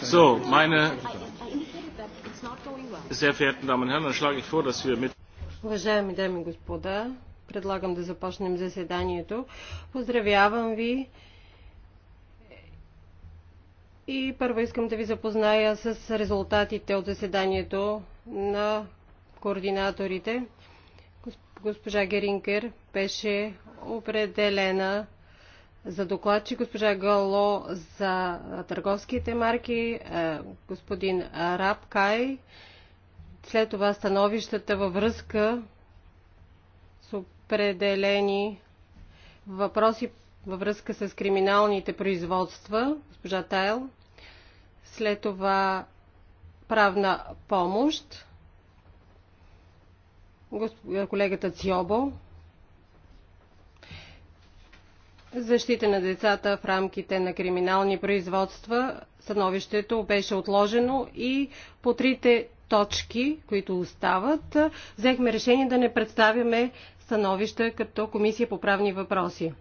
So, meine sehr verehrten Damen und Herren, dann schlage ich vor, dass wir mit Уважаеми дами и господа, предлагам да започнем заседанието. Поздравявам ви и първо искам да ви запозная с резултатите от заседанието на координаторите. Госпожа Геринкер беше определена за докладчик, госпожа Гало за търговските марки, господин Рабкай. След това становищата във връзка с определени въпроси във връзка с криминалните производства, госпожа Тайл. След това правна помощ, колегата Циобо защита на децата в рамките на криминални производства. Съновището беше отложено и по трите точки, които остават, взехме решение да не представяме становища като Комисия по правни въпроси.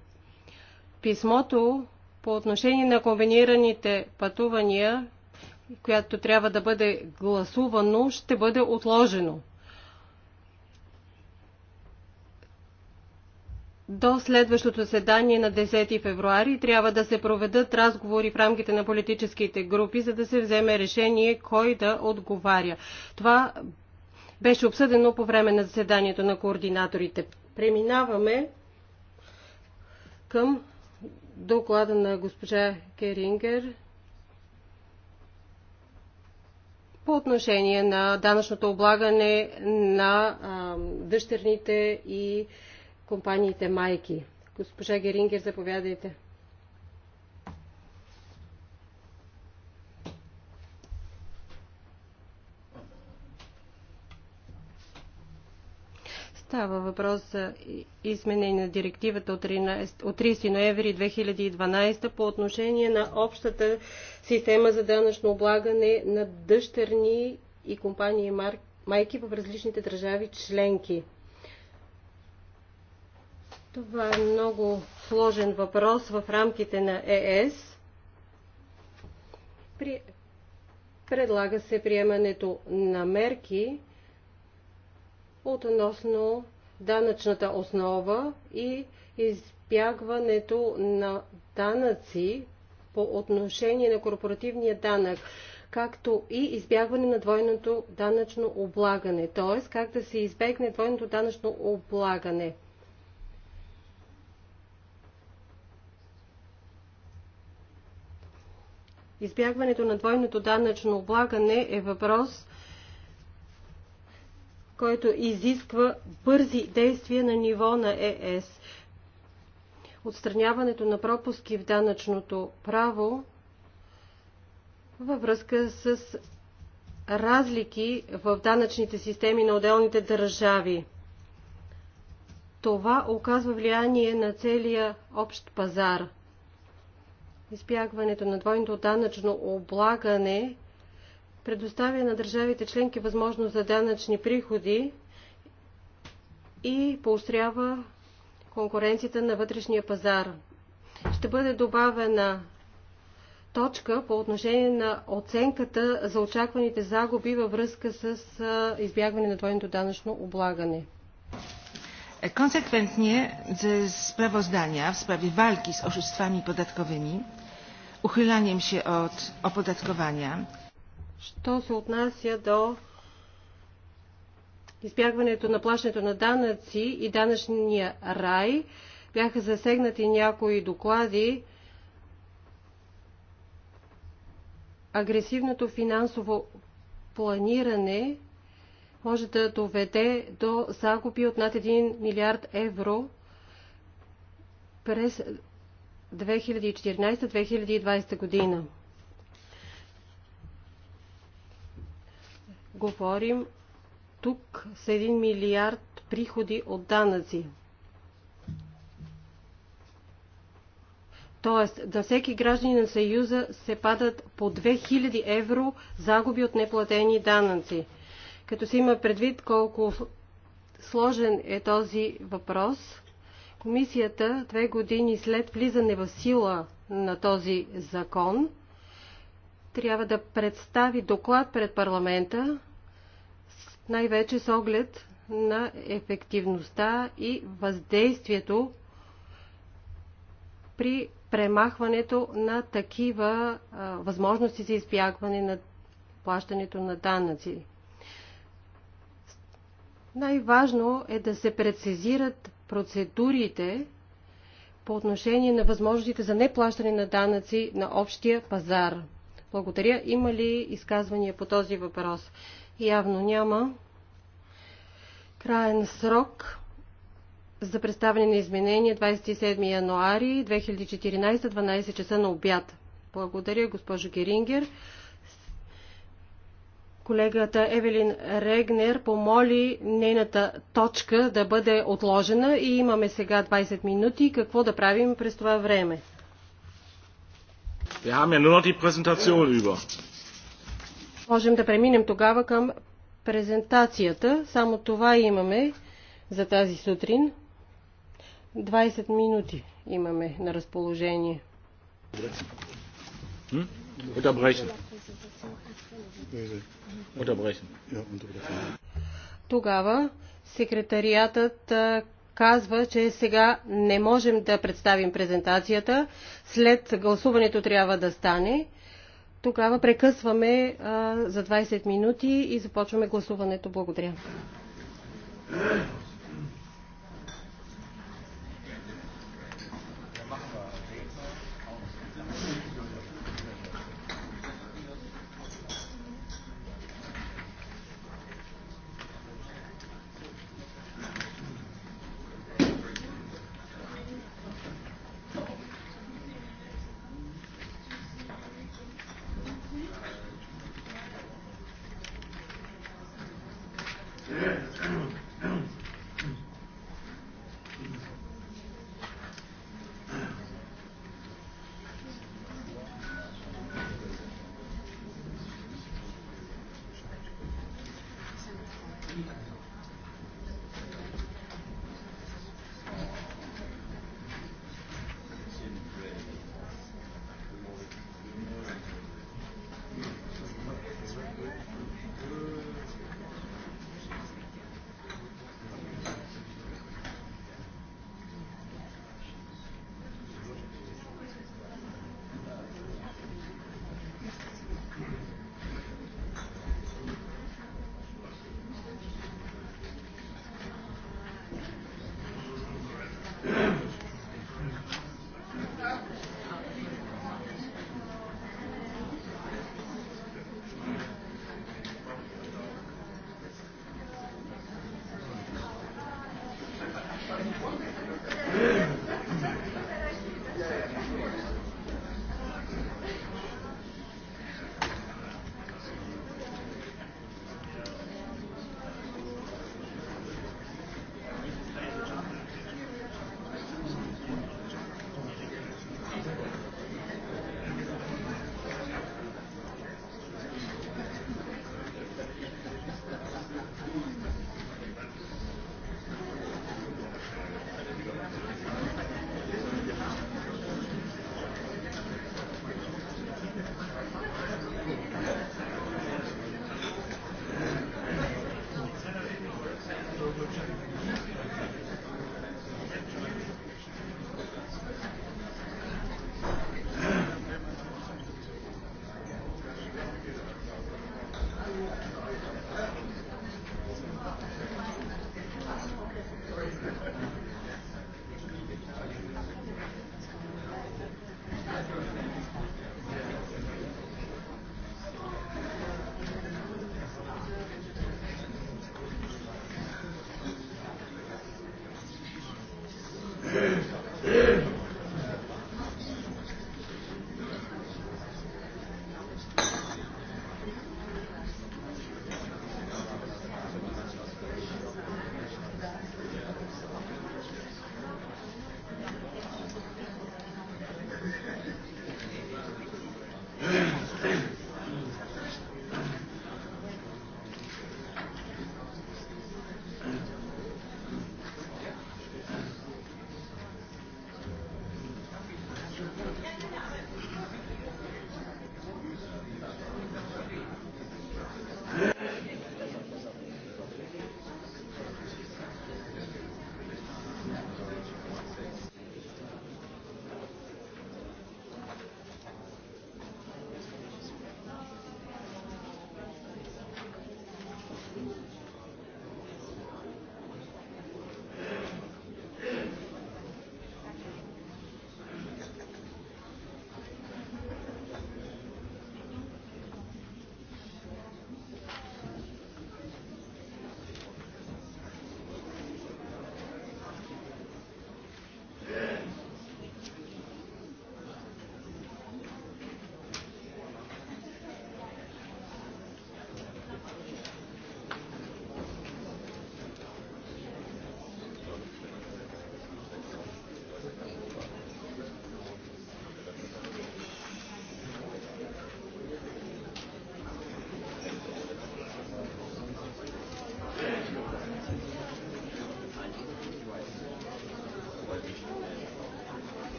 Писмото по отношение на комбинираните пътувания, която трябва да бъде гласувано, ще бъде отложено. до следващото седание на 10 февруари трябва да се проведат разговори в рамките на политическите групи, за да се вземе решение кой да отговаря. Това беше обсъдено по време на заседанието на координаторите. Преминаваме към доклада на госпожа Керингер по отношение на данъчното облагане на дъщерните и компаниите майки. Госпожа Герингер, заповядайте. Става въпрос за изменение на директивата от 30 ноември 2012 по отношение на общата система за данъчно облагане на дъщерни и компании майки в различните държави членки. Това е много сложен въпрос в рамките на ЕС. При... Предлага се приемането на мерки относно данъчната основа и избягването на данъци по отношение на корпоративния данък, както и избягване на двойното данъчно облагане, т.е. как да се избегне двойното данъчно облагане – Избягването на двойното данъчно облагане е въпрос, който изисква бързи действия на ниво на ЕС. Отстраняването на пропуски в данъчното право във връзка с разлики в данъчните системи на отделните държави. Това оказва влияние на целия общ пазар – избягването на двойното данъчно облагане предоставя на държавите членки възможност за данъчни приходи и поощрява конкуренцията на вътрешния пазар. Ще бъде добавена точка по отношение на оценката за очакваните загуби във връзка с избягване на двойното данъчно облагане. Konsekwentnie ze sprawozdania w sprawie walki z oszustwami podatkowymi uchylaniem się od opodatkowania. Що се отнася до избягването на плащането на данъци и данъчния рай, бяха засегнати някои доклади. Агресивното финансово планиране може да доведе до загуби от над 1 милиард евро през 2014-2020 година. Говорим тук с 1 милиард приходи от данъци. Тоест, за всеки граждани на Съюза се падат по 2000 евро загуби от неплатени данъци. Като се има предвид колко сложен е този въпрос, Комисията две години след влизане в сила на този закон трябва да представи доклад пред парламента, най-вече с оглед на ефективността и въздействието при премахването на такива а, възможности за избягване на плащането на данъци. Най-важно е да се прецизират процедурите по отношение на възможностите за неплащане на данъци на общия пазар. Благодаря. Има ли изказвания по този въпрос? Явно няма. Краен срок за представяне на изменения 27 януари 2014 12 часа на обяд. Благодаря, госпожо Герингер колегата Евелин Регнер помоли нейната точка да бъде отложена и имаме сега 20 минути. Какво да правим през това време? Можем да преминем тогава към презентацията. Само това имаме за тази сутрин. 20 минути имаме на разположение. Hm? Unterbrechen. Тогава секретариатът казва, че сега не можем да представим презентацията. След гласуването трябва да стане. Тогава прекъсваме за 20 минути и започваме гласуването. Благодаря.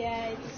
Yeah, it's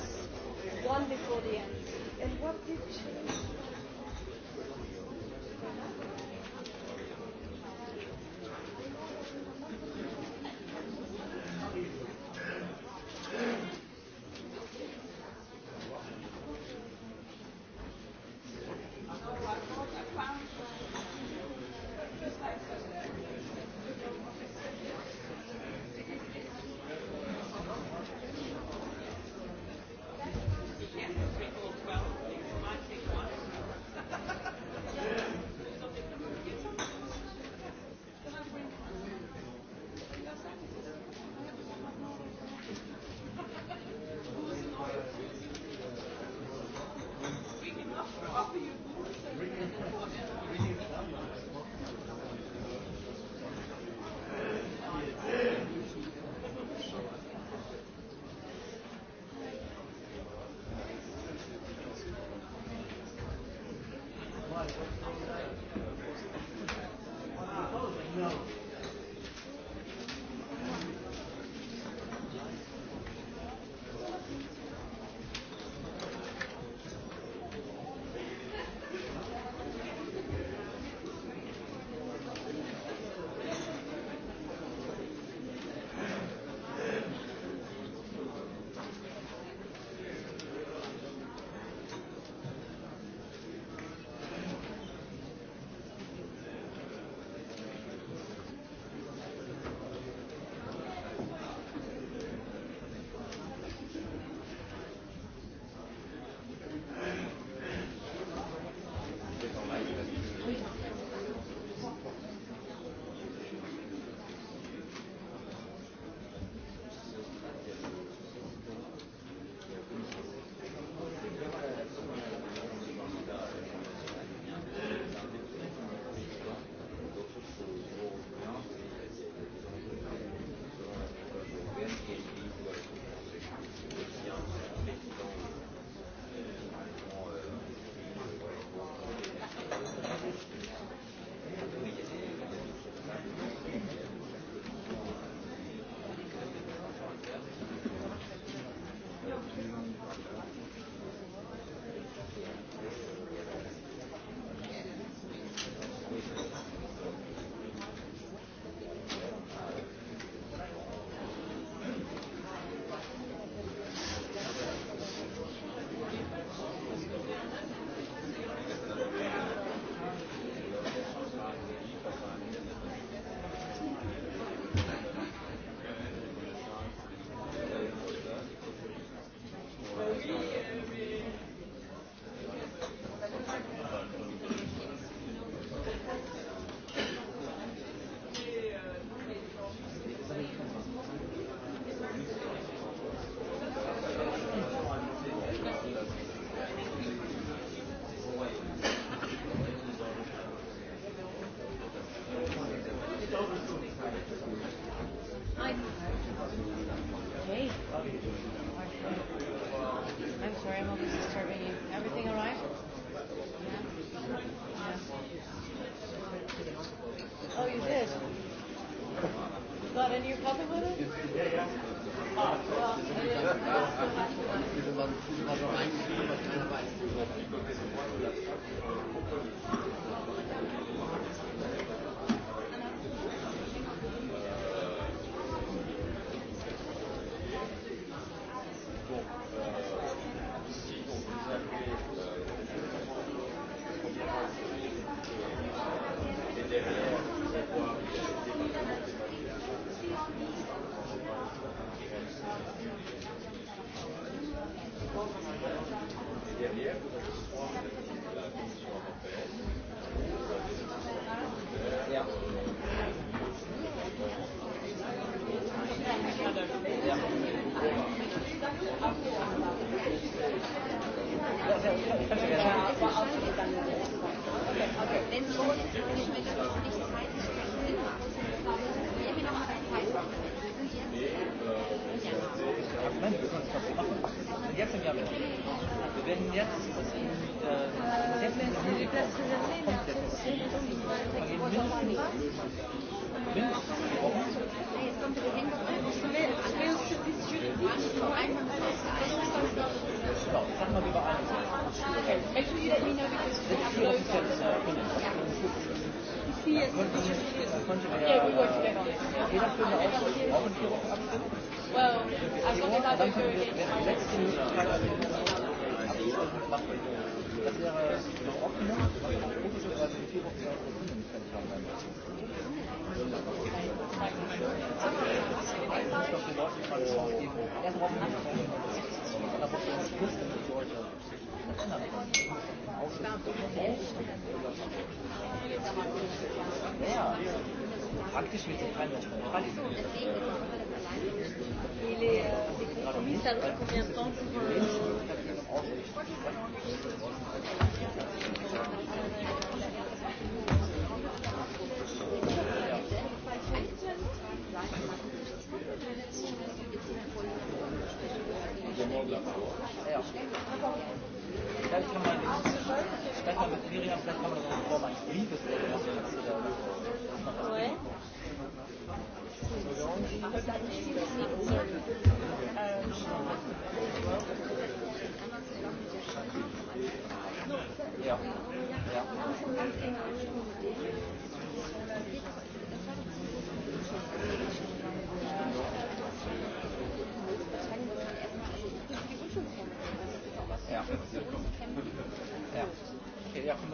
Praktisch mit dem Teil Il est commis, ça doit combien de temps pour. Euh... Ich liebe es, dass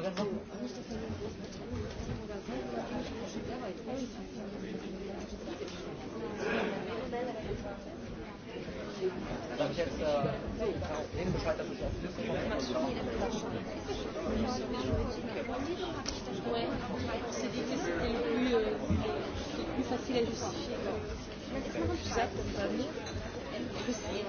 Sag ich jetzt äh, facile à justifier.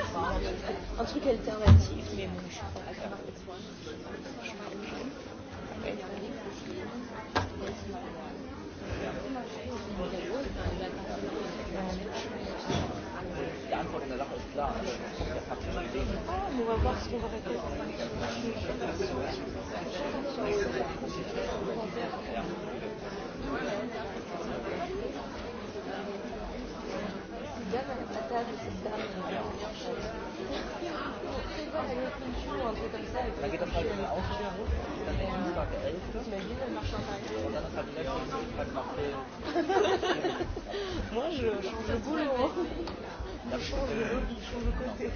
un truc alternatif, mais bon, je suis pas d'accord. On va voir ce qu'on va répondre. Moi, je change de boulot. Je change de lobby, je change de côté.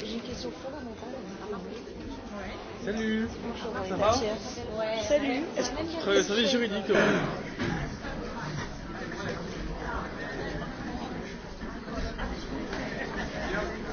J'ai une question fondamentale à vous. Ouais. Salut. Ça va Salut. Est-ce service juridique. Thank you.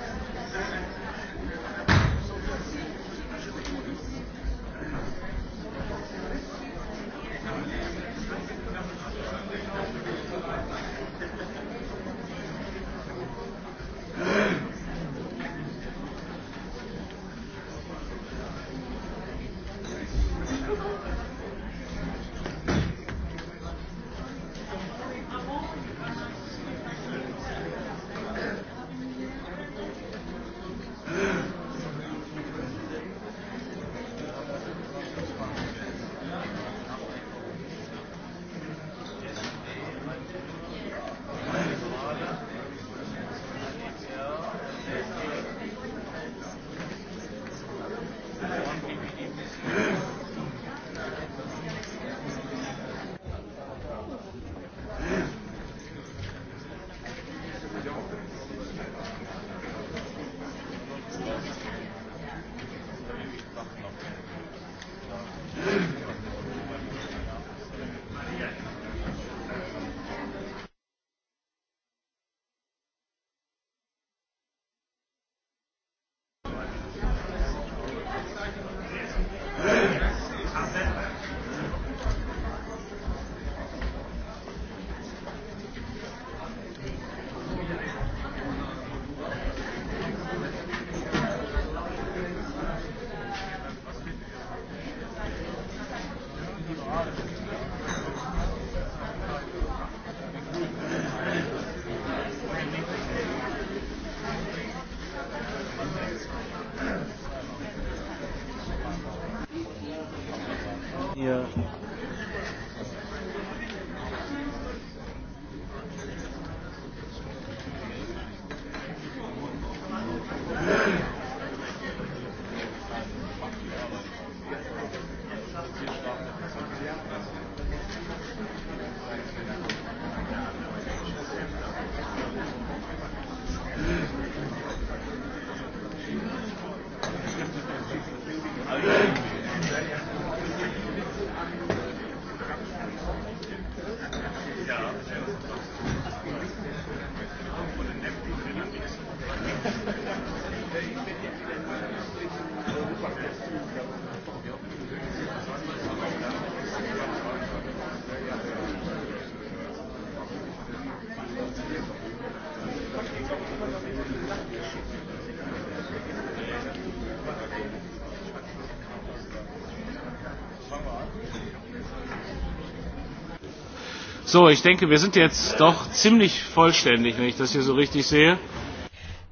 So, ich denke, wir sind jetzt doch ziemlich vollständig, wenn ich das hier so richtig sehe.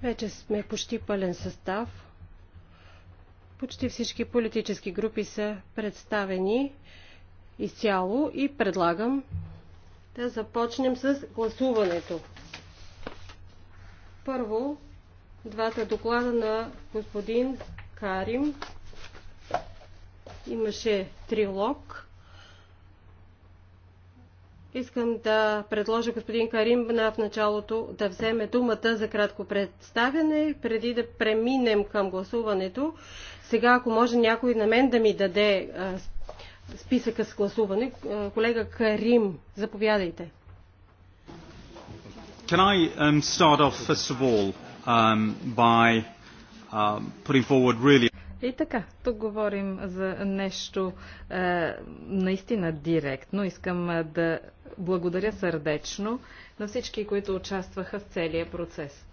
Вече сме почти пълен състав. Почти всички политически групи са представени изцяло и предлагам да започнем с гласуването. Първо, двата доклада на господин Карим. Имаше трилог Искам да предложа господин Карим Каримбна в началото да вземе думата за кратко представяне, преди да преминем към гласуването. Сега, ако може някой на мен да ми даде списъка с гласуване, колега Карим, заповядайте. Can I um, start off, first of all, um, by um, putting forward really и така, тук говорим за нещо е, наистина директно. Искам е, да благодаря сърдечно на всички, които участваха в целия процес.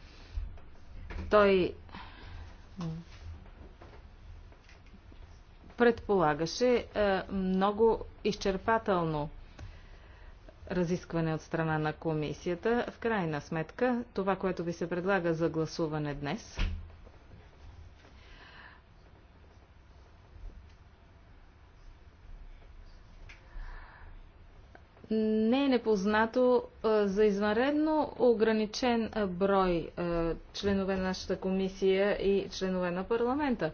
Той предполагаше е, много изчерпателно разискване от страна на комисията. В крайна сметка, това, което ви се предлага за гласуване днес, не е непознато за извънредно ограничен брой членове на нашата комисия и членове на парламента.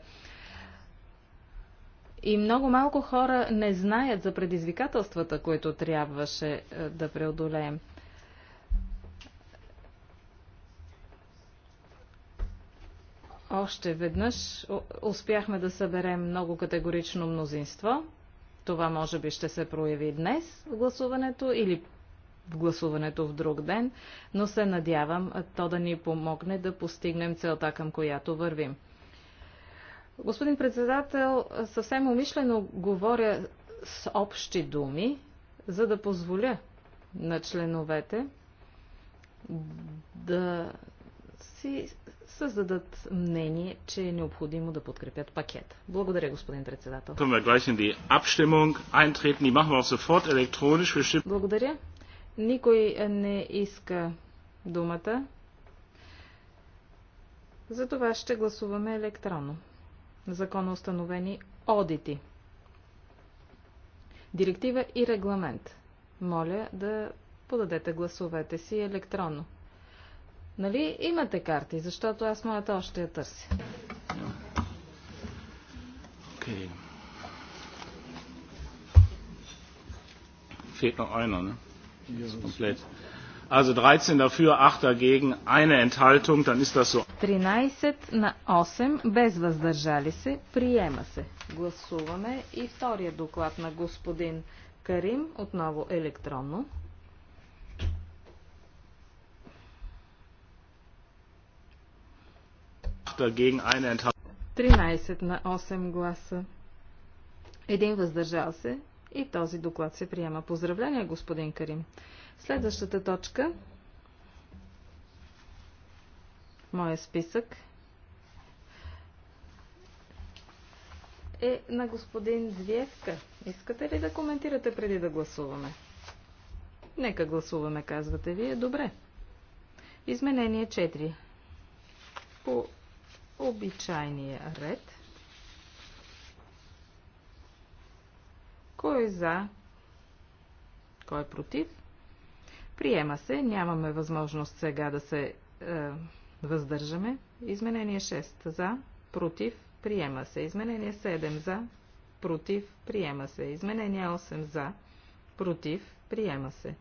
И много малко хора не знаят за предизвикателствата, които трябваше да преодолеем. Още веднъж успяхме да съберем много категорично мнозинство – това може би ще се прояви днес в гласуването или в гласуването в друг ден, но се надявам то да ни помогне да постигнем целта, към която вървим. Господин председател, съвсем умишлено говоря с общи думи, за да позволя на членовете да си създадат мнение, че е необходимо да подкрепят пакет. Благодаря, господин председател. Благодаря. Никой не иска думата. За това ще гласуваме електронно. установени одити. Директива и регламент. Моля да подадете гласовете си електронно. Нали имате карти, защото аз моята още я търся. Окей. Фейт на einer, ne? Ist komplett. Also 13 dafür, 8 dagegen, eine Enthaltung, dann ist das so. 13 на 8, без въздържали се, приема се. Гласуваме и втория доклад на господин Карим, отново електронно. 8 dagegen, eine Enthaltung. 13 на 8 гласа. Един въздържал се и този доклад се приема. Поздравления, господин Карим. Следващата точка. Моя списък е на господин Звиевка. Искате ли да коментирате преди да гласуваме? Нека гласуваме, казвате вие. Добре. Изменение 4. По обичайния ред. Кой е за? Кой е против? Приема се. Нямаме възможност сега да се е, въздържаме. Изменение 6 за, против, приема се. Изменение 7 за, против, приема се. Изменение 8 за, против, приема се.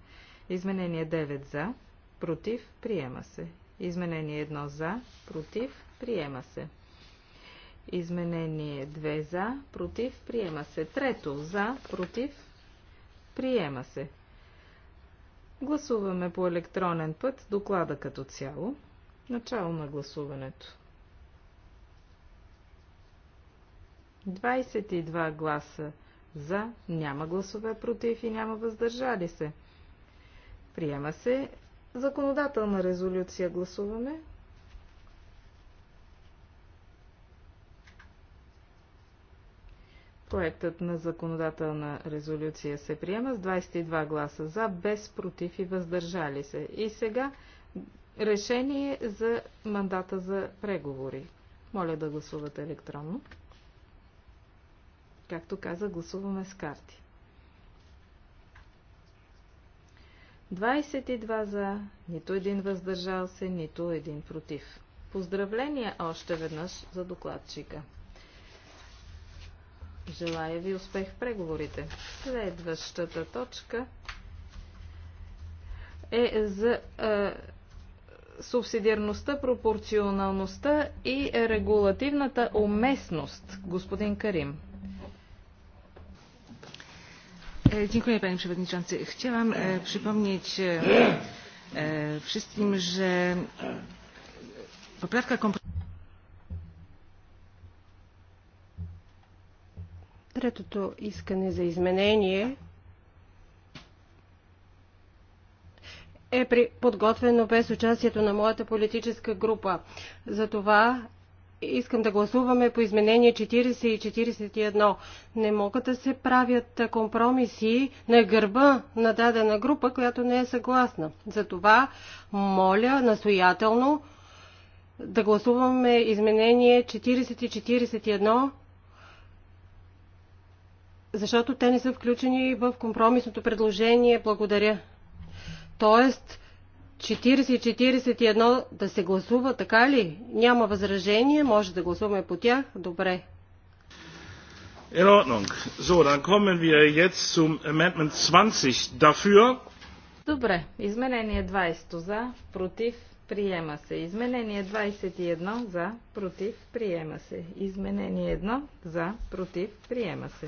Изменение 9 за, против, приема се. Изменение 1 за, против, Приема се. Изменение 2 за, против, приема се. Трето за, против, приема се. Гласуваме по електронен път доклада като цяло. Начало на гласуването. 22 гласа за, няма гласове против и няма въздържали се. Приема се. Законодателна резолюция гласуваме. Проектът на законодателна резолюция се приема с 22 гласа за, без против и въздържали се. И сега решение за мандата за преговори. Моля да гласувате електронно. Както каза, гласуваме с карти. 22 за, нито един въздържал се, нито един против. Поздравления още веднъж за докладчика. Желая ви успех в преговорите. Следващата точка е за е, субсидиарността, пропорционалността и регулативната уместност. Господин Карим. Dziękuję Panie Przewodniczący. Chciałam e, przypomnieć e, wszystkim, że poprawka kompromisowa Третото искане за изменение е при, подготвено без участието на моята политическа група. Затова искам да гласуваме по изменение 40 и 41. Не могат да се правят компромиси на гърба на дадена група, която не е съгласна. Затова моля настоятелно да гласуваме изменение 40 и 41 защото те не са включени в компромисното предложение. Благодаря. Тоест, 40 41 да се гласува, така ли? Няма възражение, може да гласуваме по тях. Добре. In Ordnung. So, dann kommen wir jetzt zum Amendment 20 dafür. Добре. Изменение 20 за, против, приема се. Изменение 21 за, против, приема се. Изменение 1 за, против, приема се.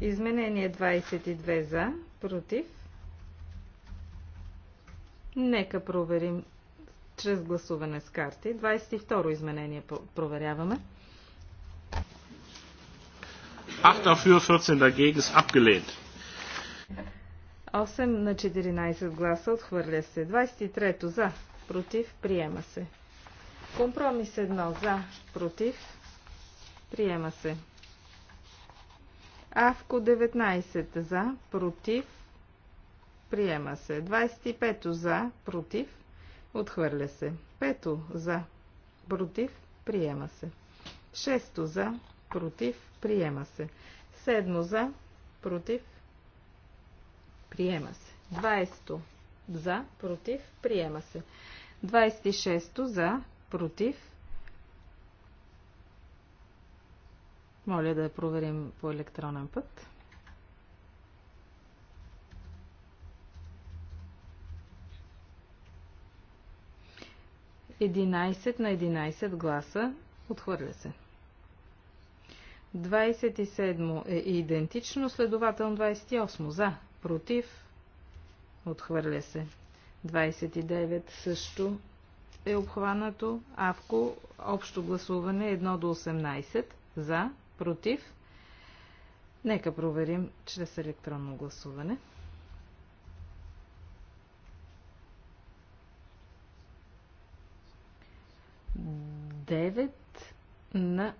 Изменение 22 за, против. Нека проверим чрез гласуване с карти. 22 изменение проверяваме. 8 dafür, 14 dagegen ist abgelehnt. 8 на 14 гласа отхвърля се. 23 за, против, приема се. Компромис 1 за, против, приема се. Авко 19 за, против, приема се. 25 за, против, отхвърля се. 5 за, против, приема се. 6 за, против, приема се. 7 за, против, приема се. 20 за, против, приема се. 26 за, против, Моля да я проверим по електронен път. Единайсет на 11 гласа отхвърля се. 27 е идентично, следователно 28 за, против, отхвърля се. 29 също е обхванато, авко, общо гласуване 1 до 18 за, против. Нека проверим чрез електронно гласуване. Девет на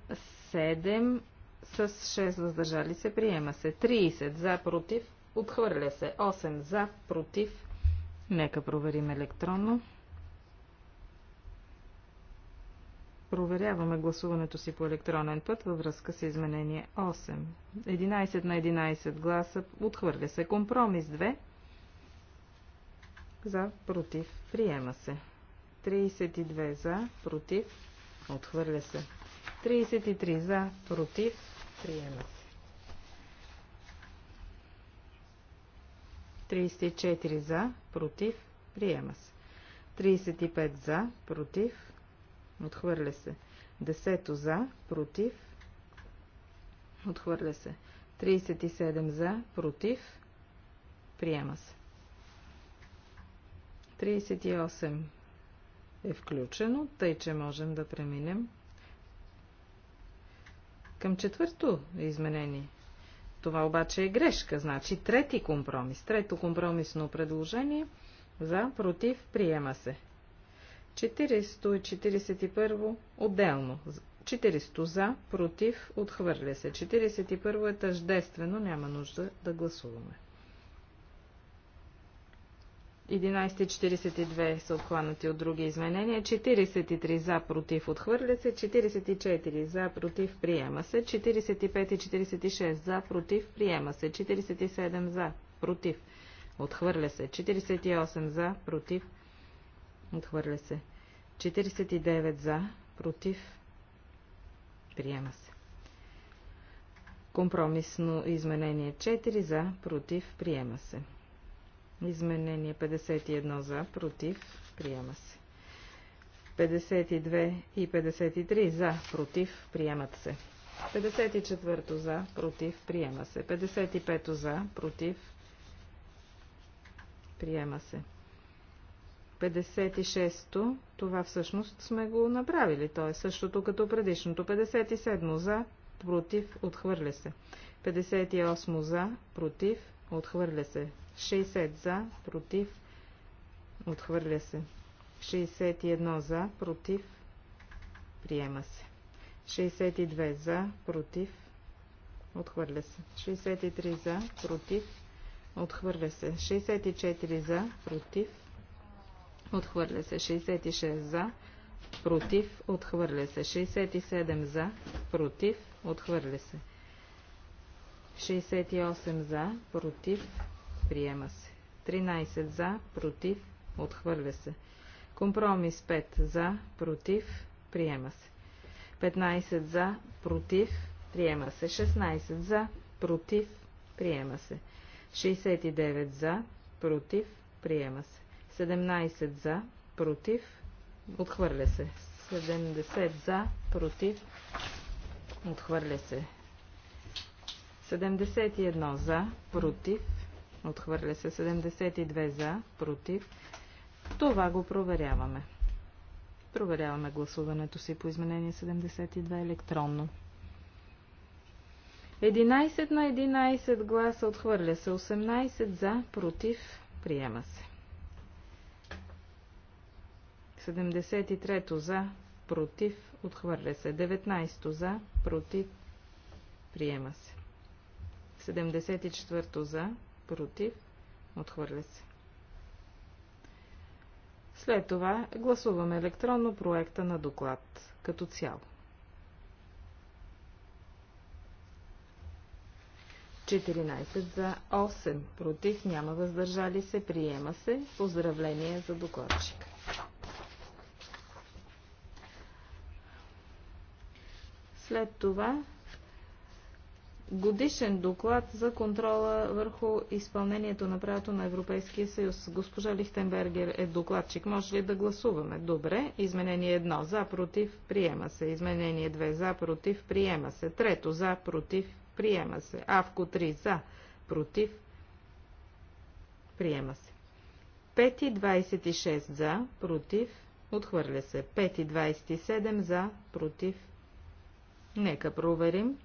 7 с 6 въздържали се приема се. 30 за против. Отхвърля се. 8 за против. Нека проверим електронно. Проверяваме гласуването си по електронен път във връзка с изменение 8. 11 на 11 гласа отхвърля се. Компромис 2. За, против, приема се. 32 за, против, отхвърля се. 33 за, против, приема се. 34 за, против, приема се. 35 за, против, Отхвърля се. Десето за, против. Отхвърля се. 37 за, против. Приема се. 38 е включено, тъй че можем да преминем към четвърто изменение. Това обаче е грешка, значи трети компромис. Трето компромисно предложение за, против, приема се. 441 отделно. 400 за, против, отхвърля се. 41 е тъждествено, няма нужда да гласуваме. 11.42 са обхванати от други изменения. 43 за, против, отхвърля се. 44 за, против, приема се. 45 и 46 за, против, приема се. 47 за, против, отхвърля се. 48 за, против, приема се Отхвърля се. 49 за, против, приема се. Компромисно изменение 4 за, против, приема се. Изменение 51 за, против, приема се. 52 и 53 за, против, приемат се. 54 за, против, приема се. 55 за, против, приема се. 56-то, това всъщност сме го направили, то е същото като предишното. 57 за, против, отхвърля се. 58 за, против, отхвърля се. 60 за, против, отхвърля се. 61 за, против, приема се. 62 за, против, отхвърля се. 63 за, против, отхвърля се. 64 за, против, Отхвърля се 66 за. Против. Отхвърля се 67 за. Против. Отхвърля се. 68 за. Против. Приема се. 13 за. Против. Отхвърля се. Компромис 5 за. Против. Приема се. 15 за. Против. Приема се. 16 за. Против. Приема се. 69 за. Против. Приема се. 17 за, против, отхвърля се. 70 за, против, отхвърля се. 71 за, против, отхвърля се. 72 за, против. Това го проверяваме. Проверяваме гласуването си по изменение 72 електронно. 11 на 11 гласа отхвърля се, 18 за, против, приема се. 73 за, против, отхвърля се. 19 за, против, приема се. 74 за, против, отхвърля се. След това гласуваме електронно проекта на доклад като цяло. 14 за 8, против няма въздържали се, приема се. Поздравление за докладчика. След това годишен доклад за контрола върху изпълнението на правото на Европейския съюз. Госпожа Лихтенбергер е докладчик. Може ли да гласуваме? Добре. Изменение 1. За, против, приема се. Изменение 2. За, против, приема се. Трето. За, против, приема се. Авко 3. За, против, приема се. 5 и 26 за, против, отхвърля се. 5 и 27 за, против, Нека проверим.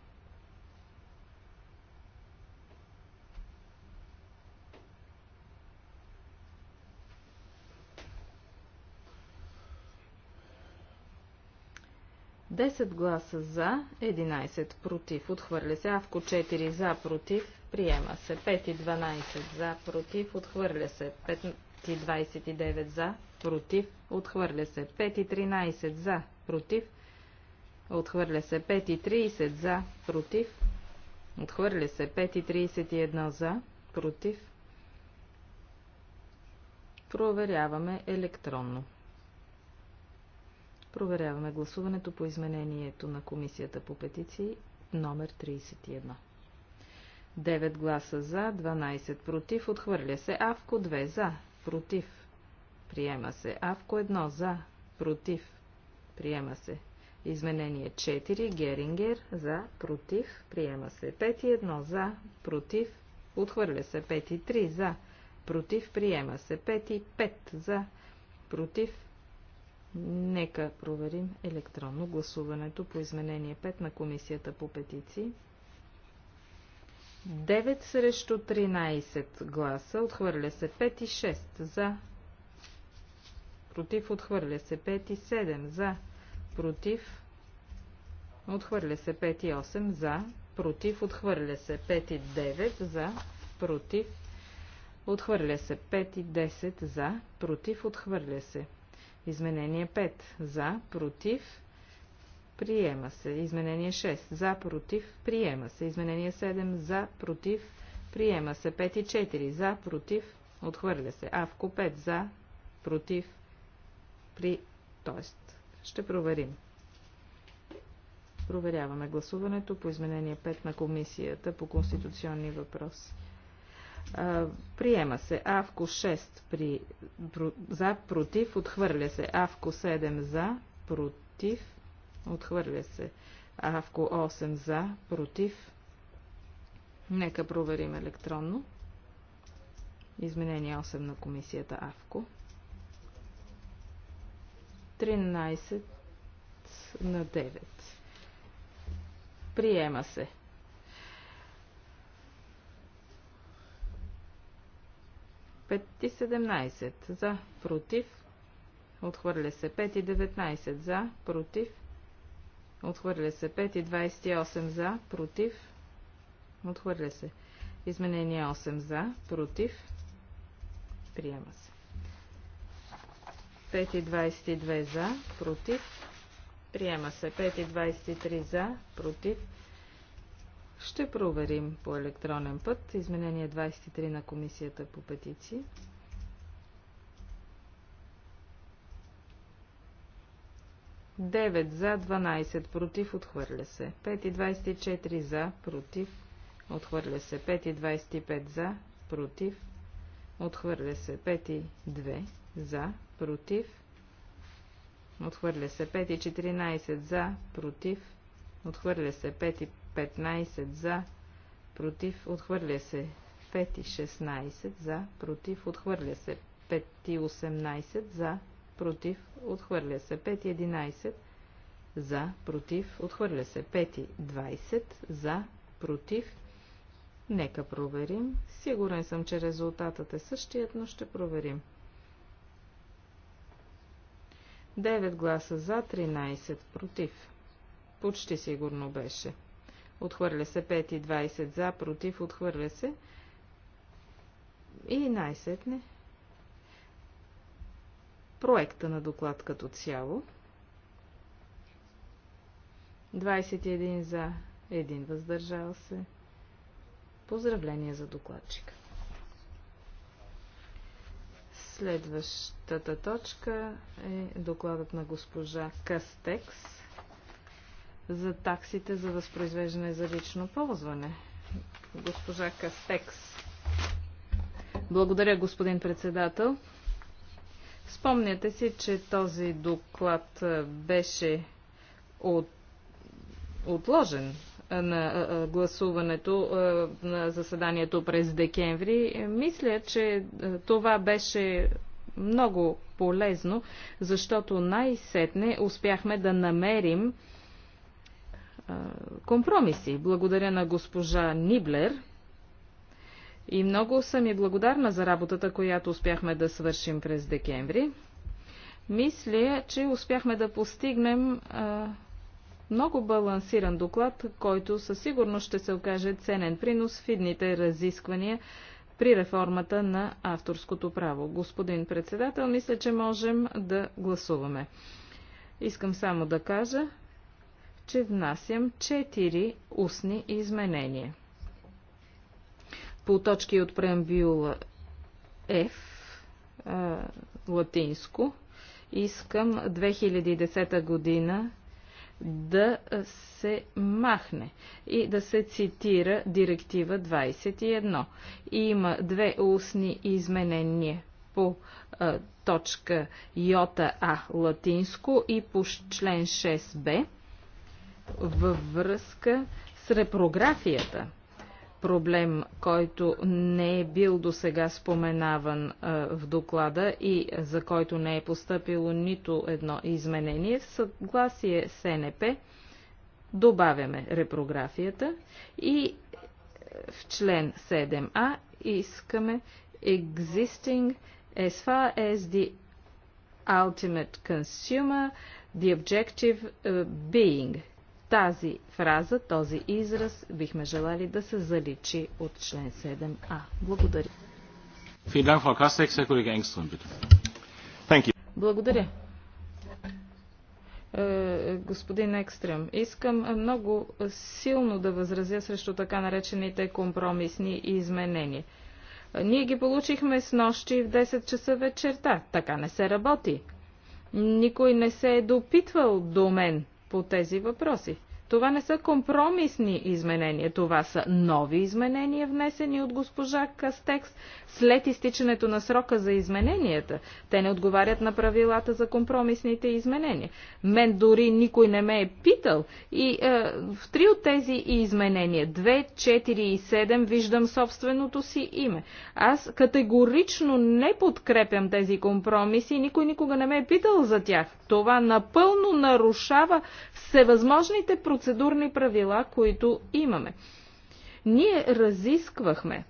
Десет гласа за, 11 против. Отхвърля се. Авко 4 за, против. Приема се. 5 и 12 за, против. Отхвърля се. 5 и 29 за, против. Отхвърля се. 5 и 13 за, против. Отхвърля се 5 и 30 за, против. Отхвърля се 5 и 31 за, против. Проверяваме електронно. Проверяваме гласуването по изменението на Комисията по петиции номер 31. 9 гласа за, 12 против, отхвърля се Авко 2 за, против. Приема се Авко 1 за, против. Приема се Изменение 4. Герингер за, против, приема се. 5.1 за, против, отхвърля се. 5.3 за, против, приема се. 5.5 за, против. Нека проверим електронно гласуването по изменение 5 на Комисията по петиции. 9 срещу 13 гласа, отхвърля се 5 и 6 за, против отхвърля се 5 и 7 за, против, отхвърля се 5 и 8 за, против, отхвърля се 5 и 9 за, против, отхвърля се 5 и 10 за, против, отхвърля се. Изменение 5 за, против, приема се. Изменение 6 за, против, приема се. Изменение 7 за, против, приема се. 5 и 4 за, против, отхвърля се. Авко 5 за, против, при... Тоест, ще проверим. Проверяваме гласуването по изменение 5 на комисията по конституционни въпроси. Приема се АВКО 6 при, за, против, отхвърля се АВКО 7 за, против, отхвърля се АВКО 8 за, против. Нека проверим електронно. Изменение 8 на комисията АВКО. 13 на 9. Приема се. Пет и 17 за, против, отхвърля се. 5 и 19 за, против, отхвърля се. 5 и 28 за, против, отхвърля се. Изменение 8 за, против, приема се. 5,22 за, против. Приема се 5,23 за, против. Ще проверим по електронен път изменение 23 на комисията по петиции. Девет за, 12 против, отхвърля се. 5,24 за, против, отхвърля се. 5,25 за, против, отхвърля се. 5,2 за, против, отхвърля се 5 и 14 за, против, отхвърля се 5 и 15 за, против, отхвърля се 5 и 16 за, против, отхвърля се 5 и 18 за, против, отхвърля се 5 и 11 за, против, отхвърля се 5 и 20 за, против. Нека проверим. Сигурен съм, че резултатът е същият, но ще проверим. 9 гласа за, 13 против. Почти сигурно беше. Отхвърля се 5 и 20 за, против, отхвърля се. И най-сетне. Проекта на доклад като цяло. 21 за, 1 въздържал се. Поздравление за докладчика. Следващата точка е докладът на госпожа Кастекс за таксите за възпроизвеждане за лично ползване. Госпожа Кастекс. Благодаря, господин председател. Спомняте си, че този доклад беше от... отложен на гласуването на заседанието през декември. Е, мисля, че това беше много полезно, защото най-сетне успяхме да намерим компромиси. Благодаря на госпожа Ниблер. И много съм и благодарна за работата, която успяхме да свършим през декември. Мисля, че успяхме да постигнем много балансиран доклад, който със сигурност ще се окаже ценен принос в идните разисквания при реформата на авторското право. Господин председател, мисля, че можем да гласуваме. Искам само да кажа, че внасям четири устни изменения. По точки от преамбюла F, латинско, искам 2010 година да се махне и да се цитира директива 21. И има две устни изменения по а, точка ЙА латинско и по член 6б във връзка с репрографията – проблем, който не е бил до сега споменаван в доклада и за който не е поступило нито едно изменение, в съгласие с НП добавяме репрографията и е, в член 7а искаме existing as far as the ultimate consumer, the objective е, being – тази фраза, този израз бихме желали да се заличи от член 7а. Благодаря. Благодаря. Е, господин Екстрем, искам много силно да възразя срещу така наречените компромисни изменения. Ние ги получихме с нощи в 10 часа вечерта. Така не се работи. Никой не се е допитвал до мен по тези въпроси. Това не са компромисни изменения, това са нови изменения, внесени от госпожа Кастекс след изтичането на срока за измененията. Те не отговарят на правилата за компромисните изменения. Мен дори никой не ме е питал и е, в три от тези изменения, 2, 4 и 7, виждам собственото си име. Аз категорично не подкрепям тези компромиси и никой никога не ме е питал за тях. Това напълно нарушава всевъзможните процеси процедурни правила, които имаме. Ние разисквахме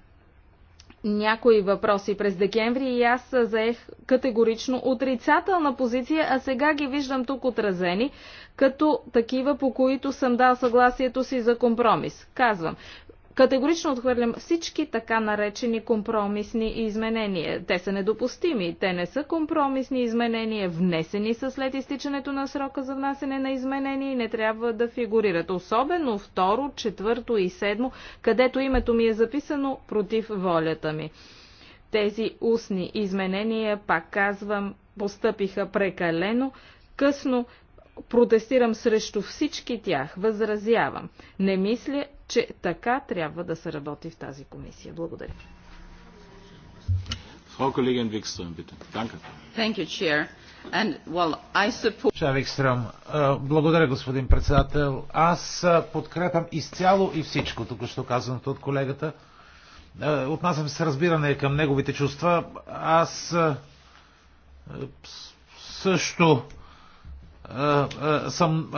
някои въпроси през декември и аз заех категорично отрицателна позиция, а сега ги виждам тук отразени като такива, по които съм дал съгласието си за компромис. Казвам, Категорично отхвърлям всички така наречени компромисни изменения. Те са недопустими. Те не са компромисни изменения, внесени са след изтичането на срока за внасене на изменения и не трябва да фигурират. Особено второ, четвърто и седмо, където името ми е записано против волята ми. Тези устни изменения, пак казвам, постъпиха прекалено късно, протестирам срещу всички тях, възразявам. Не мисля, че така трябва да се работи в тази комисия. Благодаря. Frau Kollegin Wikström, bitte. Danke. Thank you, Chair. And, well, I support... Викстрем, благодаря, господин председател. Аз подкрепям изцяло и всичко, тук що казаното от колегата. Отнасям се разбиране към неговите чувства. Аз също съм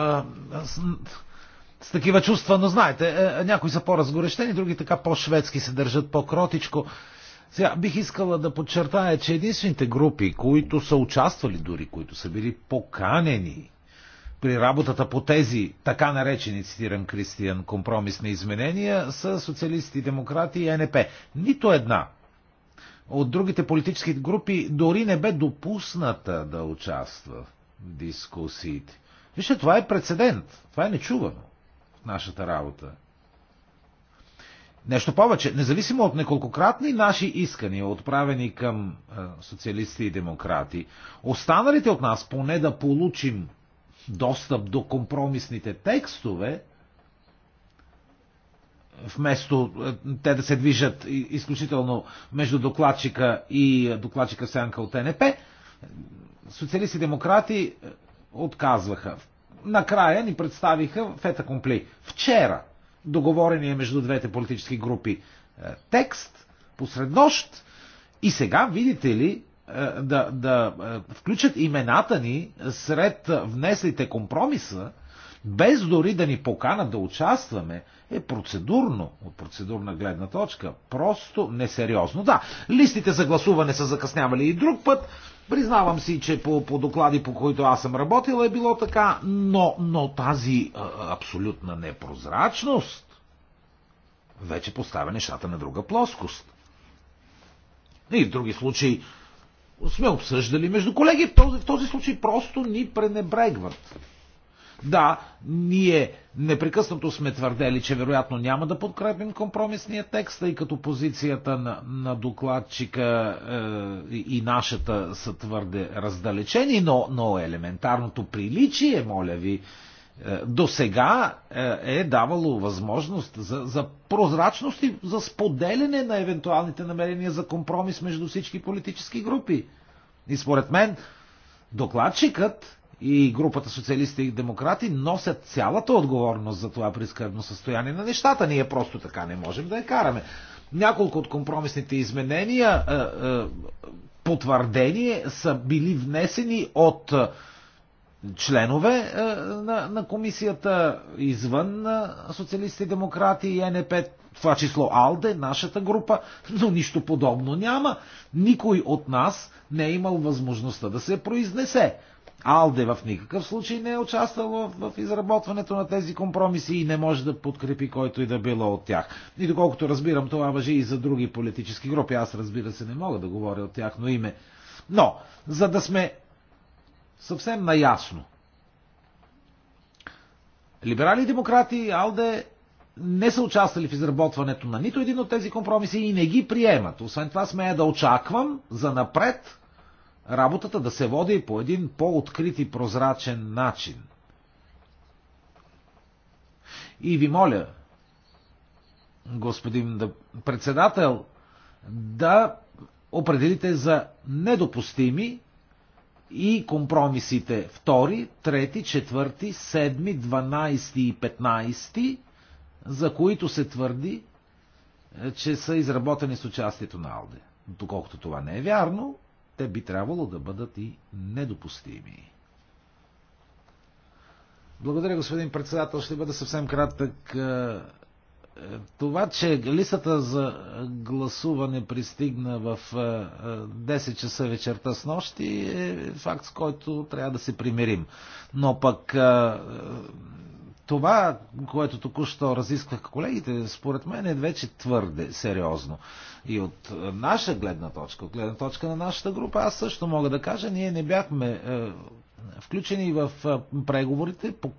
с такива чувства, но знаете, е, е, някои са по-разгорещени, други така по-шведски се държат по-кротичко. Сега бих искала да подчертая, че единствените групи, които са участвали дори, които са били поканени при работата по тези така наречени, цитирам Кристиан, компромисни изменения, са социалисти, демократи и НП. Нито една от другите политически групи дори не бе допусната да участва в дискусиите. Вижте, това е прецедент. Това е нечувано в нашата работа. Нещо повече, независимо от неколкократни наши искания, отправени към е, социалисти и демократи, останалите от нас поне да получим достъп до компромисните текстове, вместо е, те да се движат изключително между докладчика и е, докладчика Сянка от ТНП, социалисти и демократи е, отказваха накрая ни представиха фета компли. Вчера договорения между двете политически групи е, текст, посред нощ и сега, видите ли, е, да, да е, включат имената ни сред внеслите компромиса, без дори да ни поканат да участваме, е процедурно, от процедурна гледна точка, просто несериозно. Да, листите за гласуване са закъснявали и друг път, Признавам си, че по, по доклади, по които аз съм работил, е било така, но, но тази а, абсолютна непрозрачност вече поставя нещата на друга плоскост. И в други случаи сме обсъждали между колеги, в този, в този случай просто ни пренебрегват. Да, ние непрекъснато сме твърдели, че вероятно няма да подкрепим компромисния текст, тъй като позицията на, на докладчика е, и нашата са твърде раздалечени, но, но елементарното приличие, моля ви, е, до сега е, е давало възможност за, за прозрачност и за споделяне на евентуалните намерения за компромис между всички политически групи. И според мен докладчикът и групата социалисти и демократи носят цялата отговорност за това прискърбно състояние на нещата. Ние просто така не можем да я караме. Няколко от компромисните изменения е, е, потвърдение са били внесени от е, членове на, на комисията извън социалисти, демократи и НП, това число Алде, нашата група, но нищо подобно няма. Никой от нас не е имал възможността да се произнесе. Алде в никакъв случай не е участвал в, в изработването на тези компромиси и не може да подкрепи който и да било от тях. И доколкото разбирам, това въжи и за други политически групи. Аз разбира се не мога да говоря от тяхно име. Но, за да сме съвсем наясно, либерали демократи и Алде не са участвали в изработването на нито един от тези компромиси и не ги приемат. Освен това смея да очаквам за напред работата да се води по един по-открит и прозрачен начин. И ви моля, господин да, председател, да определите за недопустими и компромисите 2, 3, 4, 7, 12 и 15, за които се твърди, е, че са изработени с участието на Алде. Доколкото това не е вярно, те би трябвало да бъдат и недопустими. Благодаря, господин председател. Ще бъда съвсем кратък. Е, това, че листата за гласуване пристигна в 10 е, е, часа вечерта с нощи е факт, с който трябва да се примирим. Но пък това, което току-що разисквах колегите, според мен е вече твърде сериозно. И от наша гледна точка, от гледна точка на нашата група, аз също мога да кажа, ние не бяхме е, включени в е, преговорите по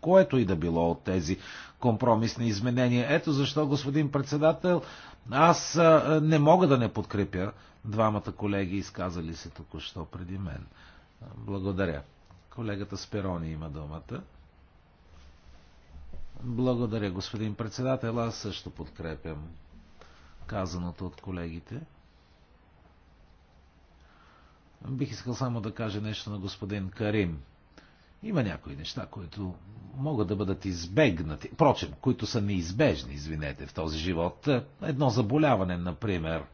което и да било от тези компромисни изменения. Ето защо, господин председател, аз е, не мога да не подкрепя двамата колеги, изказали се току-що преди мен. Благодаря. Колегата Сперони има думата. Благодаря, господин председател. Аз също подкрепям казаното от колегите. Бих искал само да кажа нещо на господин Карим. Има някои неща, които могат да бъдат избегнати, впрочем, които са неизбежни, извинете, в този живот. Едно заболяване, например.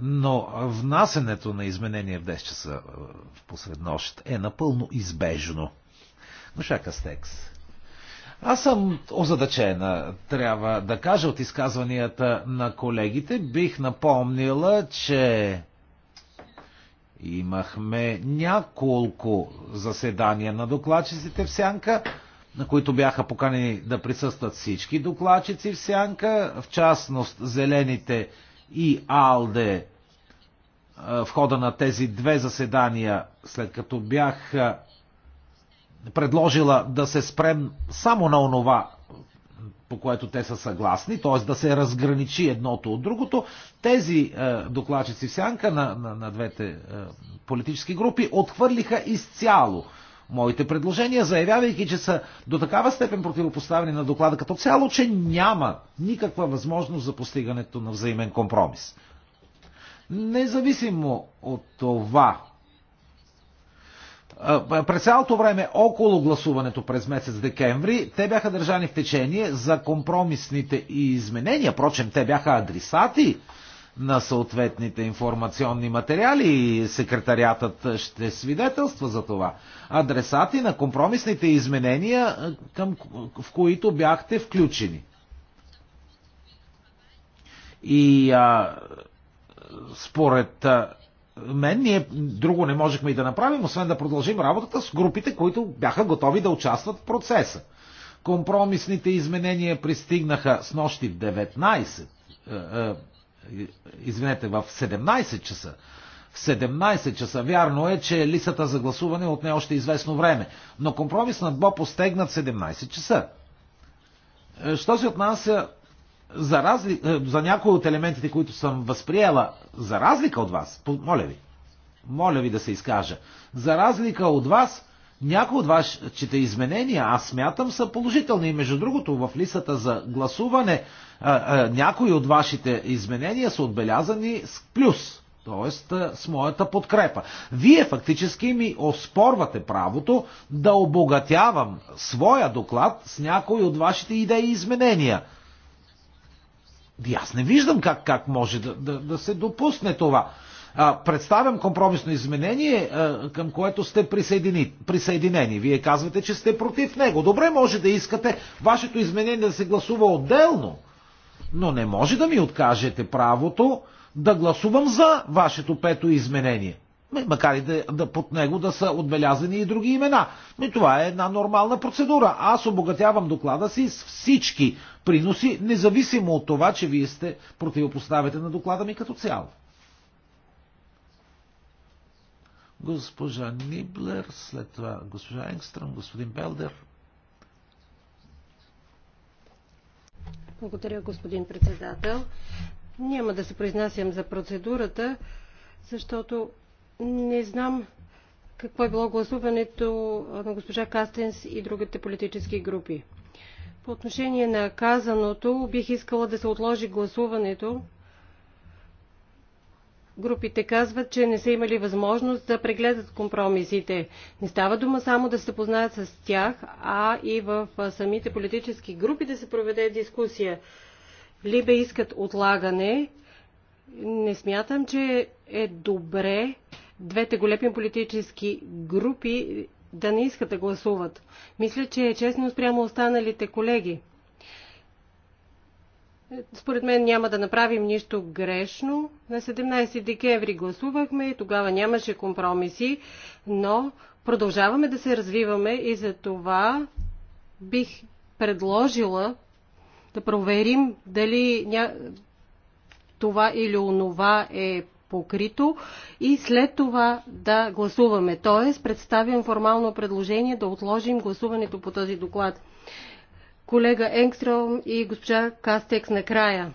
Но внасенето на изменения в 10 часа в посреднощ е напълно избежно. Но шака с текст. Аз съм озадачена, трябва да кажа от изказванията на колегите. Бих напомнила, че имахме няколко заседания на докладчиците в Сянка, на които бяха поканени да присъстват всички докладчици в Сянка, в частност Зелените и Алде е, в хода на тези две заседания, след като бяха предложила да се спрем само на онова, по което те са съгласни, т.е. да се разграничи едното от другото, тези е, докладчици в сянка на, на, на двете е, политически групи отхвърлиха изцяло моите предложения, заявявайки, че са до такава степен противопоставени на доклада като цяло, че няма никаква възможност за постигането на взаимен компромис. Независимо от това, през цялото време около гласуването през месец декември те бяха държани в течение за компромисните изменения. Прочем, те бяха адресати на съответните информационни материали и секретариатът ще свидетелства за това. Адресати на компромисните изменения, към, в които бяхте включени. И а, според а, мен ние друго не можехме и да направим, освен да продължим работата с групите, които бяха готови да участват в процеса. Компромисните изменения пристигнаха с нощи в 19, е, е, извинете, в 17 часа. В 17 часа. Вярно е, че листата за гласуване отне още известно време, но компромис над Бо постегнат 17 часа. Е, що се отнася за, разли... Е, за някои от елементите, които съм възприела, за разлика от вас, моля ви, моля ви да се изкажа, за разлика от вас, някои от вашите изменения, аз смятам, са положителни. И между другото, в листата за гласуване, е, е, някои от вашите изменения са отбелязани с плюс, т.е. с моята подкрепа. Вие фактически ми оспорвате правото да обогатявам своя доклад с някои от вашите идеи и изменения – и аз не виждам как, как може да, да, да се допусне това. А, представям компромисно изменение, а, към което сте присъедини, присъединени. Вие казвате, че сте против него. Добре, може да искате вашето изменение да се гласува отделно, но не може да ми откажете правото да гласувам за вашето пето изменение макар и да, да под него да са отбелязани и други имена. Но това е една нормална процедура. Аз обогатявам доклада си с всички приноси, независимо от това, че вие сте противопоставяте на доклада ми като цяло. Госпожа Ниблер, след това госпожа Енгстръм, господин Белдер. Благодаря, господин председател. Няма да се произнасям за процедурата, защото не знам какво е било гласуването на госпожа Кастенс и другите политически групи. По отношение на казаното, бих искала да се отложи гласуването. Групите казват, че не са имали възможност да прегледат компромисите. Не става дума само да се познаят с тях, а и в самите политически групи да се проведе дискусия. Либе искат отлагане. Не смятам, че е добре двете големи политически групи да не искат да гласуват. Мисля, че е честно спрямо останалите колеги. Според мен няма да направим нищо грешно. На 17 декември гласувахме и тогава нямаше компромиси, но продължаваме да се развиваме и за това бих предложила да проверим дали ня... това или онова е покрито и след това да гласуваме. Тоест, представям формално предложение да отложим гласуването по този доклад. Колега Енгстром и госпожа Кастекс накрая.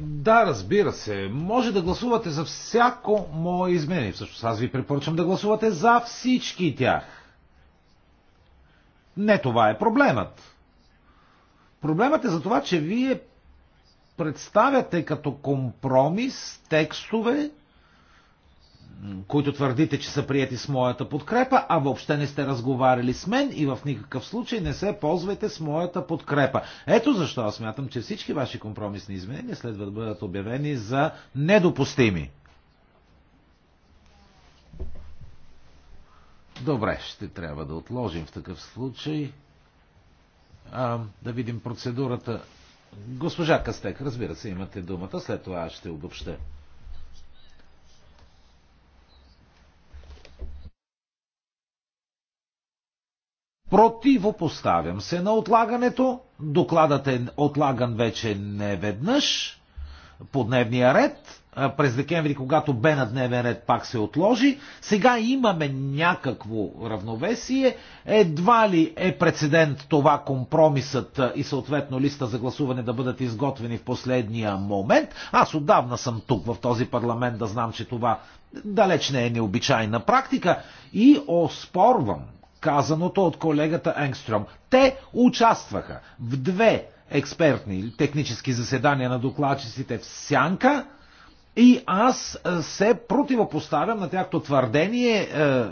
Да, разбира се. Може да гласувате за всяко мое изменение. Всъщност аз ви препоръчвам да гласувате за всички тях. Не това е проблемът. Проблемът е за това, че вие представяте като компромис текстове, които твърдите, че са прияти с моята подкрепа, а въобще не сте разговаряли с мен и в никакъв случай не се ползвайте с моята подкрепа. Ето защо аз смятам, че всички ваши компромисни изменения следва да бъдат обявени за недопустими. Добре, ще трябва да отложим в такъв случай. А, да видим процедурата Госпожа Кастек, разбира се, имате думата, след това ще обобща. Противопоставям се на отлагането. Докладът е отлаган вече не веднъж по дневния ред през декември, когато бе на дневен ред, пак се отложи. Сега имаме някакво равновесие. Едва ли е прецедент това компромисът и съответно листа за гласуване да бъдат изготвени в последния момент. Аз отдавна съм тук в този парламент да знам, че това далеч не е необичайна практика и оспорвам казаното от колегата Енгстрем. Те участваха в две експертни или технически заседания на докладчиците в Сянка – и аз се противопоставям на тяхто твърдение, е, е,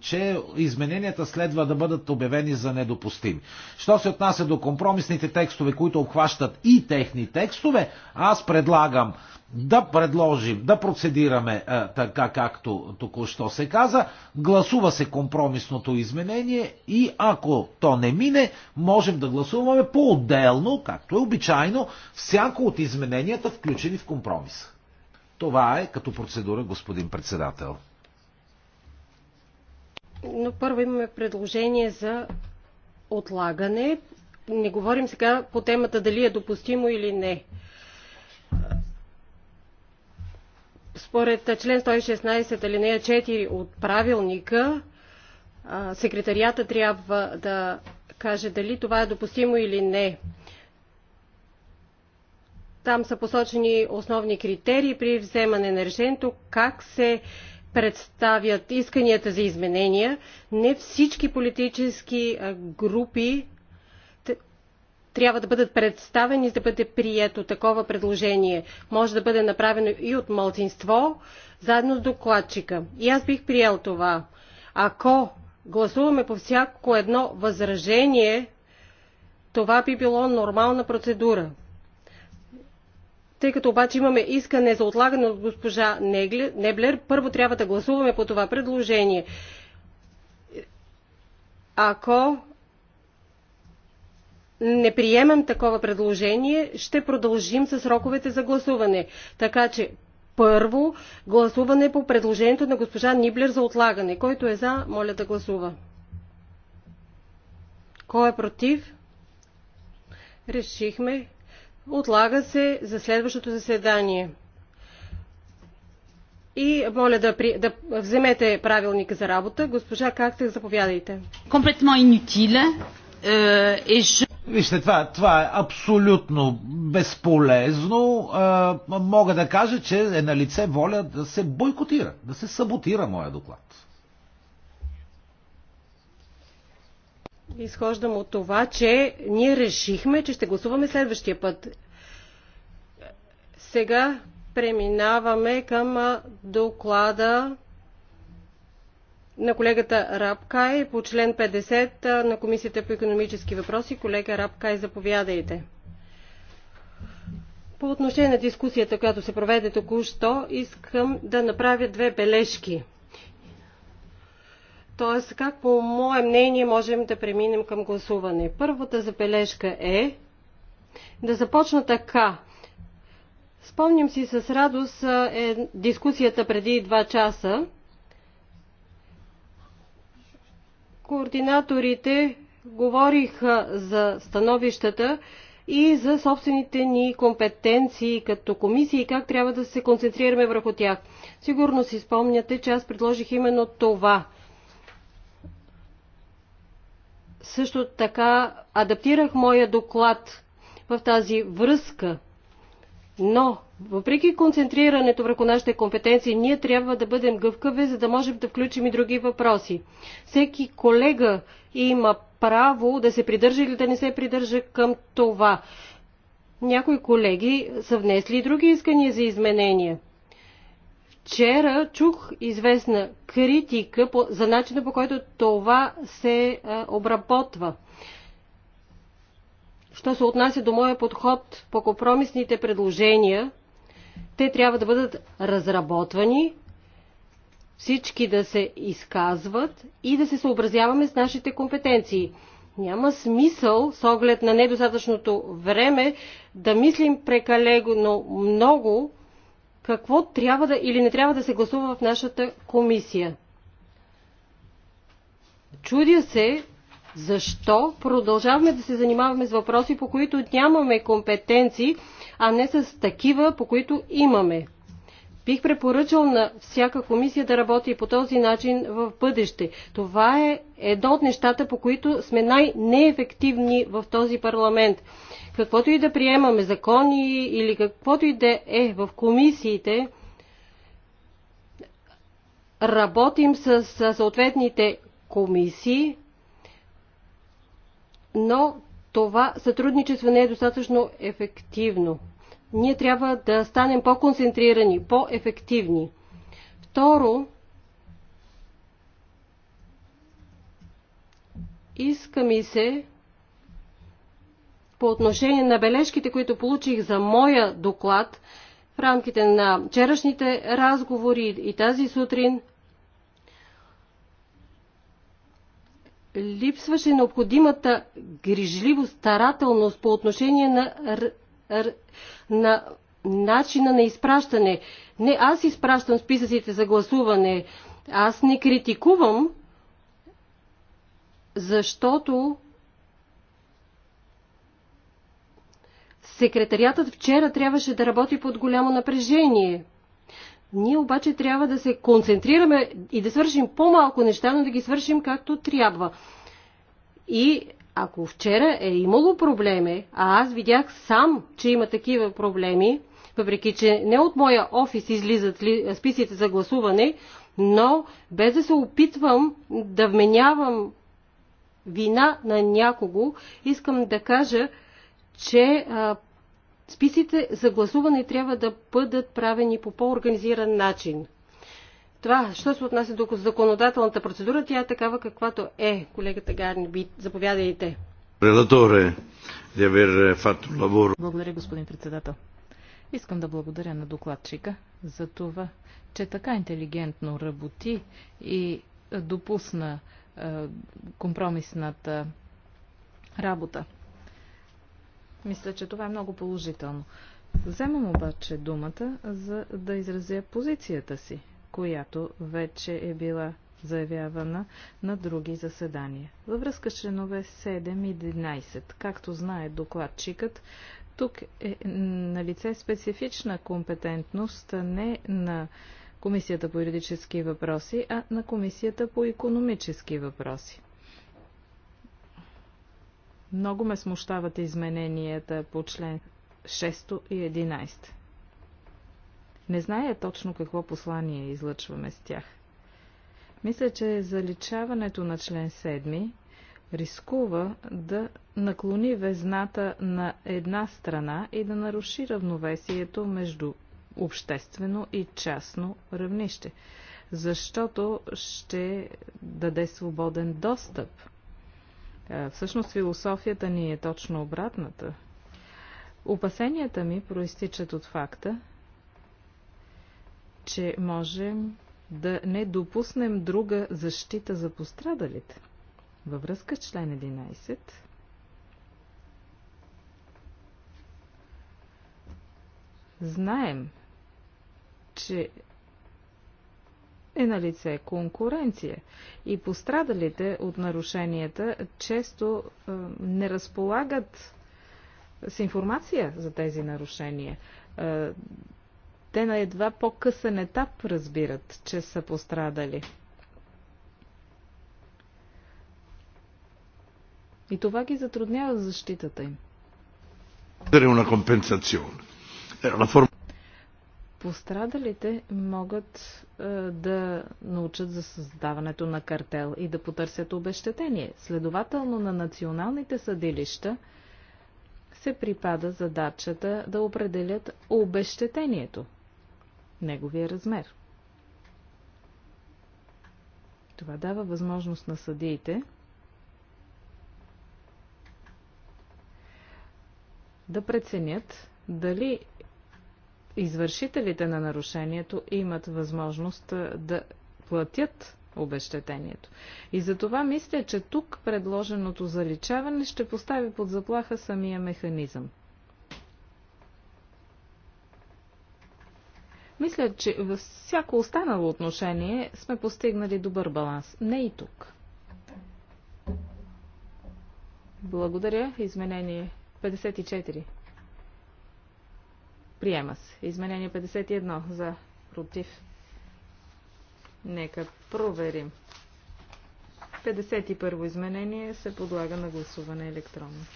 че измененията следва да бъдат обявени за недопустими. Що се отнася до компромисните текстове, които обхващат и техни текстове, аз предлагам да предложим, да процедираме е, така, както току-що се каза. Гласува се компромисното изменение и ако то не мине, можем да гласуваме по-отделно, както е обичайно, всяко от измененията, включени в компромиса. Това е като процедура, господин председател. Но първо имаме предложение за отлагане. Не говорим сега по темата дали е допустимо или не. Според член 116 алинея 4 от правилника, секретарията трябва да каже дали това е допустимо или не. Там са посочени основни критерии при вземане на решението, как се представят исканията за изменения. Не всички политически групи трябва да бъдат представени, за да бъде прието такова предложение. Може да бъде направено и от малцинство, заедно с докладчика. И аз бих приел това. Ако гласуваме по всяко едно възражение, това би било нормална процедура. Тъй като обаче имаме искане за отлагане от госпожа Неблер, първо трябва да гласуваме по това предложение. Ако не приемем такова предложение, ще продължим с сроковете за гласуване. Така че първо гласуване по предложението на госпожа Ниблер за отлагане. Който е за, моля да гласува. Кой е против? Решихме, Отлага се за следващото заседание. И моля да, при, да вземете правилника за работа. Госпожа Кактек, заповядайте. Комплетно инутиле. Euh, Вижте, това, това е абсолютно безполезно. Е, мога да кажа, че е на лице воля да се бойкотира, да се саботира моя доклад. изхождам от това, че ние решихме, че ще гласуваме следващия път. Сега преминаваме към доклада на колегата Рабкай по член 50 на Комисията по економически въпроси. Колега Рабкай, заповядайте. По отношение на дискусията, която се проведе току-що, искам да направя две бележки – Тоест, как по мое мнение можем да преминем към гласуване? Първата забележка е да започна така. Спомням си с радост е дискусията преди два часа. Координаторите говориха за становищата и за собствените ни компетенции като комисии и как трябва да се концентрираме върху тях. Сигурно си спомняте, че аз предложих именно това – също така адаптирах моя доклад в тази връзка. Но, въпреки концентрирането върху нашите компетенции, ние трябва да бъдем гъвкави, за да можем да включим и други въпроси. Всеки колега има право да се придържа или да не се придържа към това. Някои колеги са внесли и други искания за изменения. Вчера чух известна критика по, за начина по който това се а, обработва. Що се отнася до моя подход по компромисните предложения, те трябва да бъдат разработвани, всички да се изказват и да се съобразяваме с нашите компетенции. Няма смисъл, с оглед на недостатъчното време, да мислим прекалено много какво трябва да или не трябва да се гласува в нашата комисия. Чудя се защо продължаваме да се занимаваме с въпроси, по които нямаме компетенции, а не с такива, по които имаме. Бих препоръчал на всяка комисия да работи по този начин в бъдеще. Това е едно от нещата, по които сме най-неефективни в този парламент каквото и да приемаме закони или каквото и да е в комисиите, работим с съответните комисии, но това сътрудничество не е достатъчно ефективно. Ние трябва да станем по-концентрирани, по-ефективни. Второ, искаме се по отношение на бележките, които получих за моя доклад в рамките на вчерашните разговори и тази сутрин. Липсваше необходимата грижливост, старателност по отношение на, на начина на изпращане. Не аз изпращам списъците за гласуване. Аз не критикувам, защото Секретариатът вчера трябваше да работи под голямо напрежение. Ние обаче трябва да се концентрираме и да свършим по-малко неща, но да ги свършим както трябва. И ако вчера е имало проблеми, а аз видях сам, че има такива проблеми, въпреки че не от моя офис излизат списите за гласуване, но без да се опитвам да вменявам вина на някого, искам да кажа, че а, Списите за гласуване трябва да бъдат правени по по-организиран начин. Това, що се отнася до законодателната процедура, тя е такава каквато е. Колегата Гарни, заповядайте. Е, благодаря, господин председател. Искам да благодаря на докладчика за това, че така интелигентно работи и допусна е, компромисната работа. Мисля, че това е много положително. Вземам обаче думата, за да изразя позицията си, която вече е била заявявана на други заседания. Във връзка с членове 7 и 11, както знае докладчикът, тук е на лице специфична компетентност не на Комисията по юридически въпроси, а на Комисията по економически въпроси. Много ме смущават измененията по член 6 и 11. Не зная точно какво послание излъчваме с тях. Мисля, че заличаването на член 7 рискува да наклони везната на една страна и да наруши равновесието между обществено и частно равнище, защото ще даде свободен достъп Всъщност философията ни е точно обратната. Опасенията ми проистичат от факта, че можем да не допуснем друга защита за пострадалите. Във връзка с член 11 знаем, че е на лице конкуренция и пострадалите от нарушенията често е, не разполагат с информация за тези нарушения. Е, те на едва по-късен етап разбират, че са пострадали. И това ги затруднява защитата им. Una на La пострадалите могат е, да научат за създаването на картел и да потърсят обещетение. Следователно на националните съдилища се припада задачата да определят обещетението, неговия размер. Това дава възможност на съдиите да преценят дали извършителите на нарушението имат възможност да платят обещетението. И за това мисля, че тук предложеното заличаване ще постави под заплаха самия механизъм. Мисля, че във всяко останало отношение сме постигнали добър баланс. Не и тук. Благодаря. Изменение 54. Приема се. Изменение 51 за против. Нека проверим. 51 изменение се подлага на гласуване електронно.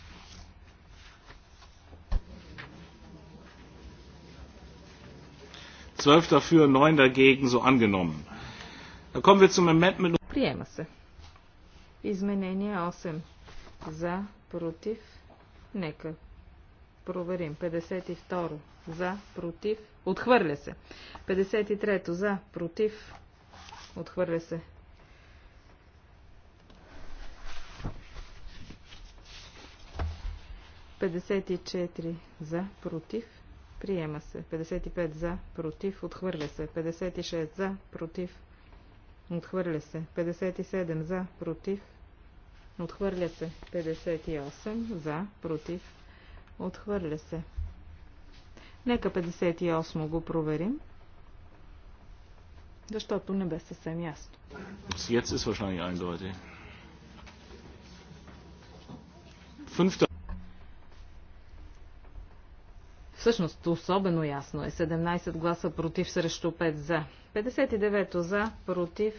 9 dagegen, so angenommen. Приема се. Изменение 8. За, против, нека проверим. 52 за, против, отхвърля се. 53 за, против, отхвърля се. Петдесет за, против, приема се. 55 за, против, отхвърля се. 56 за, против, отхвърля се. 57 за, против, отхвърля се. 58 за, против, Отхвърля се. Нека 58 го проверим. Защото не бе съвсем ясно. Е Всъщност, особено ясно е 17 гласа против срещу 5 за. 59-то за, против,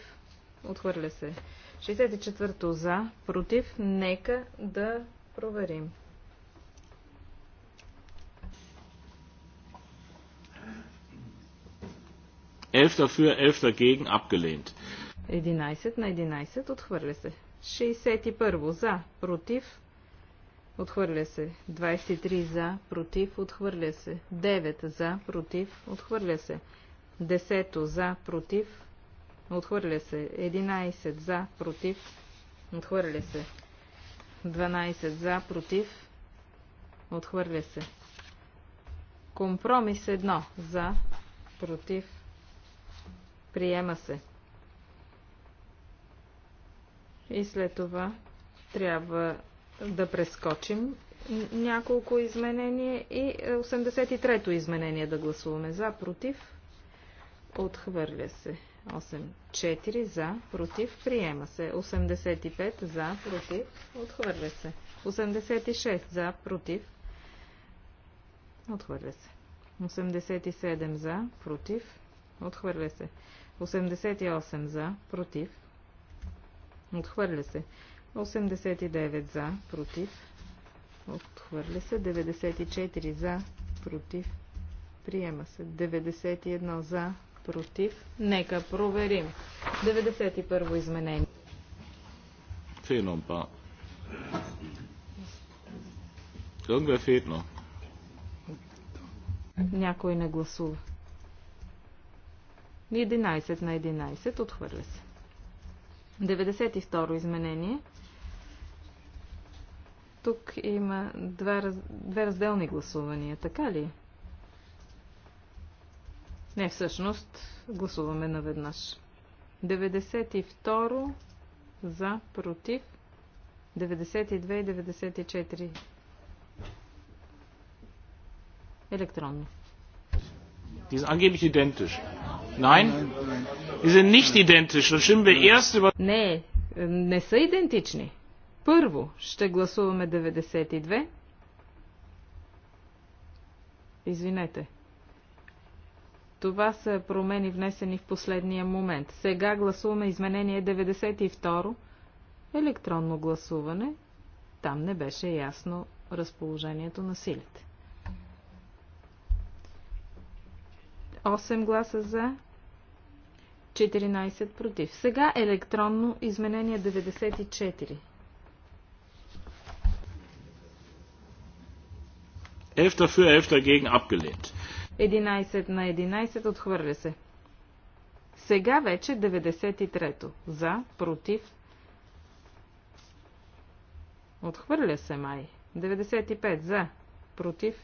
отхвърля се. 64-то за, против, нека да проверим. 11 dafür, 11 dagegen, abgelehnt. 11 на 11 отхвърля се. 61 за, против, отхвърля се. 23 за, против, отхвърля се. 9 за, против, отхвърля се. 10 за, против, отхвърля се. 11 за, против, отхвърля се. 12 за, против, отхвърля се. Компромис 1 за, против, Приема се. И след това трябва да прескочим няколко изменения и 83-то изменение да гласуваме за, против. Отхвърля се. 8-4 за, против, приема се. 85 за, против, отхвърля се. 86 за, против, отхвърля се. 87 за, против, отхвърля се. 88 за, против. Отхвърля се. 89 за, против. Отхвърля се. 94 за, против. Приема се. 91 за, против. Нека проверим. 91 изменение. Fehlen па. ein paar. Някой не гласува. 11 на 11 отхвърля се. 92 изменение. Тук има два, две разделни гласувания, така ли? Не, всъщност гласуваме наведнъж. 92 за, против, 92 и 94 електронно. Die sind angeblich Nein? Sie sind nicht identisch. Dann stimmen wir erst über... Не, не са идентични. Първо ще гласуваме 92. Извинете. Това са промени внесени в последния момент. Сега гласуваме изменение 92. Електронно гласуване. Там не беше ясно разположението на силите. 8 гласа за, 14 против. Сега електронно изменение 94. Elfter für, elfter gegen abgelehnt. 11 на 11 отхвърля се. Сега вече 93-то. За, против. Отхвърля се май. 95 за, против.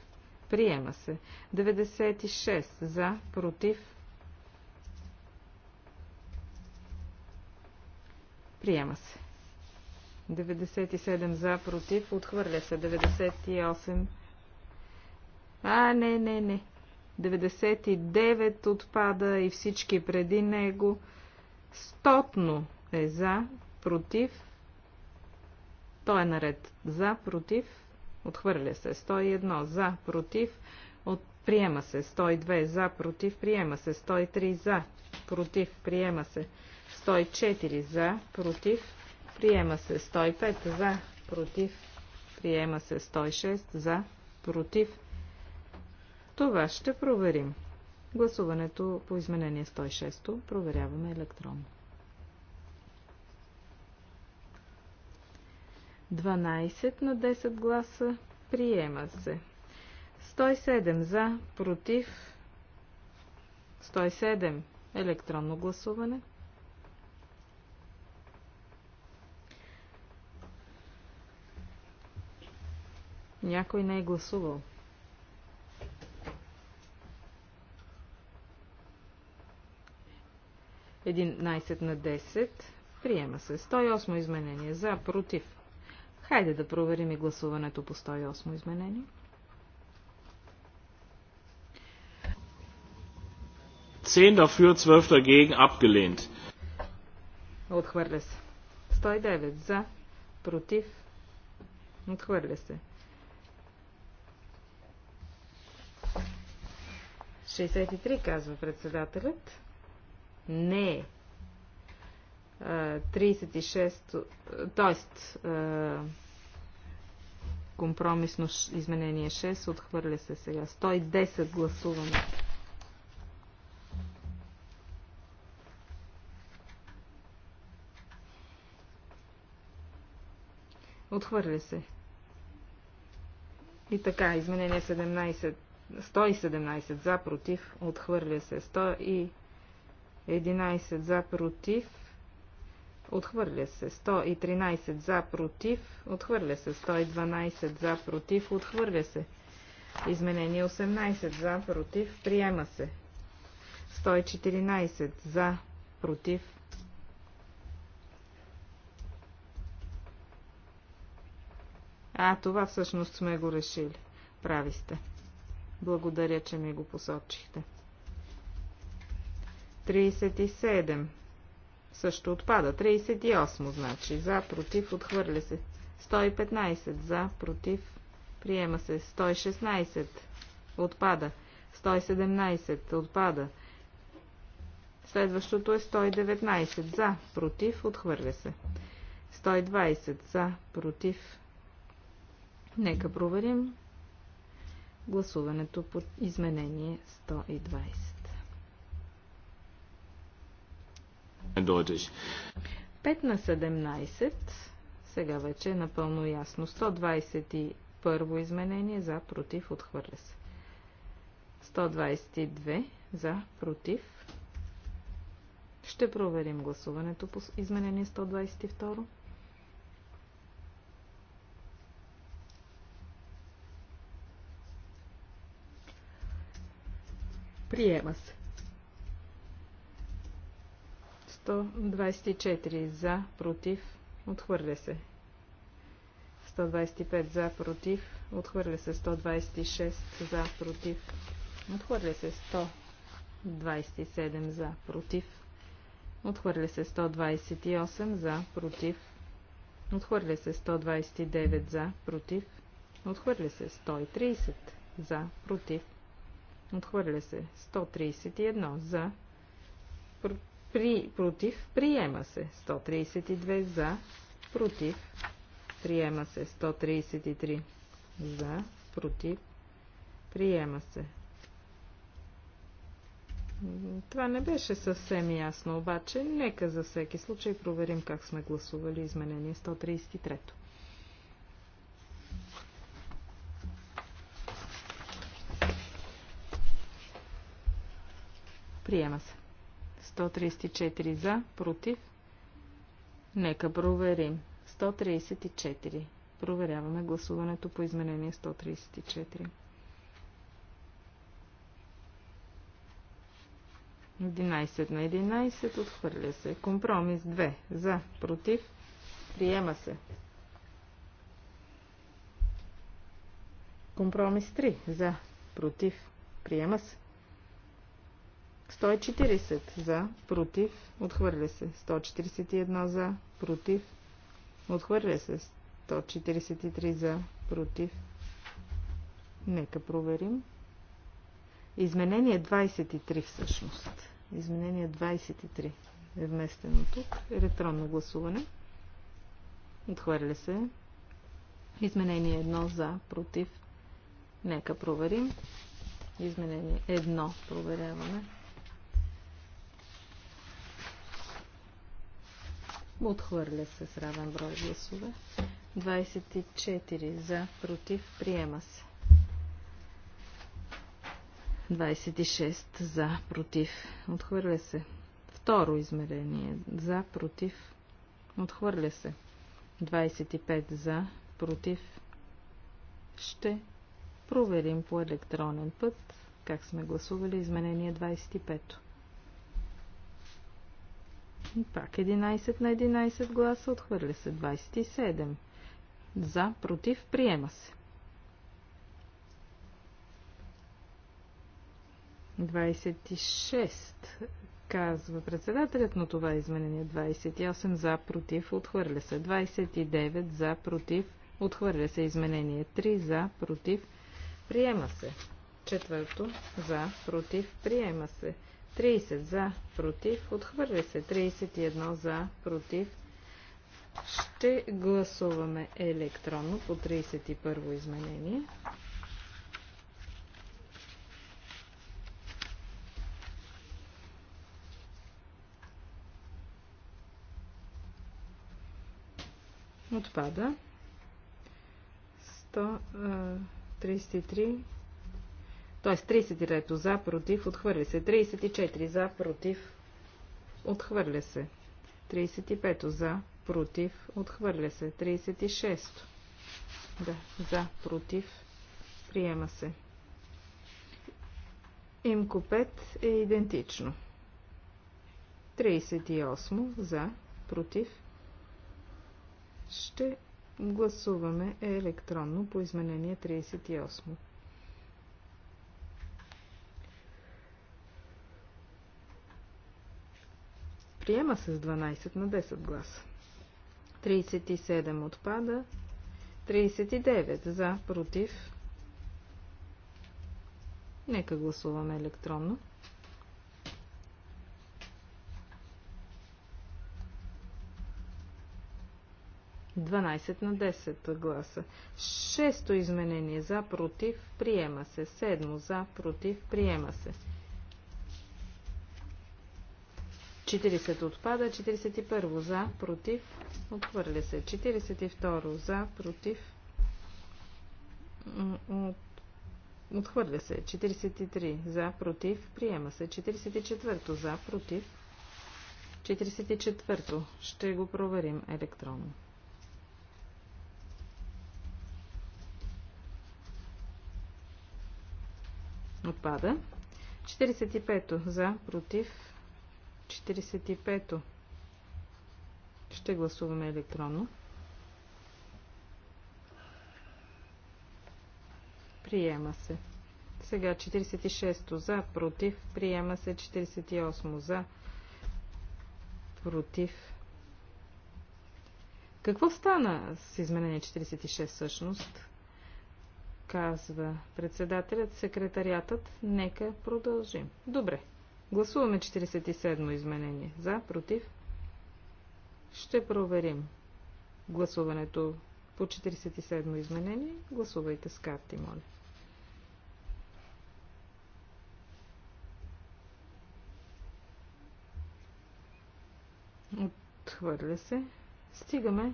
Приема се. 96 за, против. Приема се. 97 за, против, отхвърля се. 98. А, не, не, не. 99 отпада и всички преди него. Стотно е за, против. Той е наред. За, против. Отхвърля се. 101 за, против. От... Приема се. 102 за, против. Приема се. 103 за, против. Приема се. 104 за, против, приема се 105 за, против, приема се 106 за, против. Това ще проверим. Гласуването по изменение 106 проверяваме електронно. 12 на 10 гласа приема се. 107 за, против, 107 електронно гласуване. Някой не е гласувал. Единайсет на 10. Приема се. 108 изменение. За, против. Хайде да проверим и гласуването по 108 изменение. Zehn dafür, 12 dagegen, abgelehnt. Отхвърля се. 109 за, против, отхвърля се. 63, казва председателят. Не. 36, т.е. компромисно изменение 6, отхвърля се сега. 110 гласуваме. Отхвърля се. И така, изменение 17 117 за, против, отхвърля се. 111 за, против, отхвърля се. 113 за, против, отхвърля се. 112 за, против, отхвърля се. Изменение 18 за, против, приема се. 114 за, против, А, това всъщност сме го решили. Прави сте. Благодаря, че ми го посочихте. 37. Също отпада. 38 значи. За, против, отхвърля се. 115. За, против, приема се. 116. Отпада. 117. Отпада. Следващото е 119. За, против, отхвърля се. 120. За, против. Нека проверим гласуването по изменение 120. 5 на 17, сега вече е напълно ясно. 121 изменение за, против, отхвърля се. 122 за, против. Ще проверим гласуването по изменение 122. Приема се. 124 за, против, отхвърля се. 125 за, против, отхвърля се. 126 за, против, отхвърля се. 127 за, против, отхвърля се. 128 за, против, отхвърля се. 129 за, против, отхвърля се. 130 за, против, Отхвърля се. 131 за. При, против. Приема се. 132 за. Против. Приема се. 133 за. Против. Приема се. Това не беше съвсем ясно, обаче нека за всеки случай проверим как сме гласували изменение 133. Приема се. 134 за, против. Нека проверим. 134. Проверяваме гласуването по изменение 134. 11 на 11 отхвърля се. Компромис 2. За. Против. Приема се. Компромис 3. За. Против. Приема се. 140 за, против, отхвърля се. 141 за, против, отхвърля се. 143 за, против. Нека проверим. Изменение 23 всъщност. Изменение 23 е вместено тук. Електронно гласуване. Отхвърля се. Изменение 1 за, против. Нека проверим. Изменение 1 проверяваме. Отхвърля се с равен брой гласове. 24 за, против, приема се. 26 за, против, отхвърля се. Второ измерение за, против, отхвърля се. 25 за, против, ще проверим по електронен път как сме гласували изменение 25. Пак 11 на 11 гласа. Отхвърля се 27. За, против, приема се. 26, казва председателят, но това е изменение 28 за, против, отхвърля се. 29 за, против, отхвърля се. Изменение 3 за, против, приема се. Четвърто за, против, приема се. 30 за, против, отхвърля се. 31 за, против. Ще гласуваме електронно по 31 изменение. Отпада. 133 т.е. 39 за, против, отхвърля се. 34 за, против, отхвърля се. 35 за, против, отхвърля се. 36 да, за, против, приема се. Имко 5 е идентично. 38 за, против. Ще гласуваме електронно по изменение 38. приема с 12 на 10 гласа. 37 отпада. 39 за, против. Нека гласуваме електронно. Дванайсет на 10 гласа. Шесто изменение за, против, приема се. Седмо за, против, приема се. 40 отпада, 41 за, против, отхвърля се. 42 за, против, отхвърля се. 43 за, против, приема се. 44 за, против, 44 ще го проверим електронно. Отпада. 45 за, против, 45-то. Ще гласуваме електронно. Приема се. Сега 46-то за, против. Приема се 48-то за, против. Какво стана с изменение 46 всъщност? Казва председателят, секретариатът. Нека продължим. Добре. Гласуваме 47 изменение. За, против. Ще проверим гласуването по 47 изменение. Гласувайте с карти, моля. Отхвърля се. Стигаме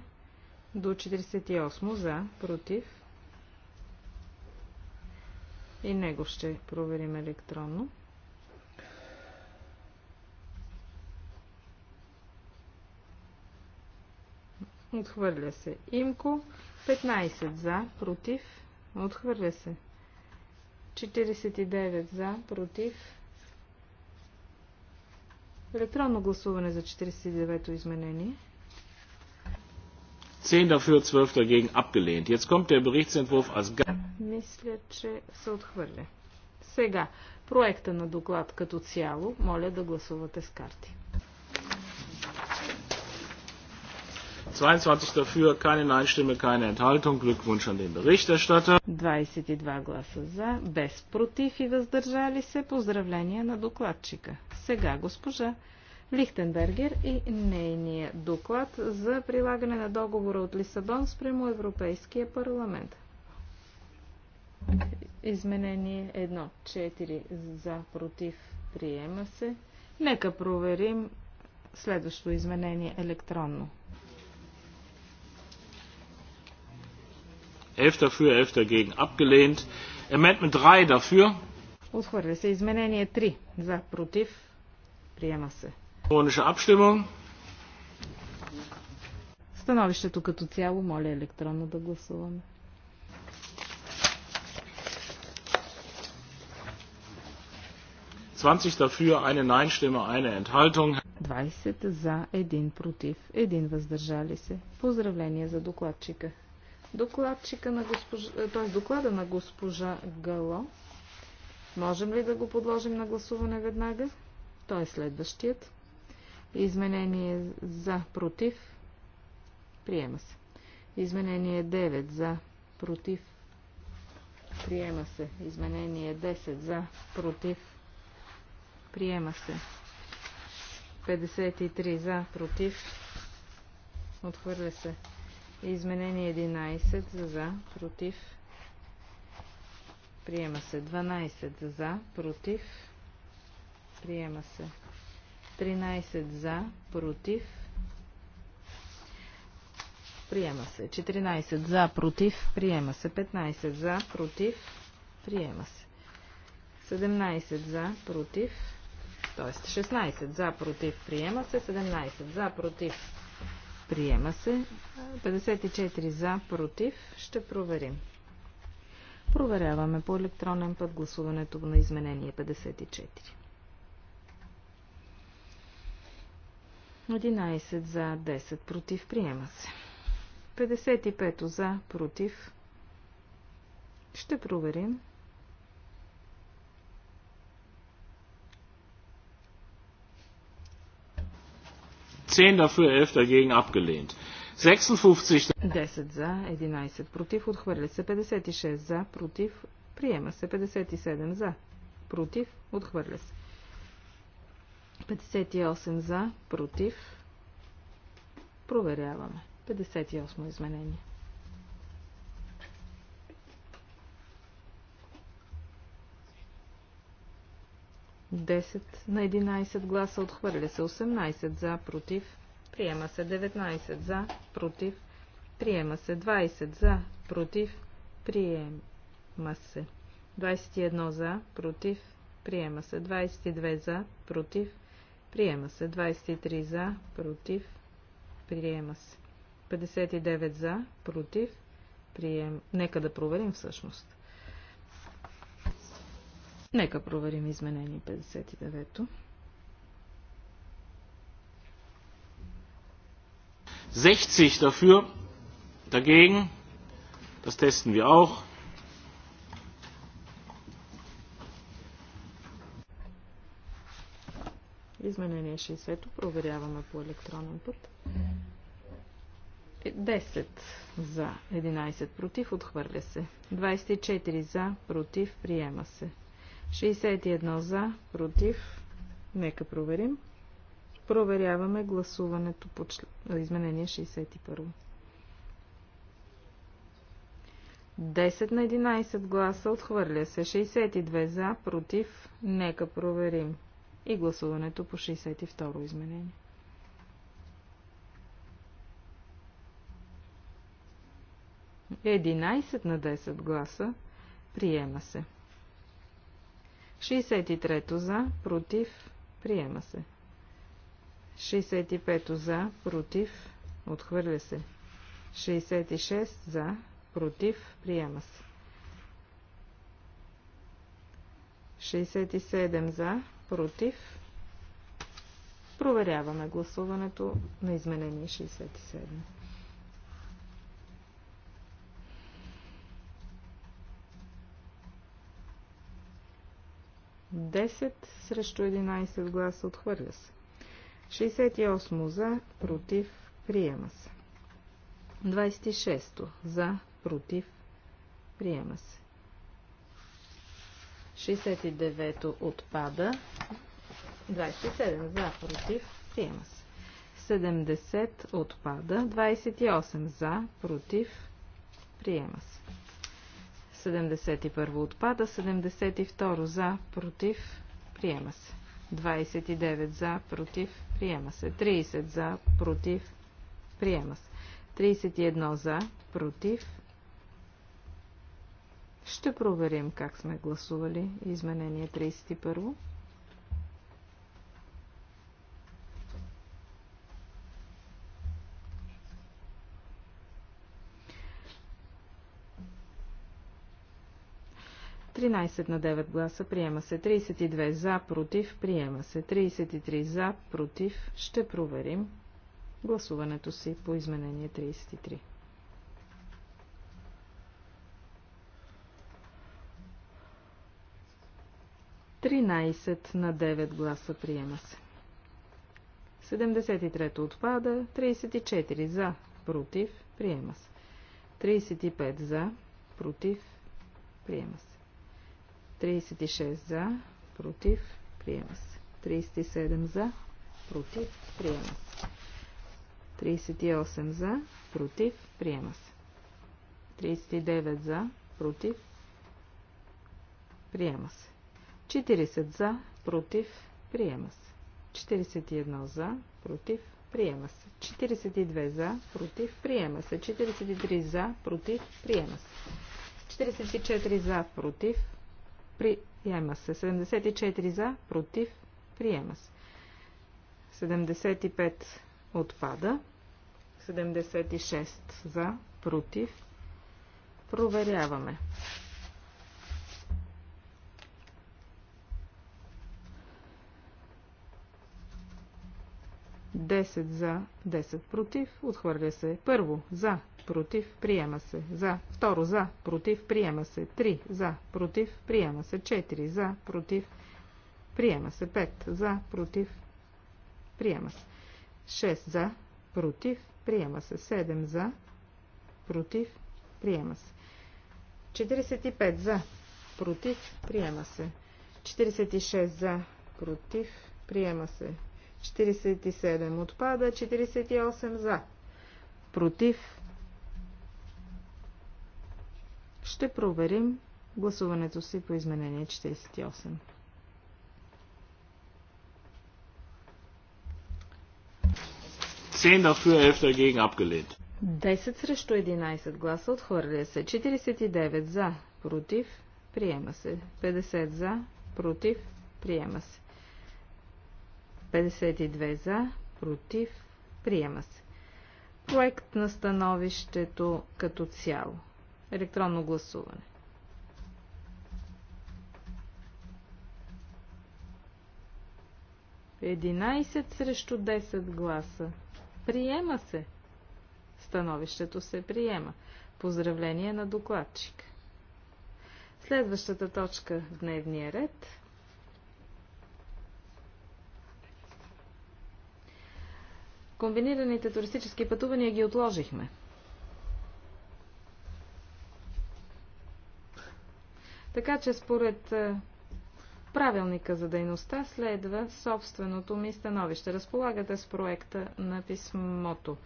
до 48 за, против. И него ще проверим електронно. Отхвърля се. Имко 15 за, против. Отхвърля се. 49 за, против. Електронно гласуване за 49-то изменение. 10 dafür, 12 dagegen abgelehnt. Jetzt kommt der Berichtsentwurf als Мисля, че се отхвърля. Сега, проекта на доклад като цяло, моля да гласувате с карти. 22 dafür, keine Nein-Stimme, keine Enthaltung. Glückwunsch an den Berichterstatter. 22 гласа за, без против и въздържали се. Поздравления на докладчика. Сега госпожа Лихтенбергер и нейният доклад за прилагане на договора от Лисабон спрямо Европейския парламент. Изменение 1. 4 за, против, приема се. Нека проверим следващото изменение електронно. 11 dafür, 11 dagegen abgelehnt. Amendment 3 dafür. Отхвърля се изменение 3. За, против. Приема се. Електронична Abstimmung. Становището като цяло, моля електронно да гласуваме. Dafür, eine Nein -Stimme, eine Enthaltung. 20 за, 1 против, 1 въздържали се. Поздравления за докладчика докладчика на госпожа, е, т.е. доклада на госпожа Гало. Можем ли да го подложим на гласуване веднага? Той е следващият. Изменение за, против. Приема се. Изменение 9 за, против. Приема се. Изменение 10 за, против. Приема се. 53 за, против. Отхвърля се. Изменение 11 за против. Приема се. 12 за за, против. Приема се. 13 за, против. Приема се. 14 за, против. Приема се. 15 за, против. Приема се. 17 за, против. Тоест 16 за, против. Приема се. 17 за, против. Приема се. 54 за, против. Ще проверим. Проверяваме по електронен път гласуването на изменение 54. 11 за, 10 против. Приема се. 55 за, против. Ще проверим. 10 dafür, 11 dagegen abgelehnt. 56. 10 за, 11 против, отхвърля се 56 за, против, приема се 57 за, против, отхвърля се. 58 за, против, проверяваме. 58 изменение. 10 на 11 гласа отхвърля се 18 за, против, приема се 19 за, против, приема се 20 за, против, приема се 21 за, против, приема се 22 за, против, приема се 23 за, против, приема се 59 за, против, прием... Нека да проверим всъщност. Нека проверим изменение 59-то. 60 dagegen, das testen wir auch. Изменение 60-то проверяваме по електронен път. 10 е, за, 11 против, отхвърля се. 24 за, против, приема се. 61 за, против. Нека проверим. Проверяваме гласуването по изменение 61. 10 на 11 гласа отхвърля се. 62 за, против. Нека проверим. И гласуването по 62 изменение. Единайсет на 10 гласа приема се. 63 за, против, приема се. 65 за, против, отхвърля се. 66 за, против, приема се. 67 за, против. Проверяваме гласуването на изменение 67. 10 срещу 11 гласа отхвърля се. 68 за, против, приема се. 26 за, против, приема се. 69 отпада. 27 за, против, приема се. 70 отпада. 28 за, против, приема се. 71 отпада, 72 за, против, приема се. 29 за, против, приема се. 30 за, против, приема се. 31 за, против. Ще проверим как сме гласували изменение 31. 13 на 9 гласа приема се. 32 за, против, приема се. 33 за, против, ще проверим гласуването си по изменение 33. Тринайсет на 9 гласа приема се. 73 отпада, 34 за, против, приема се. 35 за, против, приема се. 36 за, против, приема се. 37 за, против, приема се. 38 за, против, приема се. 39 за, против, приема се. 40 за, против, приема се. 41 за, против, приема се. 42 за, против, приема се. 43 за, против, приема се. 44 за, против, Приема се. 74 за, против, приема се. 75 отпада. 76 за, против. Проверяваме. 10 за, 10 против, отхвърля се. Първо, за, против, приема се. За, второ, за, против, приема се. 3 за, против, приема се. 4 за, против, приема се. 5 за, против, приема се. 6 за, против, приема се. 7 за, против, приема се. 45 за, против, приема се. 46 за, против, приема се. 47 отпада, 48 за. Против. Ще проверим гласуването си по изменение 48. Десет 10 срещу 11 гласа отхвърля се. 49 за, против, приема се. 50 за, против, приема се. 52 за, против, приема се. Проект на становището като цяло. Електронно гласуване. Единайсет срещу 10 гласа. Приема се. Становището се приема. Поздравление на докладчик. Следващата точка в дневния ред Комбинираните туристически пътувания ги отложихме. Така че според е, правилника за дейността следва собственото ми становище. Разполагате с проекта на писмото.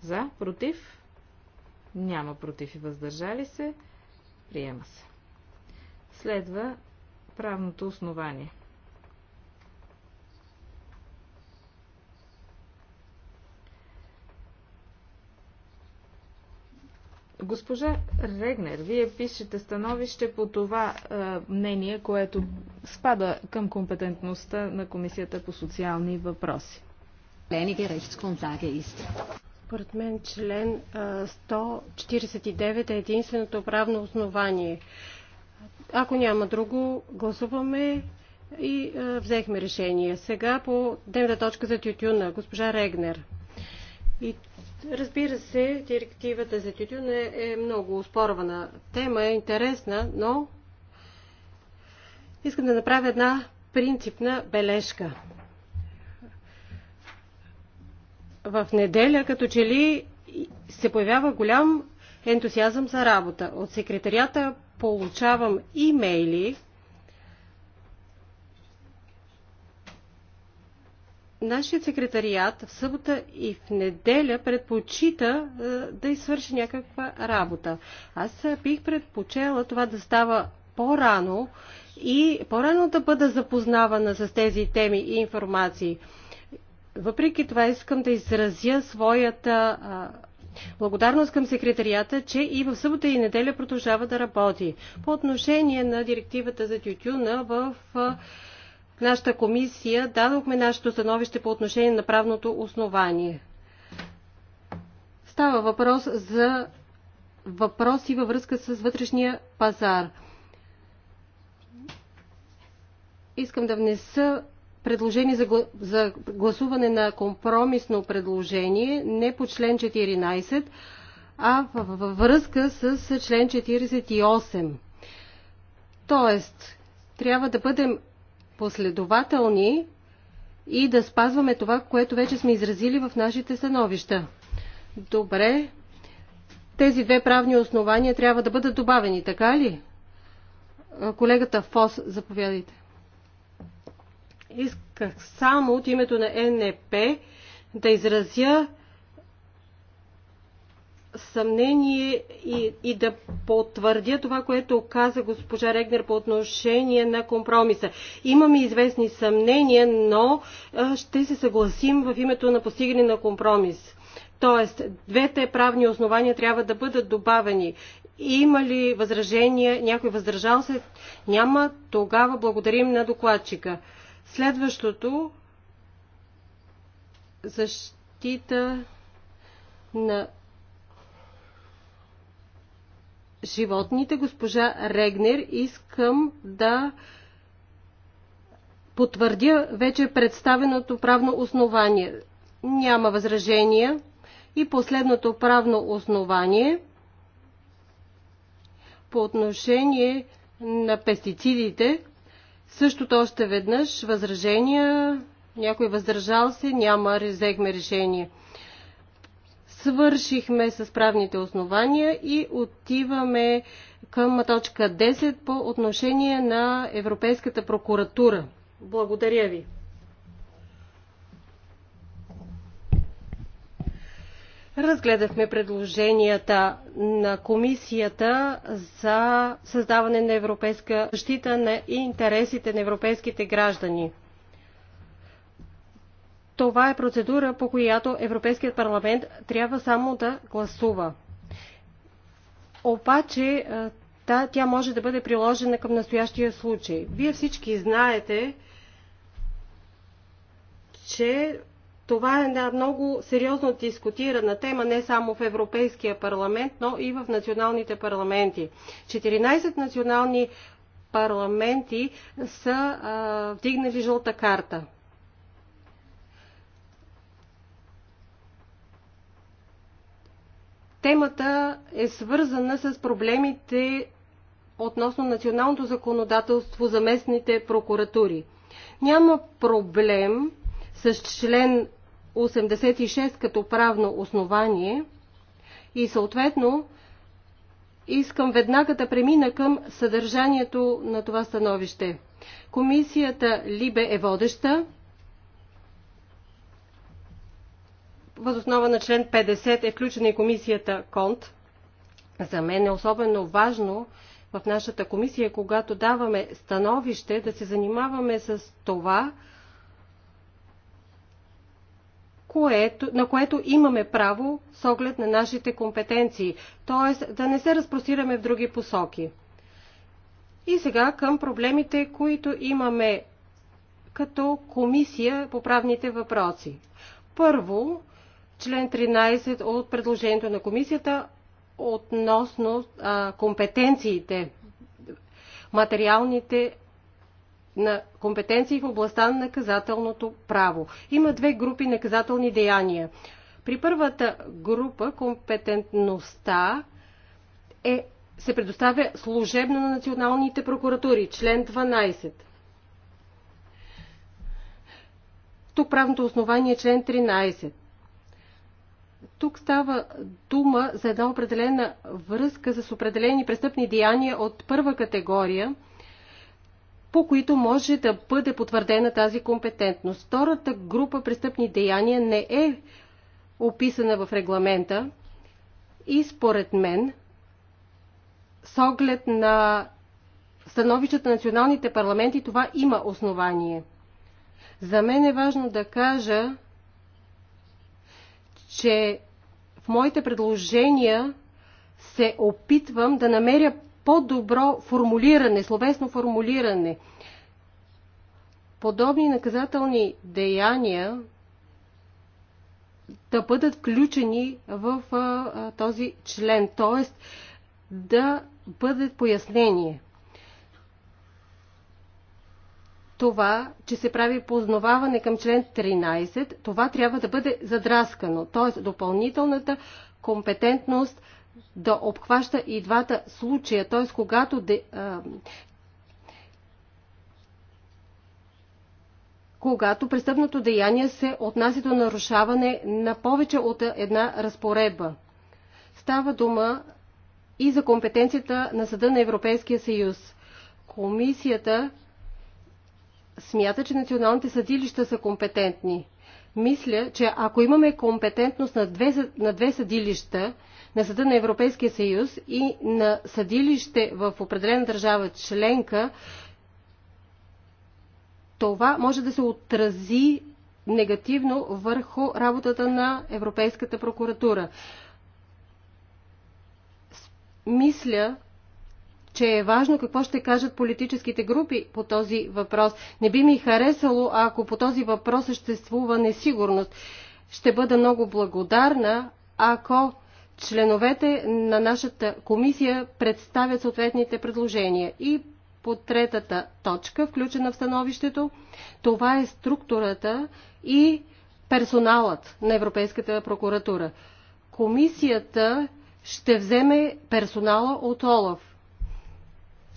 За, против, няма против и въздържали се, приема се. Следва правното основание – Госпожа Регнер, вие пишете становище по това е, мнение, което спада към компетентността на Комисията по социални въпроси. Според мен член 149 е, е единственото правно основание. Ако няма друго, гласуваме и е, взехме решение. Сега по дневна точка за тютюна, госпожа Регнер. И Разбира се, директивата за тютюн е, е много спорвана тема, е интересна, но искам да направя една принципна бележка. В неделя, като че ли се появява голям ентусиазъм за работа. От секретарията получавам имейли, Нашият секретариат в събота и в неделя предпочита е, да извърши някаква работа. Аз е, бих предпочела това да става по-рано и по-рано да бъда запознавана с тези теми и информации. Въпреки това искам да изразя своята е, благодарност към секретарията, че и в събота и неделя продължава да работи. По отношение на директивата за тютюна в в нашата комисия дадохме нашето становище по отношение на правното основание. Става въпрос за въпроси във връзка с вътрешния пазар. Искам да внеса предложение за, за гласуване на компромисно предложение, не по член 14, а във връзка с член 48. Тоест, трябва да бъдем последователни и да спазваме това, което вече сме изразили в нашите становища. Добре. Тези две правни основания трябва да бъдат добавени, така ли? Колегата Фос, заповядайте. Исках само от името на НП да изразя съмнение и, и да потвърдя това, което каза госпожа Регнер по отношение на компромиса. Имаме известни съмнения, но ще се съгласим в името на постигане на компромис. Тоест, двете правни основания трябва да бъдат добавени. Има ли възражения? Някой въздържал се? Няма. Тогава благодарим на докладчика. Следващото защита на животните, госпожа Регнер, искам да потвърдя вече представеното правно основание. Няма възражения. И последното правно основание по отношение на пестицидите. Същото още веднъж възражения, някой въздържал се, няма, взехме решение свършихме с правните основания и отиваме към точка 10 по отношение на Европейската прокуратура. Благодаря ви. Разгледахме предложенията на комисията за създаване на европейска защита на интересите на европейските граждани. Това е процедура, по която Европейският парламент трябва само да гласува. Обаче е, та, тя може да бъде приложена към настоящия случай. Вие всички знаете, че това е една много сериозно дискутирана тема не само в Европейския парламент, но и в националните парламенти. 14 национални парламенти са а, вдигнали жълта карта. Темата е свързана с проблемите относно националното законодателство за местните прокуратури. Няма проблем с член 86 като правно основание и съответно искам веднага да премина към съдържанието на това становище. Комисията Либе е водеща, Възоснова на член 50 е включена и комисията КОНТ. За мен е особено важно в нашата комисия, когато даваме становище, да се занимаваме с това, което, на което имаме право с оглед на нашите компетенции, т.е. да не се разпростираме в други посоки. И сега към проблемите, които имаме като комисия по правните въпроси. Първо, член 13 от предложението на комисията относно а, компетенциите, материалните на компетенции в областта на наказателното право. Има две групи наказателни деяния. При първата група компетентността е, се предоставя служебно на националните прокуратури, член 12. Тук правното основание е член 13 тук става дума за една определена връзка с определени престъпни деяния от първа категория, по които може да бъде потвърдена тази компетентност. Втората група престъпни деяния не е описана в регламента и според мен, с оглед на становищата на националните парламенти, това има основание. За мен е важно да кажа, че в моите предложения се опитвам да намеря по-добро формулиране, словесно формулиране. Подобни наказателни деяния да бъдат включени в а, този член, т.е. да бъдат пояснение това, че се прави познаване към член 13, това трябва да бъде задраскано. Т.е. допълнителната компетентност да обхваща и двата случая. Т.е. когато де, а, когато престъпното деяние се отнася до нарушаване на повече от една разпоредба. Става дума и за компетенцията на Съда на Европейския съюз. Комисията смята, че националните съдилища са компетентни. Мисля, че ако имаме компетентност на две, на две съдилища, на Съда на Европейския съюз и на съдилище в определена държава членка, това може да се отрази негативно върху работата на Европейската прокуратура. Мисля, че е важно какво ще кажат политическите групи по този въпрос. Не би ми харесало, ако по този въпрос съществува несигурност. Ще бъда много благодарна, ако членовете на нашата комисия представят съответните предложения. И по третата точка, включена в становището, това е структурата и персоналът на Европейската прокуратура. Комисията ще вземе персонала от Олаф.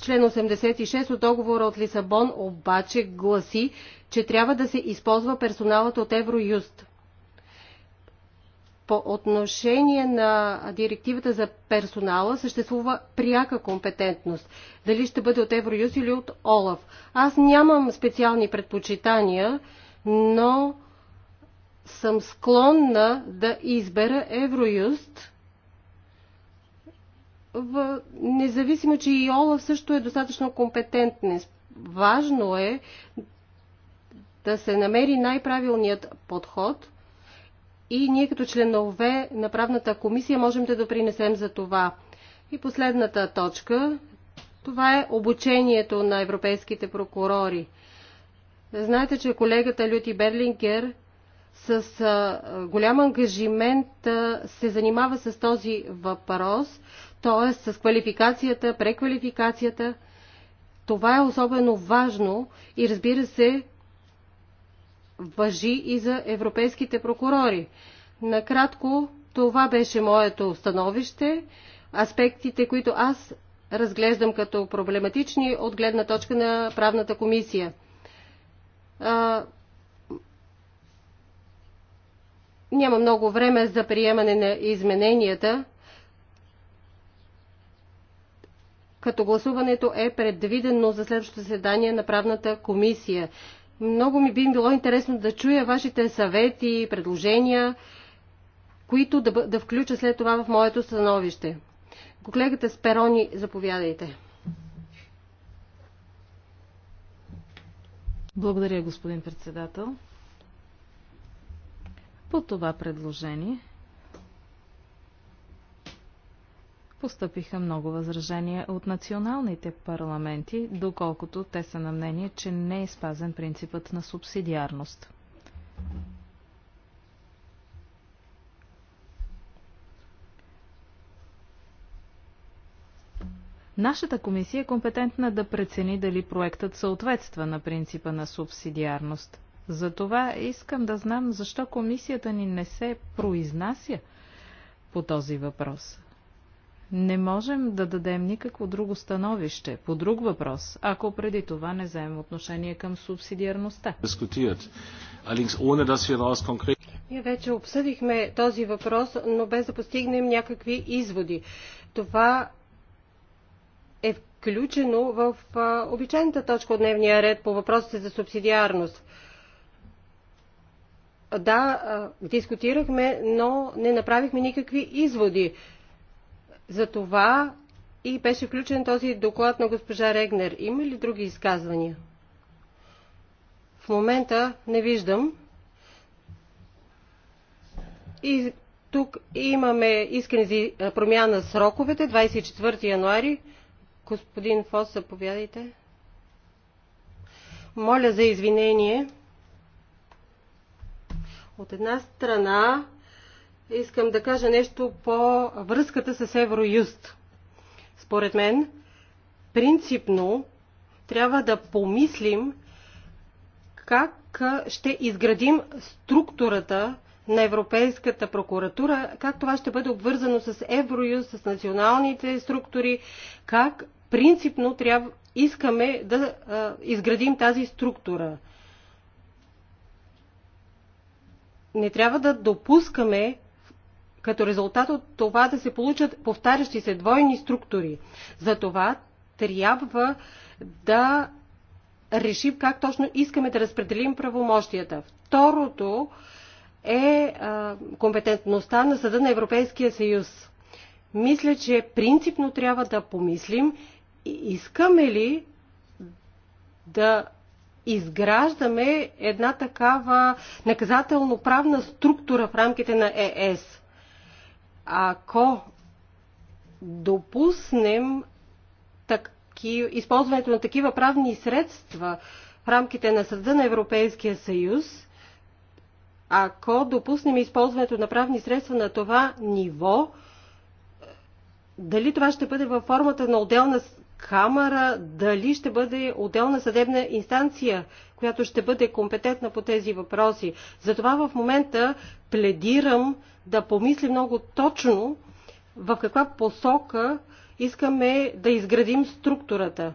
Член 86 от договора от Лисабон обаче гласи, че трябва да се използва персоналът от Евроюст. По отношение на директивата за персонала съществува пряка компетентност. Дали ще бъде от Евроюст или от ОЛАФ. Аз нямам специални предпочитания, но съм склонна да избера Евроюст, в... независимо, че и Олаф също е достатъчно компетентен. Важно е да се намери най-правилният подход и ние като членове на правната комисия можем да допринесем за това. И последната точка, това е обучението на европейските прокурори. Знаете, че колегата Люти Берлингер с голям ангажимент се занимава с този въпрос т.е. с квалификацията, преквалификацията. Това е особено важно и разбира се, въжи и за европейските прокурори. Накратко, това беше моето становище. Аспектите, които аз разглеждам като проблематични от гледна точка на правната комисия. А, няма много време за приемане на измененията. като гласуването е предвидено за следващото заседание на правната комисия. Много ми би било интересно да чуя вашите съвети и предложения, които да, да включа след това в моето становище. Колегата Сперони, заповядайте. Благодаря, господин председател. По това предложение Постъпиха много възражения от националните парламенти, доколкото те са на мнение, че не е спазен принципът на субсидиарност. Нашата комисия е компетентна да прецени дали проектът съответства на принципа на субсидиарност. Затова искам да знам защо комисията ни не се произнася по този въпрос. Не можем да дадем никакво друго становище по друг въпрос, ако преди това не вземем отношение към субсидиарността. Ние вече обсъдихме този въпрос, но без да постигнем някакви изводи. Това е включено в обичайната точка от дневния ред по въпросите за субсидиарност. Да, дискутирахме, но не направихме никакви изводи. За това и беше включен този доклад на госпожа Регнер. Има ли други изказвания? В момента не виждам. И тук имаме искане за промяна сроковете. 24 януари. Господин Фос, заповядайте. Моля за извинение. От една страна искам да кажа нещо по връзката с Евроюст. Според мен, принципно трябва да помислим как ще изградим структурата на Европейската прокуратура, как това ще бъде обвързано с Евроюст, с националните структури, как принципно трябва, искаме да а, изградим тази структура. Не трябва да допускаме като резултат от това да се получат повтарящи се двойни структури. За това трябва да решим как точно искаме да разпределим правомощията. Второто е а, компетентността на Съда на Европейския съюз. Мисля, че принципно трябва да помислим, искаме ли да изграждаме една такава наказателно-правна структура в рамките на ЕС. Ако допуснем таки, използването на такива правни средства в рамките на Съда на Европейския съюз, ако допуснем използването на правни средства на това ниво, дали това ще бъде във формата на отделна камара, дали ще бъде отделна съдебна инстанция, която ще бъде компетентна по тези въпроси. Затова в момента пледирам да помисли много точно в каква посока искаме да изградим структурата.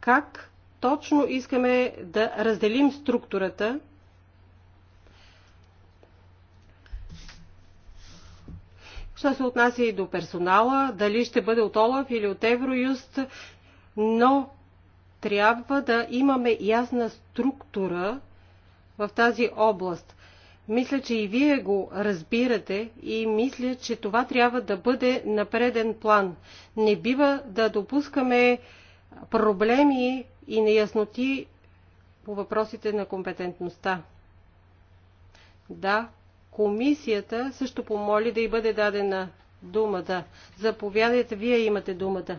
Как точно искаме да разделим структурата Що се отнася и до персонала, дали ще бъде от Олаф или от Евроюст, но трябва да имаме ясна структура в тази област. Мисля, че и вие го разбирате и мисля, че това трябва да бъде на преден план. Не бива да допускаме проблеми и неясноти по въпросите на компетентността. Да, Комисията също помоли да й бъде дадена думата. Заповядайте, вие имате думата.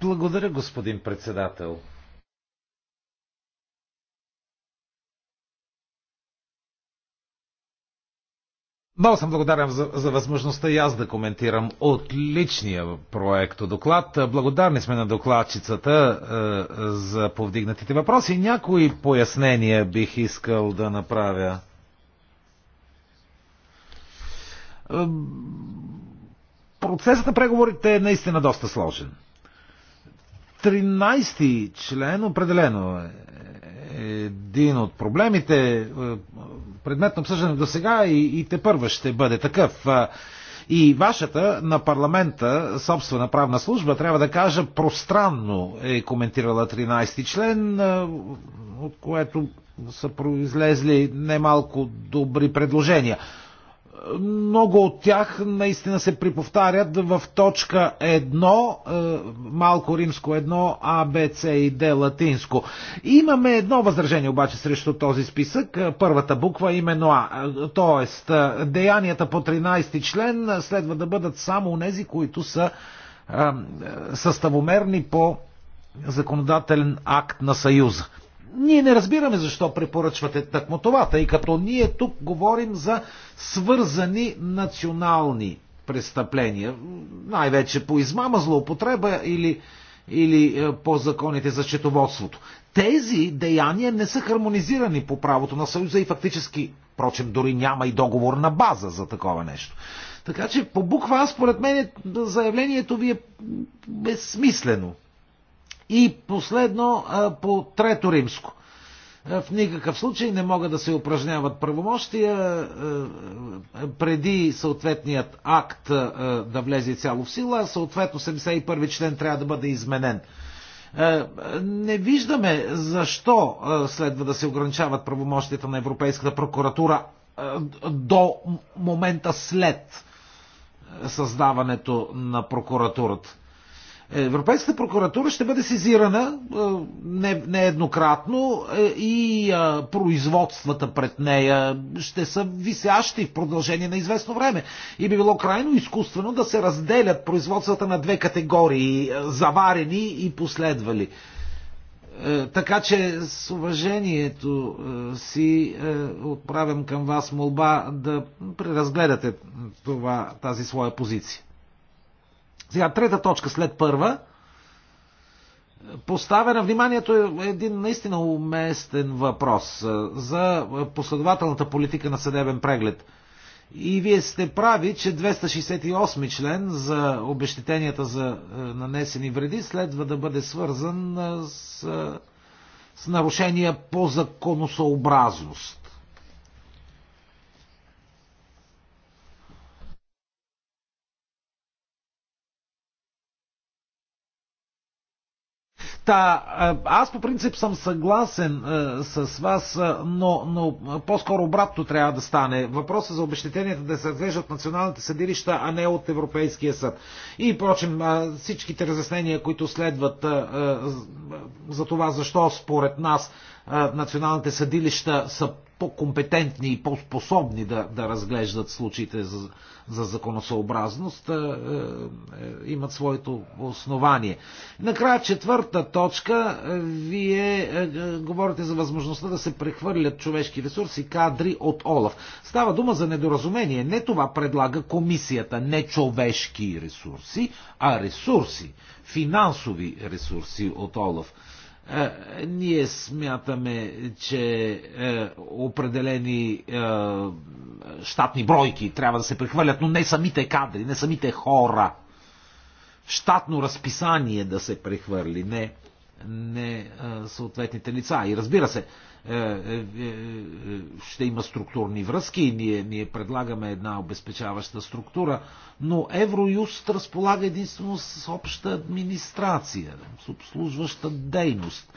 Благодаря, господин председател. Много съм благодарен за, за възможността и аз да коментирам отличния проекто доклад. Благодарни сме на докладчицата е, за повдигнатите въпроси. Някои пояснения бих искал да направя. Е, процесът на преговорите е наистина доста сложен. 13 член определено е един от проблемите, е, предмет на обсъждане до сега и, и те първа ще бъде такъв. И вашата на парламента собствена правна служба, трябва да кажа, пространно е коментирала 13 член, от което са произлезли немалко добри предложения много от тях наистина се приповтарят в точка 1, е, малко римско 1, А, Б, С и Д латинско. Имаме едно възражение обаче срещу този списък, е, първата буква именно А. Е, тоест, деянията по 13 член следва да бъдат само нези, които са съставомерни по законодателен акт на Съюза. Ние не разбираме защо препоръчвате такмо това, тъй като ние тук говорим за свързани национални престъпления, най-вече по измама, злоупотреба или, или е, по законите за счетоводството. Тези деяния не са хармонизирани по правото на Съюза и фактически, впрочем, дори няма и договор на база за такова нещо. Така че по буква А, според мен, заявлението ви е безсмислено. И последно, по трето римско. В никакъв случай не могат да се упражняват правомощия преди съответният акт да влезе цяло в сила, съответно 71 член трябва да бъде изменен. Не виждаме защо следва да се ограничават правомощията на Европейската прокуратура до момента след създаването на прокуратурата. Европейската прокуратура ще бъде сезирана нееднократно не и производствата пред нея ще са висящи в продължение на известно време. И би било крайно изкуствено да се разделят производствата на две категории заварени и последвали. Така че с уважението си отправям към вас молба да преразгледате това, тази своя позиция. Сега, трета точка след първа поставя на вниманието е един наистина уместен въпрос за последователната политика на съдебен преглед. И вие сте прави, че 268 член за обещетенията за нанесени вреди следва да бъде свързан с, с нарушения по законосъобразност. Та, аз по принцип съм съгласен а, с вас, но, но по-скоро обратно трябва да стане. Въпроса за обещетенията да се разглеждат националните съдилища, а не от Европейския съд. И, впрочем, а, всичките разяснения, които следват а, а, за това, защо според нас а, националните съдилища са по-компетентни и по-способни да, да разглеждат случаите за, за законосъобразност, е, е, имат своето основание. Накрая четвърта точка, вие е, говорите за възможността да се прехвърлят човешки ресурси, кадри от Олаф. Става дума за недоразумение. Не това предлага комисията, не човешки ресурси, а ресурси, финансови ресурси от Олаф ние смятаме, че е, определени е, щатни бройки трябва да се прехвърлят, но не самите кадри, не самите хора. Штатно разписание да се прехвърли, не, не е, съответните лица. И разбира се, е, е, е, ще има структурни връзки и ние, ние предлагаме една обезпечаваща структура, но Евроюст разполага единствено с обща администрация, с обслужваща дейност.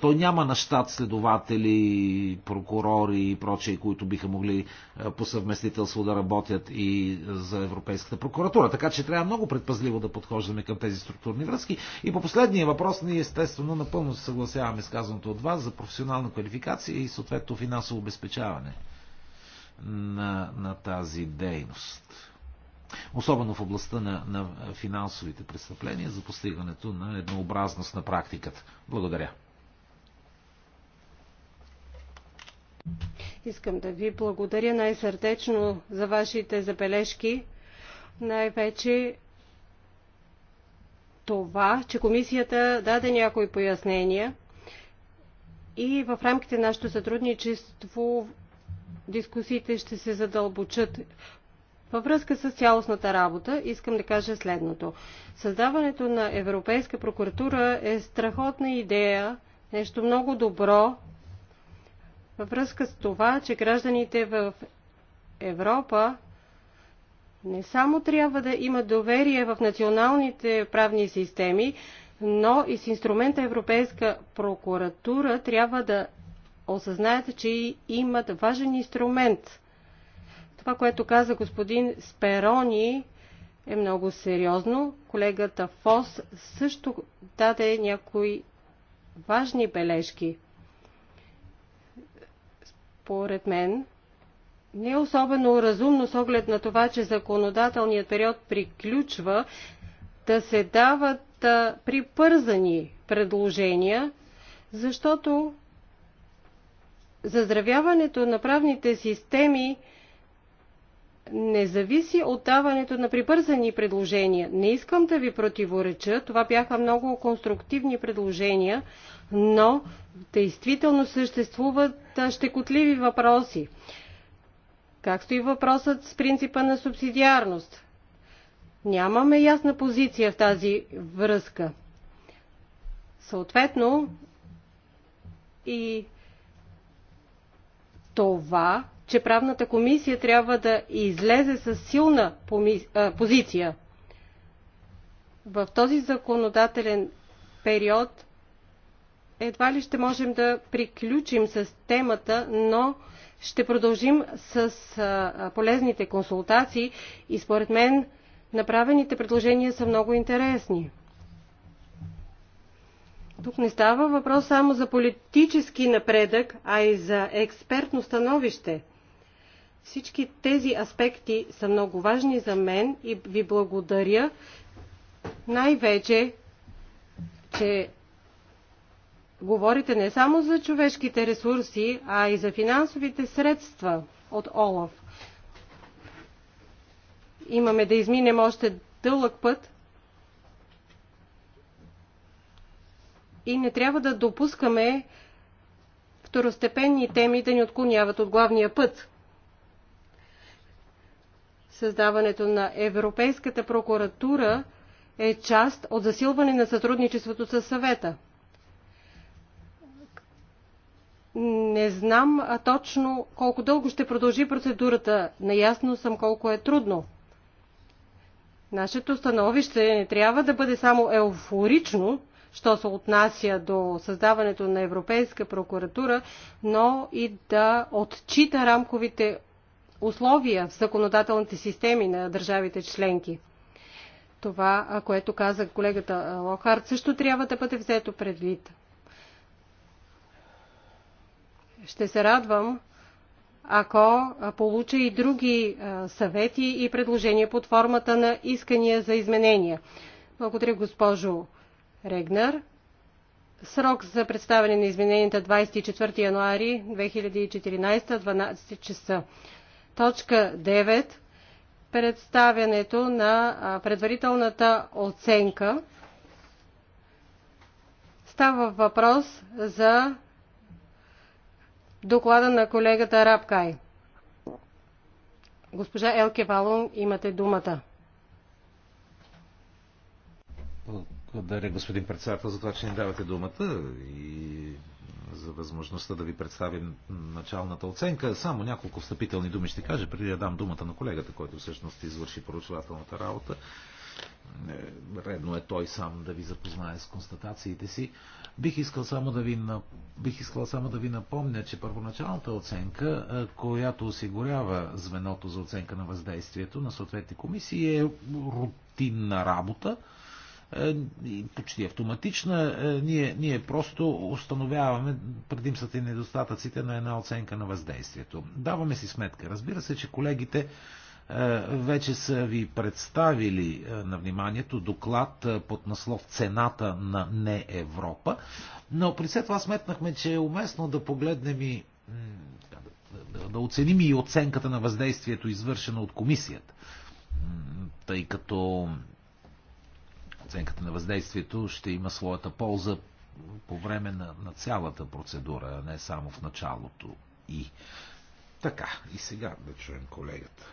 Той няма на щат следователи, прокурори и прочие, които биха могли е, по съвместителство да работят и за Европейската прокуратура. Така че трябва много предпазливо да подхождаме към тези структурни връзки. И по последния въпрос, ние естествено напълно се съгласяваме с казаното от вас за професионална квалификация и съответно финансово обезпечаване на, на тази дейност. Особено в областта на, на финансовите престъпления за постигането на еднообразност на практиката. Благодаря. Искам да ви благодаря най-сърдечно за вашите забележки. Най-вече това, че комисията даде някои пояснения и в рамките на нашето сътрудничество дискусиите ще се задълбочат. Във връзка с цялостната работа искам да кажа следното. Създаването на Европейска прокуратура е страхотна идея, нещо много добро, във връзка с това, че гражданите в Европа не само трябва да имат доверие в националните правни системи, но и с инструмента Европейска прокуратура трябва да осъзнаят, че имат важен инструмент. Това, което каза господин Сперони, е много сериозно. Колегата Фос също даде някои важни бележки според мен, не е особено разумно с оглед на това, че законодателният период приключва да се дават а, припързани предложения, защото заздравяването на правните системи не зависи от даването на припързани предложения. Не искам да ви противореча, това бяха много конструктивни предложения, но действително съществуват щекотливи въпроси, както и въпросът с принципа на субсидиарност. Нямаме ясна позиция в тази връзка. Съответно, и това, че правната комисия трябва да излезе с силна позиция. В този законодателен период едва ли ще можем да приключим с темата, но ще продължим с полезните консултации и според мен направените предложения са много интересни. Тук не става въпрос само за политически напредък, а и за експертно становище. Всички тези аспекти са много важни за мен и ви благодаря най-вече, че говорите не само за човешките ресурси, а и за финансовите средства от ОЛАФ. Имаме да изминем още дълъг път и не трябва да допускаме второстепенни теми да ни отклоняват от главния път. Създаването на Европейската прокуратура е част от засилване на сътрудничеството с съвета – Не знам а точно колко дълго ще продължи процедурата. Наясно съм колко е трудно. Нашето становище не трябва да бъде само еуфорично, що се отнася до създаването на Европейска прокуратура, но и да отчита рамковите условия в законодателните системи на държавите членки. Това, което каза колегата Лохард, също трябва да бъде взето предвид. Ще се радвам, ако получа и други съвети и предложения под формата на искания за изменения. Благодаря, госпожо Регнар. Срок за представяне на измененията 24 януари 2014, 12 часа. Точка 9. Представянето на предварителната оценка. Става въпрос за доклада на колегата Рабкай. Госпожа Елке Валун, имате думата. Благодаря, господин председател, за това, че ни давате думата и за възможността да ви представим началната оценка. Само няколко встъпителни думи ще кажа, преди да дам думата на колегата, който всъщност извърши поручвателната работа. Е, редно е той сам да ви запознае с констатациите си. Бих искал само да ви, бих искал само да ви напомня, че първоначалната оценка, е, която осигурява звеното за оценка на въздействието на съответните комисии е рутинна работа е, почти автоматична. Ние, ние просто установяваме предимствата и недостатъците на една оценка на въздействието. Даваме си сметка. Разбира се, че колегите е, вече са ви представили е, на вниманието доклад е, под наслов Цената на не Европа, но при все това сметнахме, че е уместно да погледнем и да оценим и оценката на въздействието, извършено от комисията. Тъй като оценката на въздействието ще има своята полза по време на, на цялата процедура, а не само в началото и. Така, и сега да чуем колегата.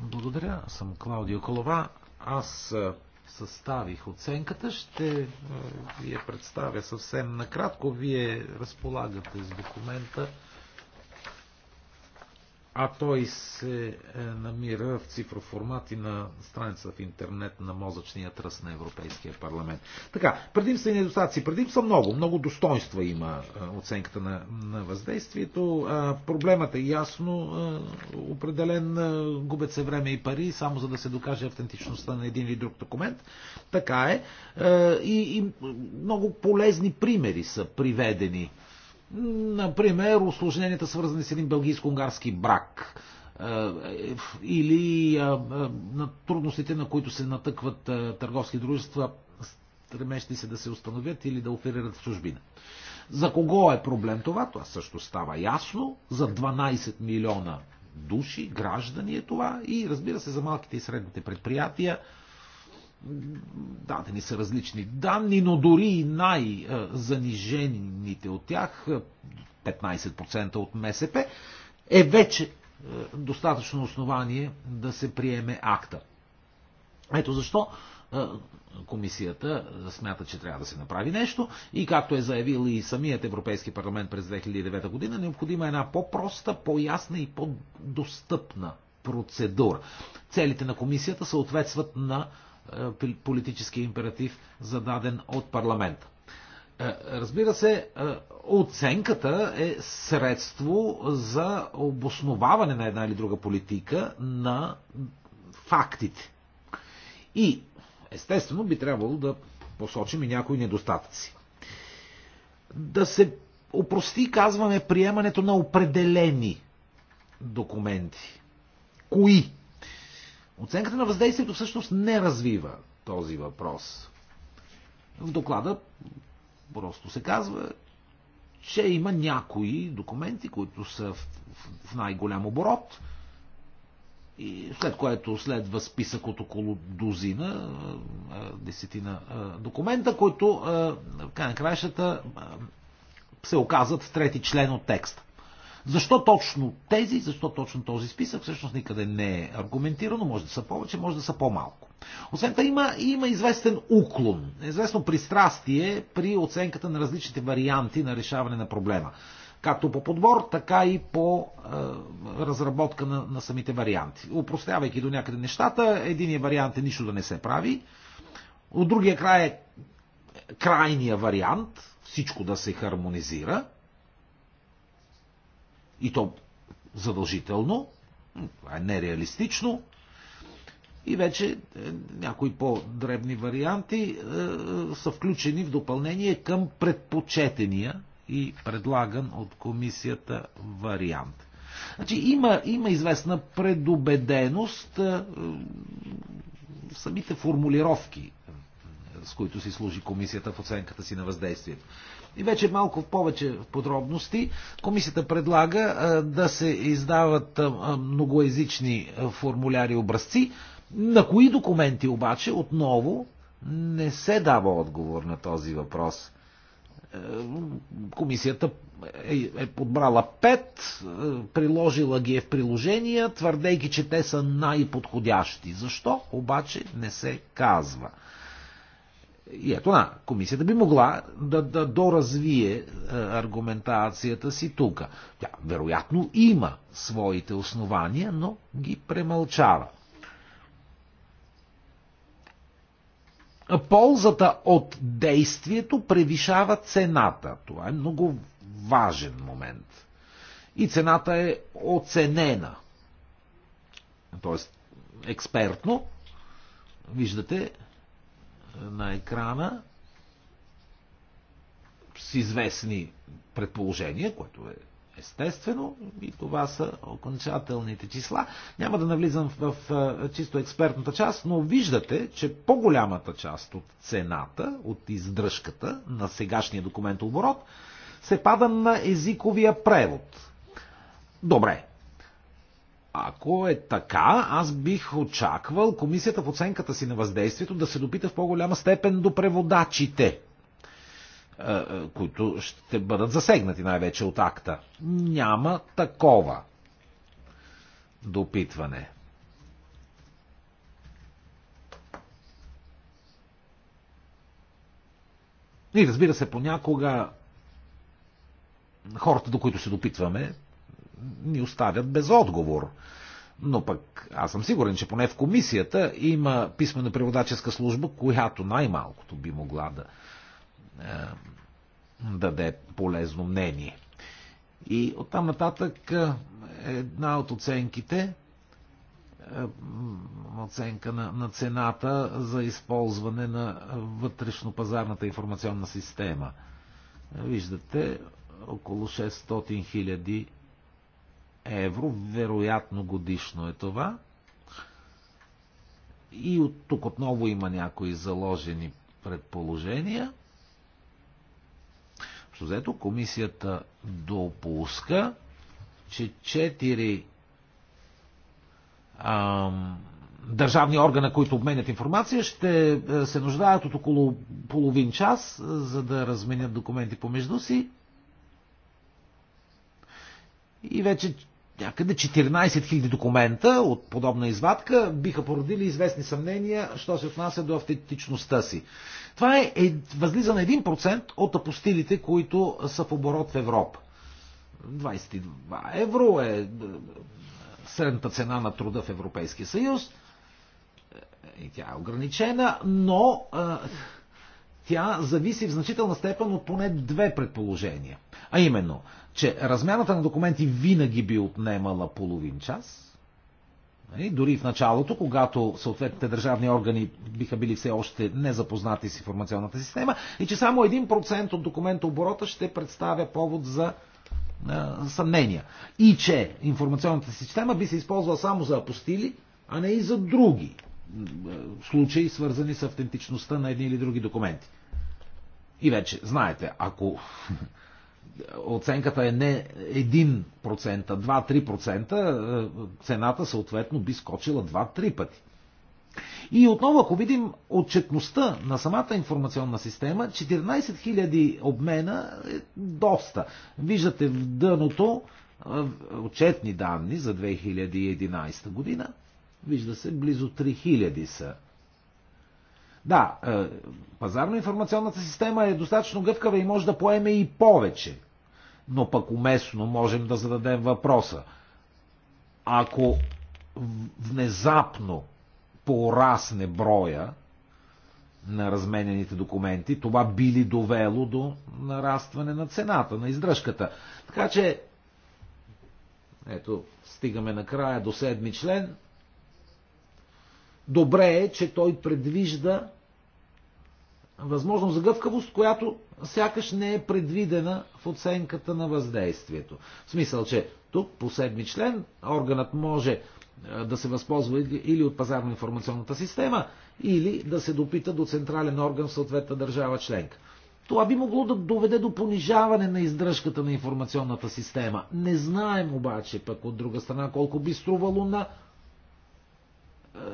Благодаря. Аз съм Клаудио Колова. Аз съставих оценката. Ще ви я представя съвсем накратко. Вие разполагате с документа а той се е, намира в цифров формат и на страница в интернет на мозъчния тръст на Европейския парламент. Така, предимства и недостатъци. Предимства много, много достоинства има е, оценката на, на въздействието. Проблемът е ясно е, определен, губят се време и пари, само за да се докаже автентичността на един или друг документ. Така е. И, и много полезни примери са приведени Например, осложненията свързани с един бългийско-унгарски брак е, е, или е, на трудностите, на които се натъкват търговски дружества, стремещи се да се установят или да оферират в чужбина. За кого е проблем това? Това също става ясно. За 12 милиона души, граждани е това и разбира се за малките и средните предприятия дадени са различни данни, но дори и най-занижените от тях, 15% от МСП, е вече е, достатъчно основание да се приеме акта. Ето защо е, комисията смята, че трябва да се направи нещо и както е заявил и самият Европейски парламент през 2009 година, необходима е една по-проста, по-ясна и по-достъпна процедура. Целите на комисията съответстват на е, политически императив, зададен от парламента. Е, разбира се, е, оценката е средство за обосноваване на една или друга политика на фактите. И, естествено, би трябвало да посочим и някои недостатъци. Да се опрости, казваме, приемането на определени документи. Кои Оценката на въздействието всъщност не развива този въпрос. В доклада просто се казва, че има някои документи, които са в, в най-голям оборот, и след което следва списък от около дозина, десетина документа, които в край на краищата се оказват трети член от текста. Защо точно тези, защо точно този списък, всъщност никъде не е аргументирано, може да са повече, може да са по-малко. Освен това има, има известен уклон, известно пристрастие при оценката на различните варианти на решаване на проблема. Както по подбор, така и по е, разработка на, на самите варианти. Упростявайки до някъде нещата, единият вариант е нищо да не се прави, от другия край е крайния вариант, всичко да се хармонизира, и то задължително, това е нереалистично, и вече е, някои по-дребни варианти е, са включени в допълнение към предпочетения и предлаган от комисията вариант. Значи има, има известна предубеденост е, самите формулировки, с които си служи комисията в оценката си на въздействието. И вече малко повече подробности. Комисията предлага да се издават многоязични формуляри образци, на кои документи обаче отново не се дава отговор на този въпрос. Комисията е, е подбрала пет, приложила ги е в приложения, твърдейки, че те са най-подходящи. Защо обаче не се казва? И ето на, комисията би могла да, да доразвие е, аргументацията си тук. Тя вероятно има своите основания, но ги премълчава. Ползата от действието превишава цената. Това е много важен момент. И цената е оценена. Тоест, експертно, виждате, на екрана с известни предположения, което е естествено, и това са окончателните числа. Няма да навлизам в, в, в чисто експертната част, но виждате, че по-голямата част от цената, от издръжката на сегашния документ оборот, се пада на езиковия превод. Добре, ако е така, аз бих очаквал комисията в оценката си на въздействието да се допита в по-голяма степен до преводачите, е, е, които ще бъдат засегнати най-вече от акта. Няма такова допитване. И разбира се, понякога хората, до които се допитваме, ни оставят без отговор. Но пък аз съм сигурен, че поне в комисията има писмена преводаческа служба, която най-малкото би могла да е, даде полезно мнение. И оттам нататък е, една от оценките, е, оценка на, на цената за използване на вътрешно-пазарната информационна система. Виждате, около 600 000 евро, вероятно годишно е това. И от тук отново има някои заложени предположения. Взето комисията допуска, че четири ам, държавни органа, които обменят информация, ще е, се нуждаят от около половин час, е, за да разменят документи помежду си. И вече някъде 14 000 документа от подобна извадка биха породили известни съмнения, що се отнася до автентичността си. Това е, е възлиза на 1% от апостилите, които са в оборот в Европа. 22 евро е, е средната цена на труда в Европейския съюз. Е, и тя е ограничена, но е, тя зависи в значителна степен от поне две предположения. А именно, че размяната на документи винаги би отнемала половин час, и нали, дори в началото, когато съответните държавни органи биха били все още незапознати с информационната система, и че само 1% от документа оборота ще представя повод за е, съмнения. И че информационната система би се използвала само за апостили, а не и за други е, случаи, свързани с автентичността на едни или други документи. И вече, знаете, ако оценката е не 1%, 2-3%, е, цената съответно би скочила 2-3 пъти. И отново, ако видим отчетността на самата информационна система, 14 000 обмена е доста. Виждате в дъното е, отчетни данни за 2011 година. Вижда се, близо 3000 са да, е, пазарно-информационната система е достатъчно гъвкава и може да поеме и повече но пък уместно можем да зададем въпроса. Ако внезапно порасне броя на разменените документи, това би ли довело до нарастване на цената, на издръжката. Така че, ето, стигаме накрая до седми член. Добре е, че той предвижда възможност за гъвкавост, която сякаш не е предвидена в оценката на въздействието. В смисъл, че тук по седми член органът може е, да се възползва или от пазарно-информационната система, или да се допита до централен орган в съответна държава членка. Това би могло да доведе до понижаване на издръжката на информационната система. Не знаем обаче пък от друга страна колко би струвало на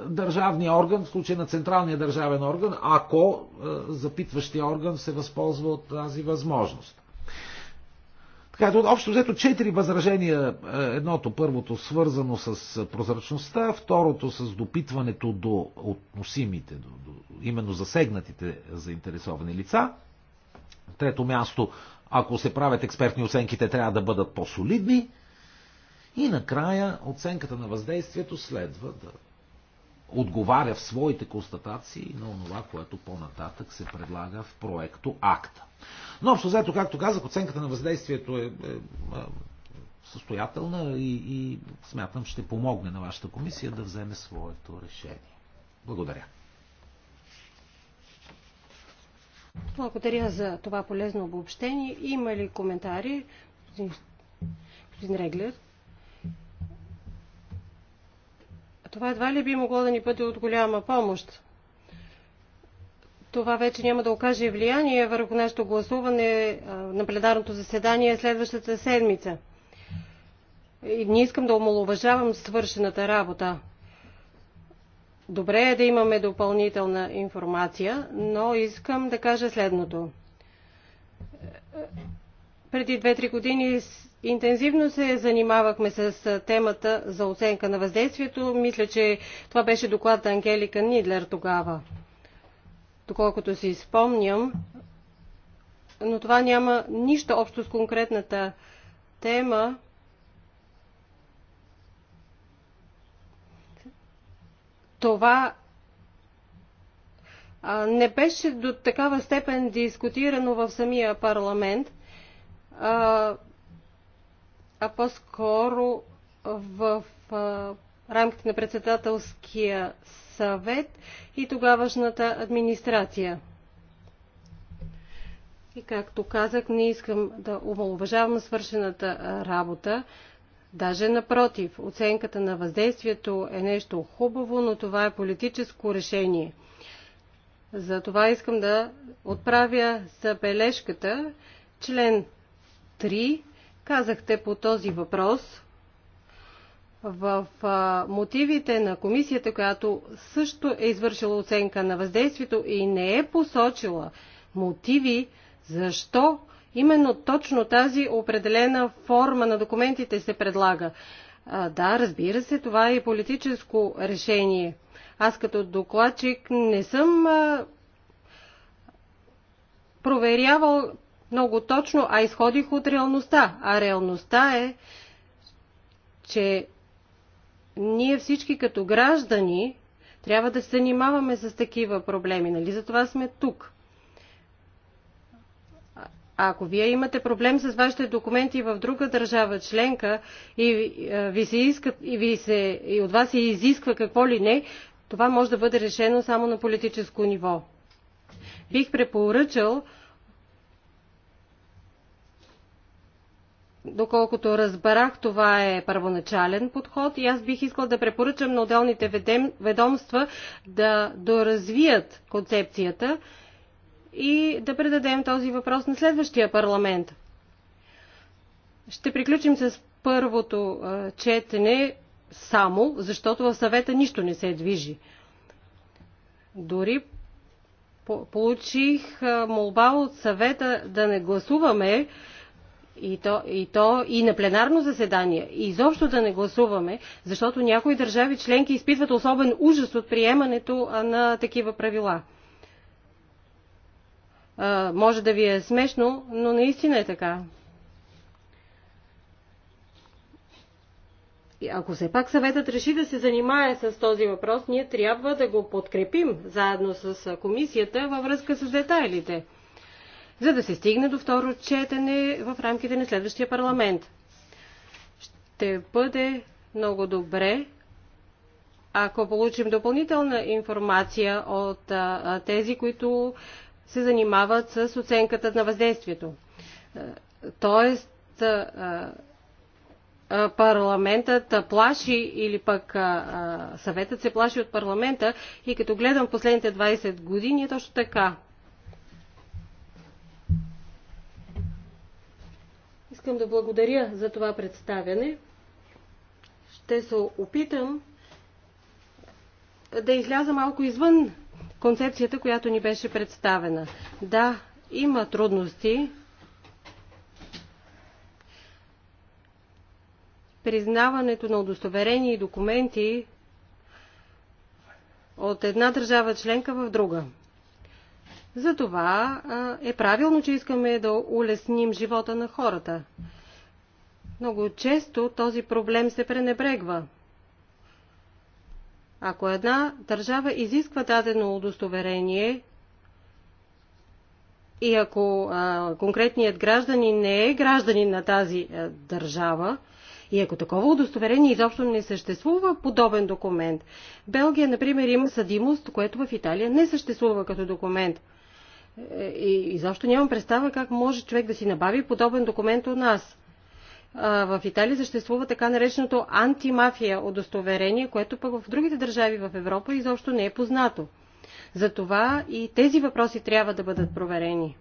държавния орган, в случай на централния държавен орган, ако е, запитващия орган се възползва от тази възможност. Така, общо взето четири възражения. Е, едното, първото, свързано с прозрачността, второто с допитването до относимите, до, до, именно засегнатите заинтересовани лица. Трето място, ако се правят експертни оценки, те трябва да бъдат по-солидни. И накрая оценката на въздействието следва да отговаря в своите констатации на това, което по-нататък се предлага в проекто акта. Но общо взето, както казах, оценката на въздействието е, е, е състоятелна и, и смятам ще помогне на вашата комисия да вземе своето решение. Благодаря. Благодаря за това полезно обобщение. Има ли коментари? Господин Реглер. Това едва ли би могло да ни бъде от голяма помощ. Това вече няма да окаже влияние върху нашето гласуване на пленарното заседание следващата седмица. И не искам да омалуважавам свършената работа. Добре е да имаме допълнителна информация, но искам да кажа следното. Преди 2-3 години Интензивно се занимавахме с темата за оценка на въздействието. Мисля, че това беше доклад на Ангелика Нидлер тогава. Доколкото си спомням, но това няма нищо общо с конкретната тема. Това не беше до такава степен дискутирано в самия парламент а по-скоро в рамките на председателския съвет и тогавашната администрация. И както казах, не искам да омалуважавам свършената работа. Даже напротив, оценката на въздействието е нещо хубаво, но това е политическо решение. За това искам да отправя забележката член казахте по този въпрос в мотивите на комисията, която също е извършила оценка на въздействието и не е посочила мотиви защо именно точно тази определена форма на документите се предлага. А, да, разбира се, това е политическо решение. Аз като докладчик не съм а, проверявал много точно, а изходих от реалността. А реалността е, че ние всички като граждани трябва да се занимаваме с такива проблеми. Нали? Затова сме тук. А ако вие имате проблем с вашите документи в друга държава членка и, е, ви се иска, и, ви се, и от вас се изисква какво ли не, това може да бъде решено само на политическо ниво. Бих препоръчал Доколкото разбрах, това е първоначален подход и аз бих искала да препоръчам на отделните ведомства да доразвият концепцията и да предадем този въпрос на следващия парламент. Ще приключим с първото четене само, защото в съвета нищо не се движи. Дори получих молба от съвета да не гласуваме и то, и то и на пленарно заседание, и изобщо да не гласуваме, защото някои държави членки изпитват особен ужас от приемането на такива правила. А, може да ви е смешно, но наистина е така. ако все пак съветът реши да се занимае с този въпрос, ние трябва да го подкрепим заедно с комисията във връзка с детайлите за да се стигне до второ четене в рамките на следващия парламент. Ще бъде много добре, ако получим допълнителна информация от а, тези, които се занимават с оценката на въздействието. Тоест, парламентът плаши или пък съветът се плаши от парламента и като гледам последните 20 години е точно така. Искам да благодаря за това представяне. Ще се опитам да изляза малко извън концепцията, която ни беше представена. Да, има трудности. Признаването на удостоверени и документи от една държава членка в друга. Затова е правилно, че искаме да улесним живота на хората. Много често този проблем се пренебрегва. Ако една държава изисква дадено удостоверение и ако а, конкретният гражданин не е гражданин на тази а, държава, и ако такова удостоверение изобщо не съществува подобен документ. Белгия, например, има съдимост, което в Италия не съществува като документ. Е, и, и защо нямам представа как може човек да си набави подобен документ от нас. А, в Италия съществува така нареченото антимафия удостоверение, което пък в другите държави в Европа изобщо не е познато. Затова и тези въпроси трябва да бъдат проверени.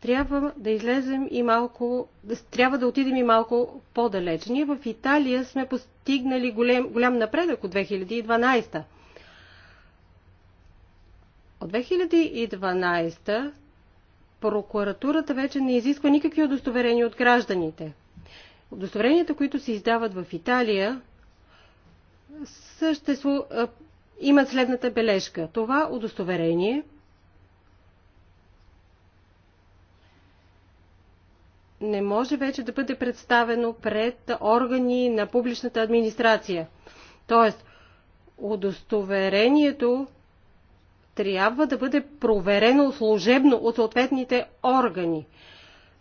Трябва да излезем и малко, трябва да отидем и малко по-далеч. Ние в Италия сме постигнали голем, голям напредък от 2012. От 2012 прокуратурата вече не изисква никакви удостоверения от гражданите. Удостоверенията, които се издават в Италия, съществу, имат следната бележка. Това удостоверение не може вече да бъде представено пред органи на публичната администрация. Тоест, удостоверението трябва да бъде проверено служебно от съответните органи.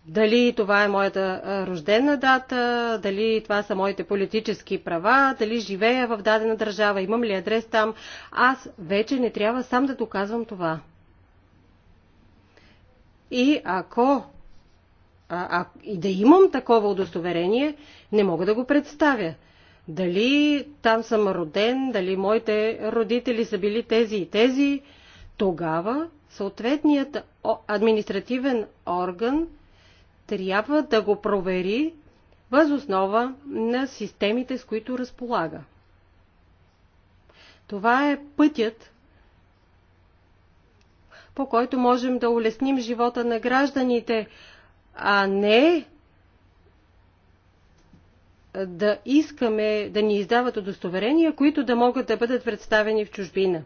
Дали това е моята рождена дата, дали това са моите политически права, дали живея в дадена държава, имам ли адрес там. Аз вече не трябва сам да доказвам това. И ако а, а, и да имам такова удостоверение, не мога да го представя. Дали там съм роден, дали моите родители са били тези и тези, тогава съответният административен орган трябва да го провери въз основа на системите, с които разполага. Това е пътят, по който можем да улесним живота на гражданите, а не да искаме да ни издават удостоверения, които да могат да бъдат представени в чужбина.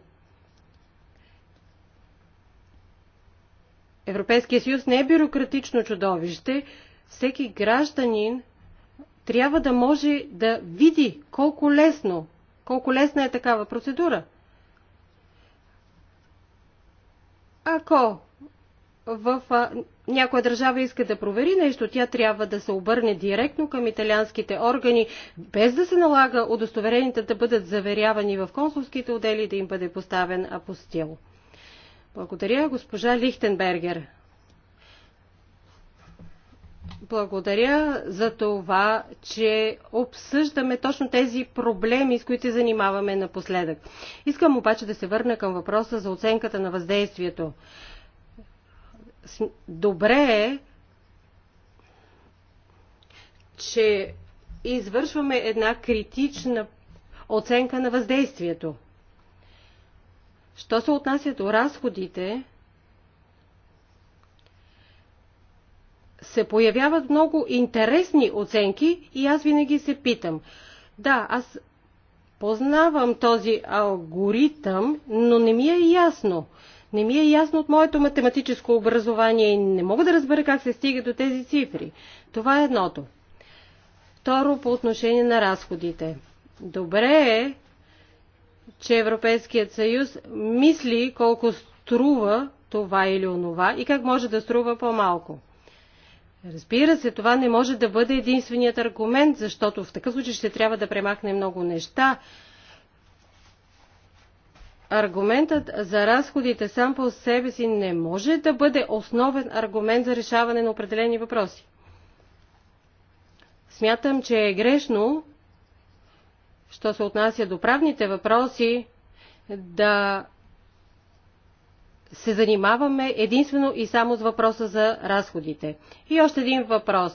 Европейския съюз не е бюрократично чудовище. Всеки гражданин трябва да може да види колко лесно, колко лесна е такава процедура. Ако в а, някоя държава иска да провери нещо, тя трябва да се обърне директно към италианските органи, без да се налага удостоверените да бъдат заверявани в консулските отдели и да им бъде поставен апостил. Благодаря, госпожа Лихтенбергер. Благодаря за това, че обсъждаме точно тези проблеми, с които се занимаваме напоследък. Искам обаче да се върна към въпроса за оценката на въздействието. Добре е, че извършваме една критична оценка на въздействието – Що се отнася до разходите, се появяват много интересни оценки и аз винаги се питам. Да, аз познавам този алгоритъм, но не ми е ясно. Не ми е ясно от моето математическо образование и не мога да разбера как се стига до тези цифри. Това е едното. Второ, по отношение на разходите. Добре е че Европейският съюз мисли колко струва това или онова и как може да струва по-малко. Разбира се, това не може да бъде единственият аргумент, защото в такъв случай ще трябва да премахне много неща. Аргументът за разходите сам по себе си не може да бъде основен аргумент за решаване на определени въпроси. Смятам, че е грешно що се отнася до правните въпроси, да се занимаваме единствено и само с въпроса за разходите. И още един въпрос.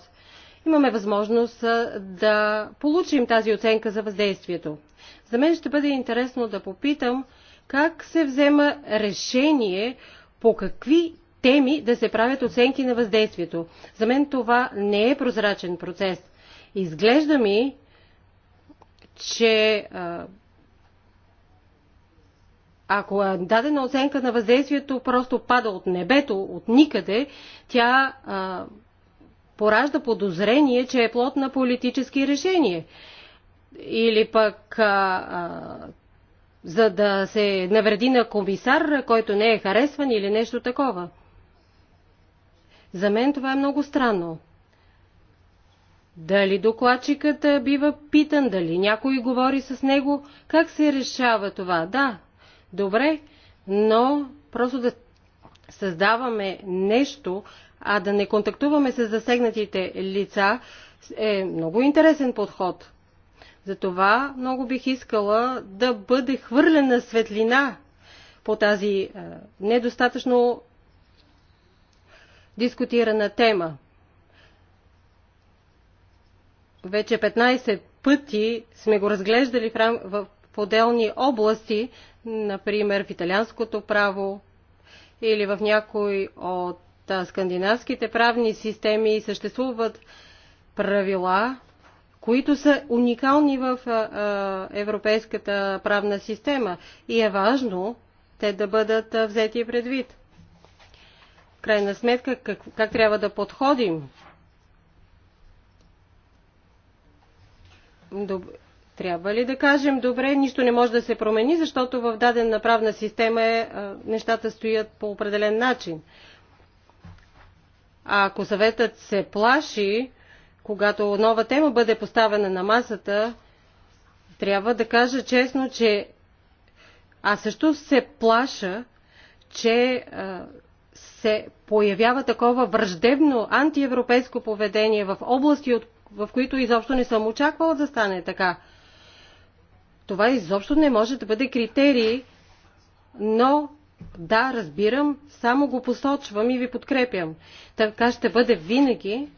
Имаме възможност да получим тази оценка за въздействието. За мен ще бъде интересно да попитам как се взема решение по какви теми да се правят оценки на въздействието. За мен това не е прозрачен процес. Изглежда ми, че ако дадена оценка на въздействието просто пада от небето, от никъде, тя а, поражда подозрение, че е плод на политически решения. Или пък, а, а, за да се навреди на комисар, който не е харесван или нещо такова. За мен това е много странно. Дали докладчикът бива питан, дали някой говори с него, как се решава това? Да, добре, но просто да създаваме нещо, а да не контактуваме с засегнатите лица, е много интересен подход. Затова много бих искала да бъде хвърлена светлина по тази недостатъчно дискутирана тема. Вече 15 пъти сме го разглеждали в, рам... в отделни области, например в италианското право или в някои от скандинавските правни системи съществуват правила, които са уникални в европейската правна система и е важно те да бъдат взети предвид. В крайна сметка, как, как трябва да подходим Доб... Трябва ли да кажем, добре, нищо не може да се промени, защото в дадена правна система е, нещата стоят по определен начин? А ако съветът се плаши, когато нова тема бъде поставена на масата, трябва да кажа честно, че аз също се плаша, че а, се появява такова враждебно антиевропейско поведение в области, от в които изобщо не съм очаквала да стане така. Това изобщо не може да бъде критерий, но да, разбирам, само го посочвам и ви подкрепям. Така ще бъде винаги.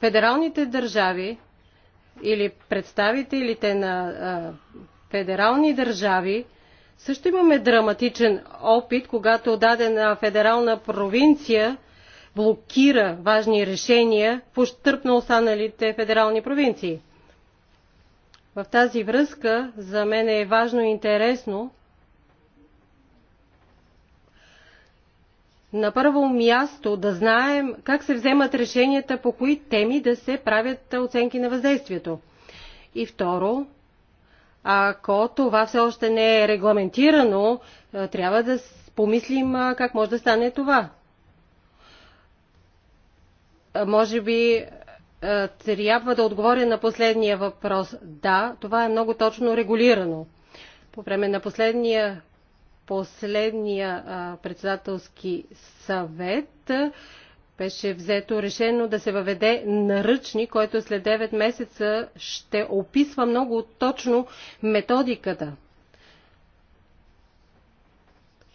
Федералните държави или представителите на а, федерални държави също имаме драматичен опит, когато дадена федерална провинция блокира важни решения в ущърп на останалите федерални провинции. В тази връзка за мен е важно и интересно на първо място да знаем как се вземат решенията по кои теми да се правят оценки на въздействието. И второ, ако това все още не е регламентирано, е, трябва да помислим е, как може да стане това. Може би трябва да отговоря на последния въпрос. Да, това е много точно регулирано. По време на последния, последния председателски съвет беше взето решено да се въведе наръчник, който след 9 месеца ще описва много точно методиката.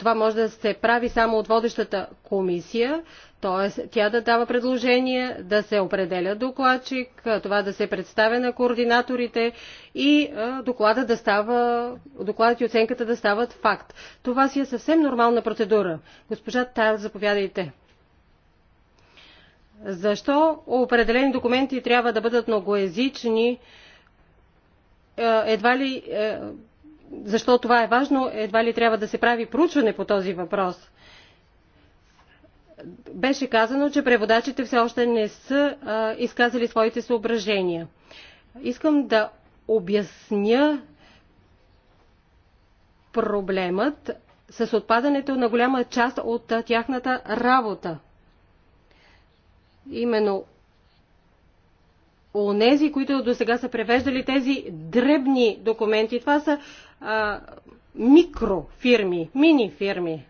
Това може да се прави само от водещата комисия, т.е. тя да дава предложение, да се определя докладчик, това да се представя на координаторите и доклада да става, докладът и оценката да стават факт. Това си е съвсем нормална процедура. Госпожа Тайл, заповядайте. Защо определени документи трябва да бъдат многоязични? Едва ли защо това е важно, едва ли трябва да се прави проучване по този въпрос. Беше казано, че преводачите все още не са а, изказали своите съображения. Искам да обясня проблемът с отпадането на голяма част от тяхната работа. Именно онези, които до сега са превеждали тези дребни документи. Това са микрофирми, мини-фирми.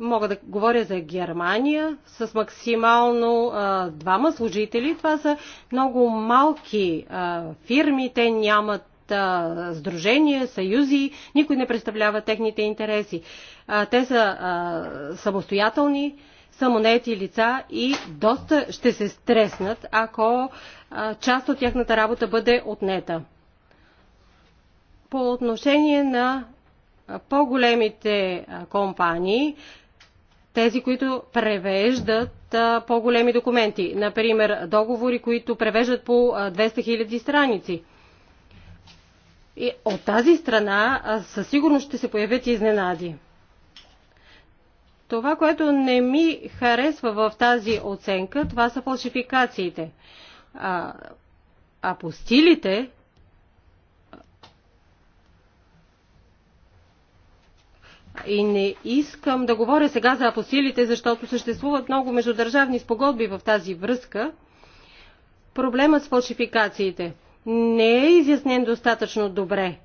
Мога да говоря за Германия с максимално а, двама служители. Това са много малки а, фирми. Те нямат а, съюзи, никой не представлява техните интереси. А, те са а, самостоятелни самонети лица и доста ще се стреснат, ако част от тяхната работа бъде отнета. По отношение на по-големите компании, тези, които превеждат по-големи документи, например договори, които превеждат по 200 000 страници. И от тази страна със сигурност ще се появят изненади. Това, което не ми харесва в тази оценка, това са фалшификациите. А, апостилите И не искам да говоря сега за апосилите, защото съществуват много междудържавни спогодби в тази връзка. Проблемът с фалшификациите не е изяснен достатъчно добре.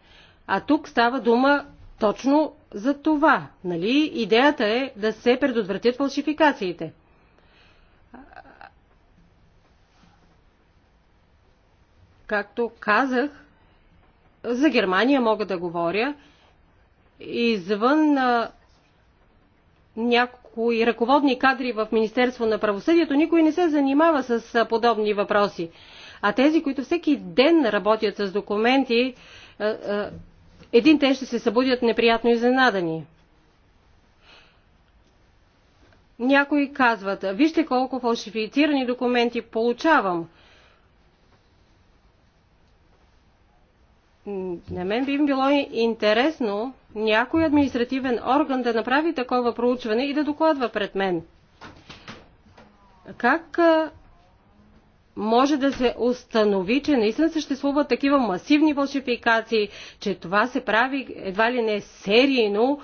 А тук става дума точно за това. Нали? Идеята е да се предотвратят фалшификациите. Както казах, за Германия мога да говоря – извън някои ръководни кадри в Министерство на правосъдието, никой не се занимава с подобни въпроси. А тези, които всеки ден работят с документи, един те ще се събудят неприятно изненадани. Някои казват, вижте колко фалшифицирани документи получавам. на мен би им било интересно някой административен орган да направи такова проучване и да докладва пред мен. Как може да се установи, че наистина съществуват такива масивни фалшификации, че това се прави едва ли не серийно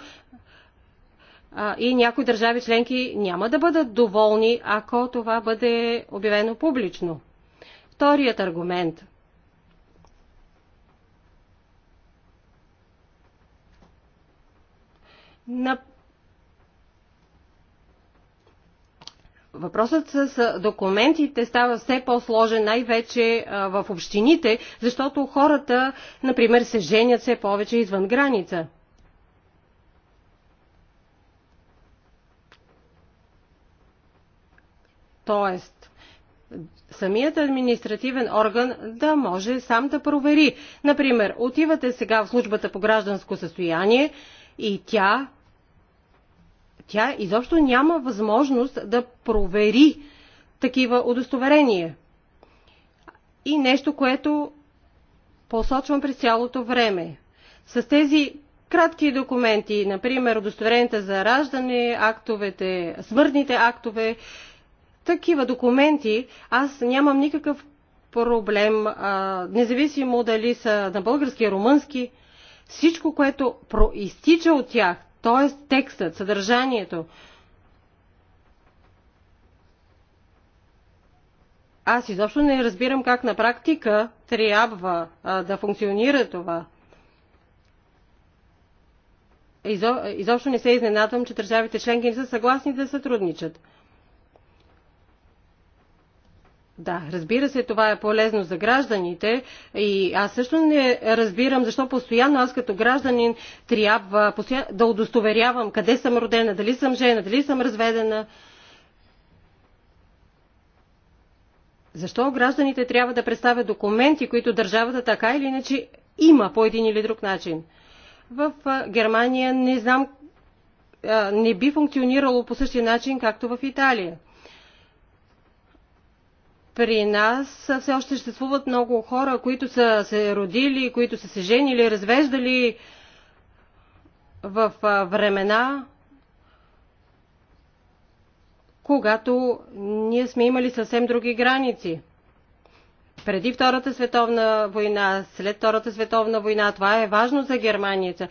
а, и някои държави членки няма да бъдат доволни, ако това бъде обявено публично. Вторият аргумент – На... Въпросът с документите става все по-сложен, най-вече в общините, защото хората, например, се женят все повече извън граница. Тоест, самият административен орган да може сам да провери. Например, отивате сега в службата по гражданско състояние и тя тя изобщо няма възможност да провери такива удостоверения. И нещо, което посочвам през цялото време. С тези кратки документи, например удостоверенията за раждане, актовете, смъртните актове, такива документи, аз нямам никакъв проблем, а, независимо дали са на български, румънски, всичко, което проистича от тях, т.е. текстът, съдържанието. Аз изобщо не разбирам как на практика трябва а, да функционира това. Изо, изобщо не се изненадвам, че държавите членки не са съгласни да сътрудничат. Да, разбира се, това е полезно за гражданите и аз също не разбирам защо постоянно аз като гражданин трябва да удостоверявам къде съм родена, дали съм жена, дали съм разведена. Защо гражданите трябва да представят документи, които държавата така или иначе има по един или друг начин? В Германия не знам, не би функционирало по същия начин, както в Италия при нас все още съществуват много хора, които са се родили, които са се женили, развеждали в времена, когато ние сме имали съвсем други граници. Преди Втората световна война, след Втората световна война, това е важно за Германията.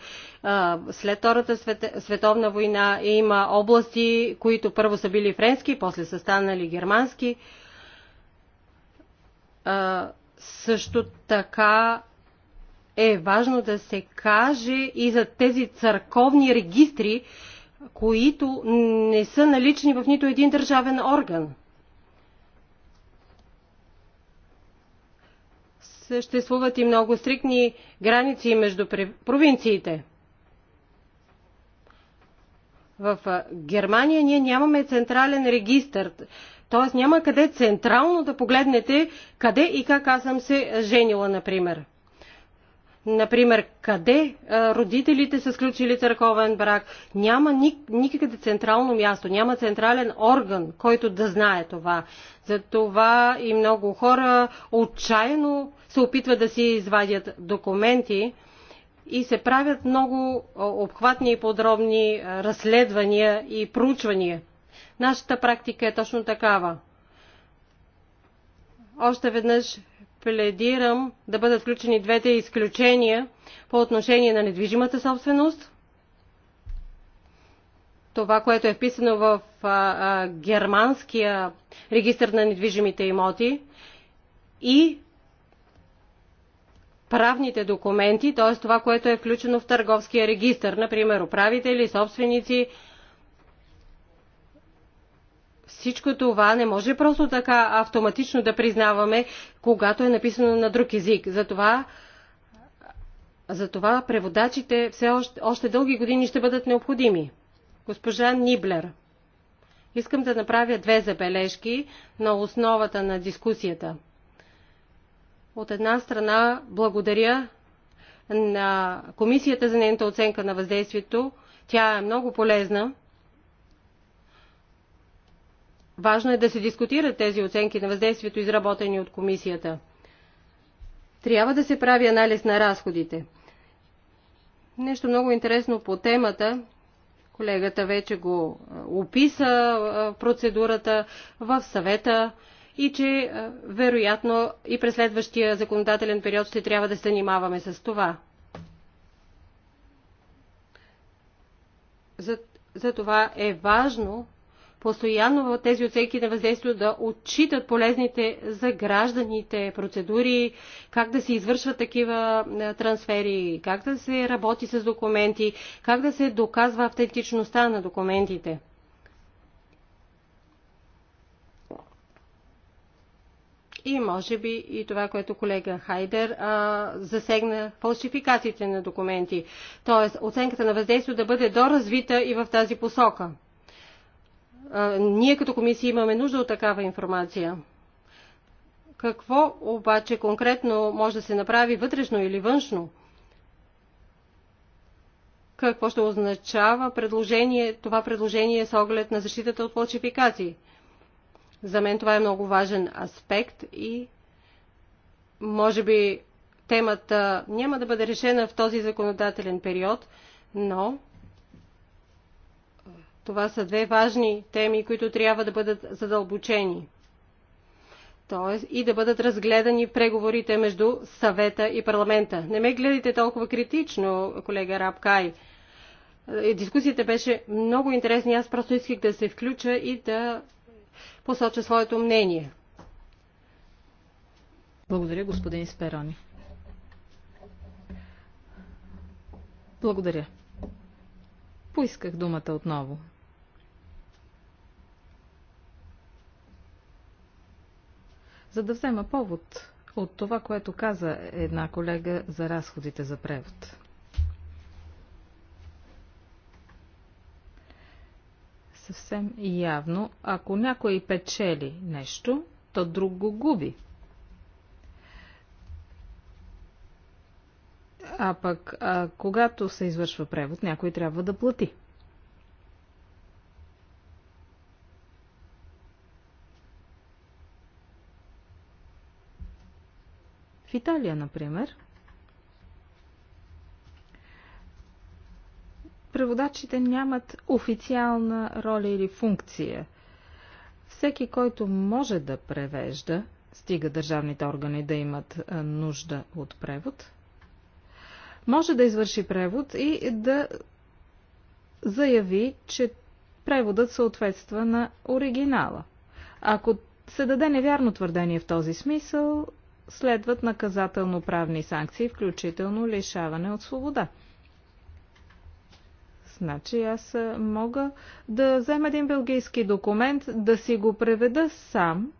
След Втората световна война има области, които първо са били френски, после са станали германски. А, също така е важно да се каже и за тези църковни регистри, които не са налични в нито един държавен орган. Съществуват и много стрикни граници между провинциите. В Германия ние нямаме централен регистр. Тоест няма къде централно да погледнете къде и как аз съм се женила, например. Например, къде родителите са сключили църковен брак. Няма никъде централно място, няма централен орган, който да знае това. Затова и много хора отчаяно се опитват да си извадят документи и се правят много обхватни и подробни разследвания и проучвания. Нашата практика е точно такава. Още веднъж пледирам да бъдат включени двете изключения по отношение на недвижимата собственост. Това, което е вписано в а, а, германския регистр на недвижимите имоти и правните документи, т.е. това, което е включено в търговския регистр, например управители, собственици, всичко това не може просто така автоматично да признаваме, когато е написано на друг език. Затова затова преводачите все още, още дълги години ще бъдат необходими. Госпожа Ниблер, искам да направя две забележки на основата на дискусията. От една страна благодаря на Комисията за нейната оценка на въздействието. Тя е много полезна Важно е да се дискутират тези оценки на въздействието, изработени от комисията. Трябва да се прави анализ на разходите. Нещо много интересно по темата, колегата вече го е, описа е, процедурата в съвета и че е, вероятно и през следващия законодателен период ще трябва да се занимаваме с това. За, за това е важно постоянно в тези оценки на въздействие да отчитат полезните за гражданите процедури, как да се извършват такива трансфери, как да се работи с документи, как да се доказва автентичността на документите. и може би и това, което колега Хайдер а, засегна фалшификациите на документи. Тоест оценката на въздействие да бъде доразвита и в тази посока ние като комисия имаме нужда от такава информация. Какво обаче конкретно може да се направи вътрешно или външно? Какво ще означава предложение, това предложение с оглед на защитата от фалшификации? За мен това е много важен аспект и може би темата няма да бъде решена в този законодателен период, но това са две важни теми, които трябва да бъдат задълбочени. Тоест и да бъдат разгледани преговорите между съвета и парламента. Не ме гледайте толкова критично, колега Рабкай. Е, дискусията беше много интересна и аз просто исках да се включа и да посоча своето мнение. Благодаря, господин Сперони. Благодаря. Поисках думата отново, за да взема повод от това, което каза една колега за разходите за превод. Съвсем явно, ако някой печели нещо, то друг го губи. А пък, а, когато се извършва превод, някой трябва да плати. Италия, например, преводачите нямат официална роля или функция. Всеки, който може да превежда, стига държавните органи да имат нужда от превод, може да извърши превод и да заяви, че преводът съответства на оригинала. Ако се даде невярно твърдение в този смисъл, следват наказателно-правни санкции, включително лишаване от свобода. Значи аз мога да взема един белгийски документ, да си го преведа сам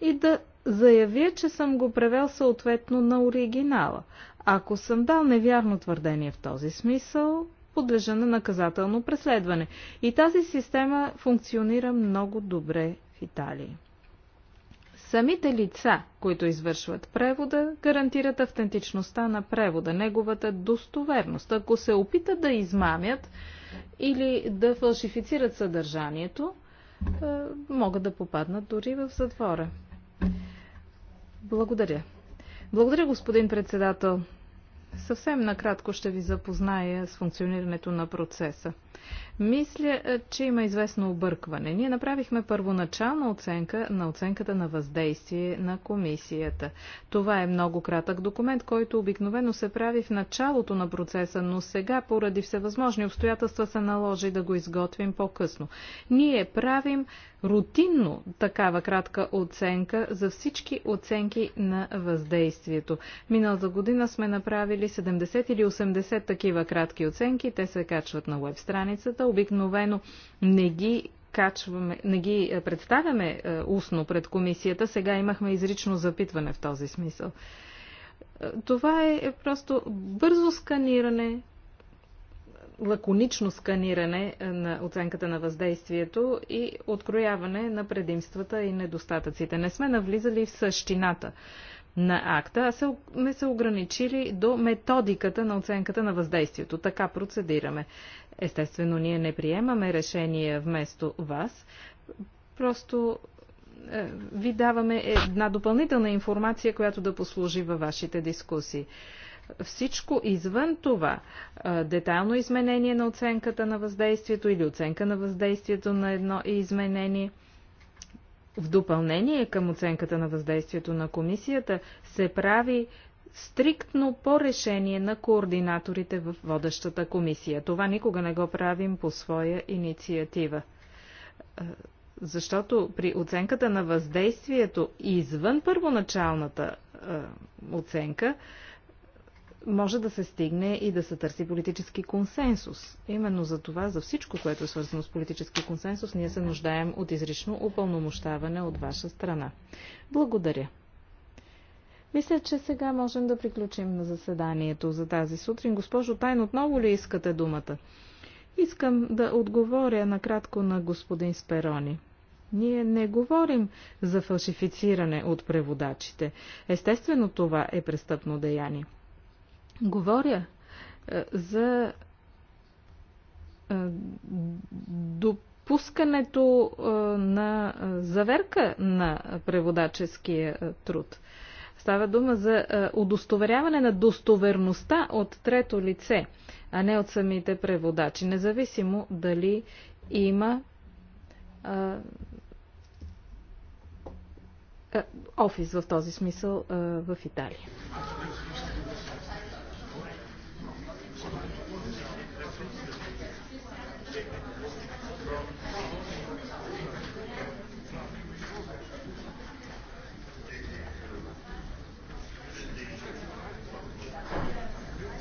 и да заявя, че съм го превел съответно на оригинала. Ако съм дал невярно твърдение в този смисъл, подлежа на наказателно преследване. И тази система функционира много добре в Италия. Самите лица, които извършват превода, гарантират автентичността на превода, неговата достоверност. Ако се опитат да измамят или да фалшифицират съдържанието, е, могат да попаднат дори в затвора. Благодаря. Благодаря, господин председател. Съвсем накратко ще ви запозная с функционирането на процеса. Мисля, е, че има известно объркване. Ние направихме първоначална оценка на оценката на въздействие на комисията. Това е много кратък документ, който обикновено се прави в началото на процеса, но сега поради всевъзможни обстоятелства се наложи да го изготвим по-късно. Ние правим рутинно такава кратка оценка за всички оценки на въздействието. Миналата година сме направили 70 или 80 такива кратки оценки. Те се качват на веб страни страницата. Обикновено не ги качваме, не ги е, представяме е, устно пред комисията. Сега имахме изрично запитване в този смисъл. Е, това е просто бързо сканиране, лаконично сканиране на оценката на въздействието и открояване на предимствата и недостатъците. Не сме навлизали в същината на акта, а сме се ограничили до методиката на оценката на въздействието. Така процедираме. Естествено, ние не приемаме решение вместо вас. Просто е, ви даваме една допълнителна информация, която да послужи във вашите дискусии. Всичко извън това, е, детайлно изменение на оценката на въздействието или оценка на въздействието на едно изменение – в допълнение към оценката на въздействието на комисията се прави стриктно по решение на координаторите в водещата комисия. Това никога не го правим по своя инициатива. Е, защото при оценката на въздействието извън първоначалната е, оценка, може да се стигне и да се търси политически консенсус. Именно за това, за всичко, което е свързано с политически консенсус, ние се нуждаем от изрично упълномощаване от ваша страна. Благодаря. Мисля, че сега можем да приключим на заседанието за тази сутрин. Госпожо Тайн, отново ли искате думата? Искам да отговоря накратко на господин Сперони. Ние не говорим за фалшифициране от преводачите. Естествено това е престъпно деяние. Говоря е, за е, допускането е, на заверка на преводаческия труд. Става дума за удостоверяване на достоверността от трето лице, а не от самите преводачи, независимо дали има офис в този смисъл в Италия.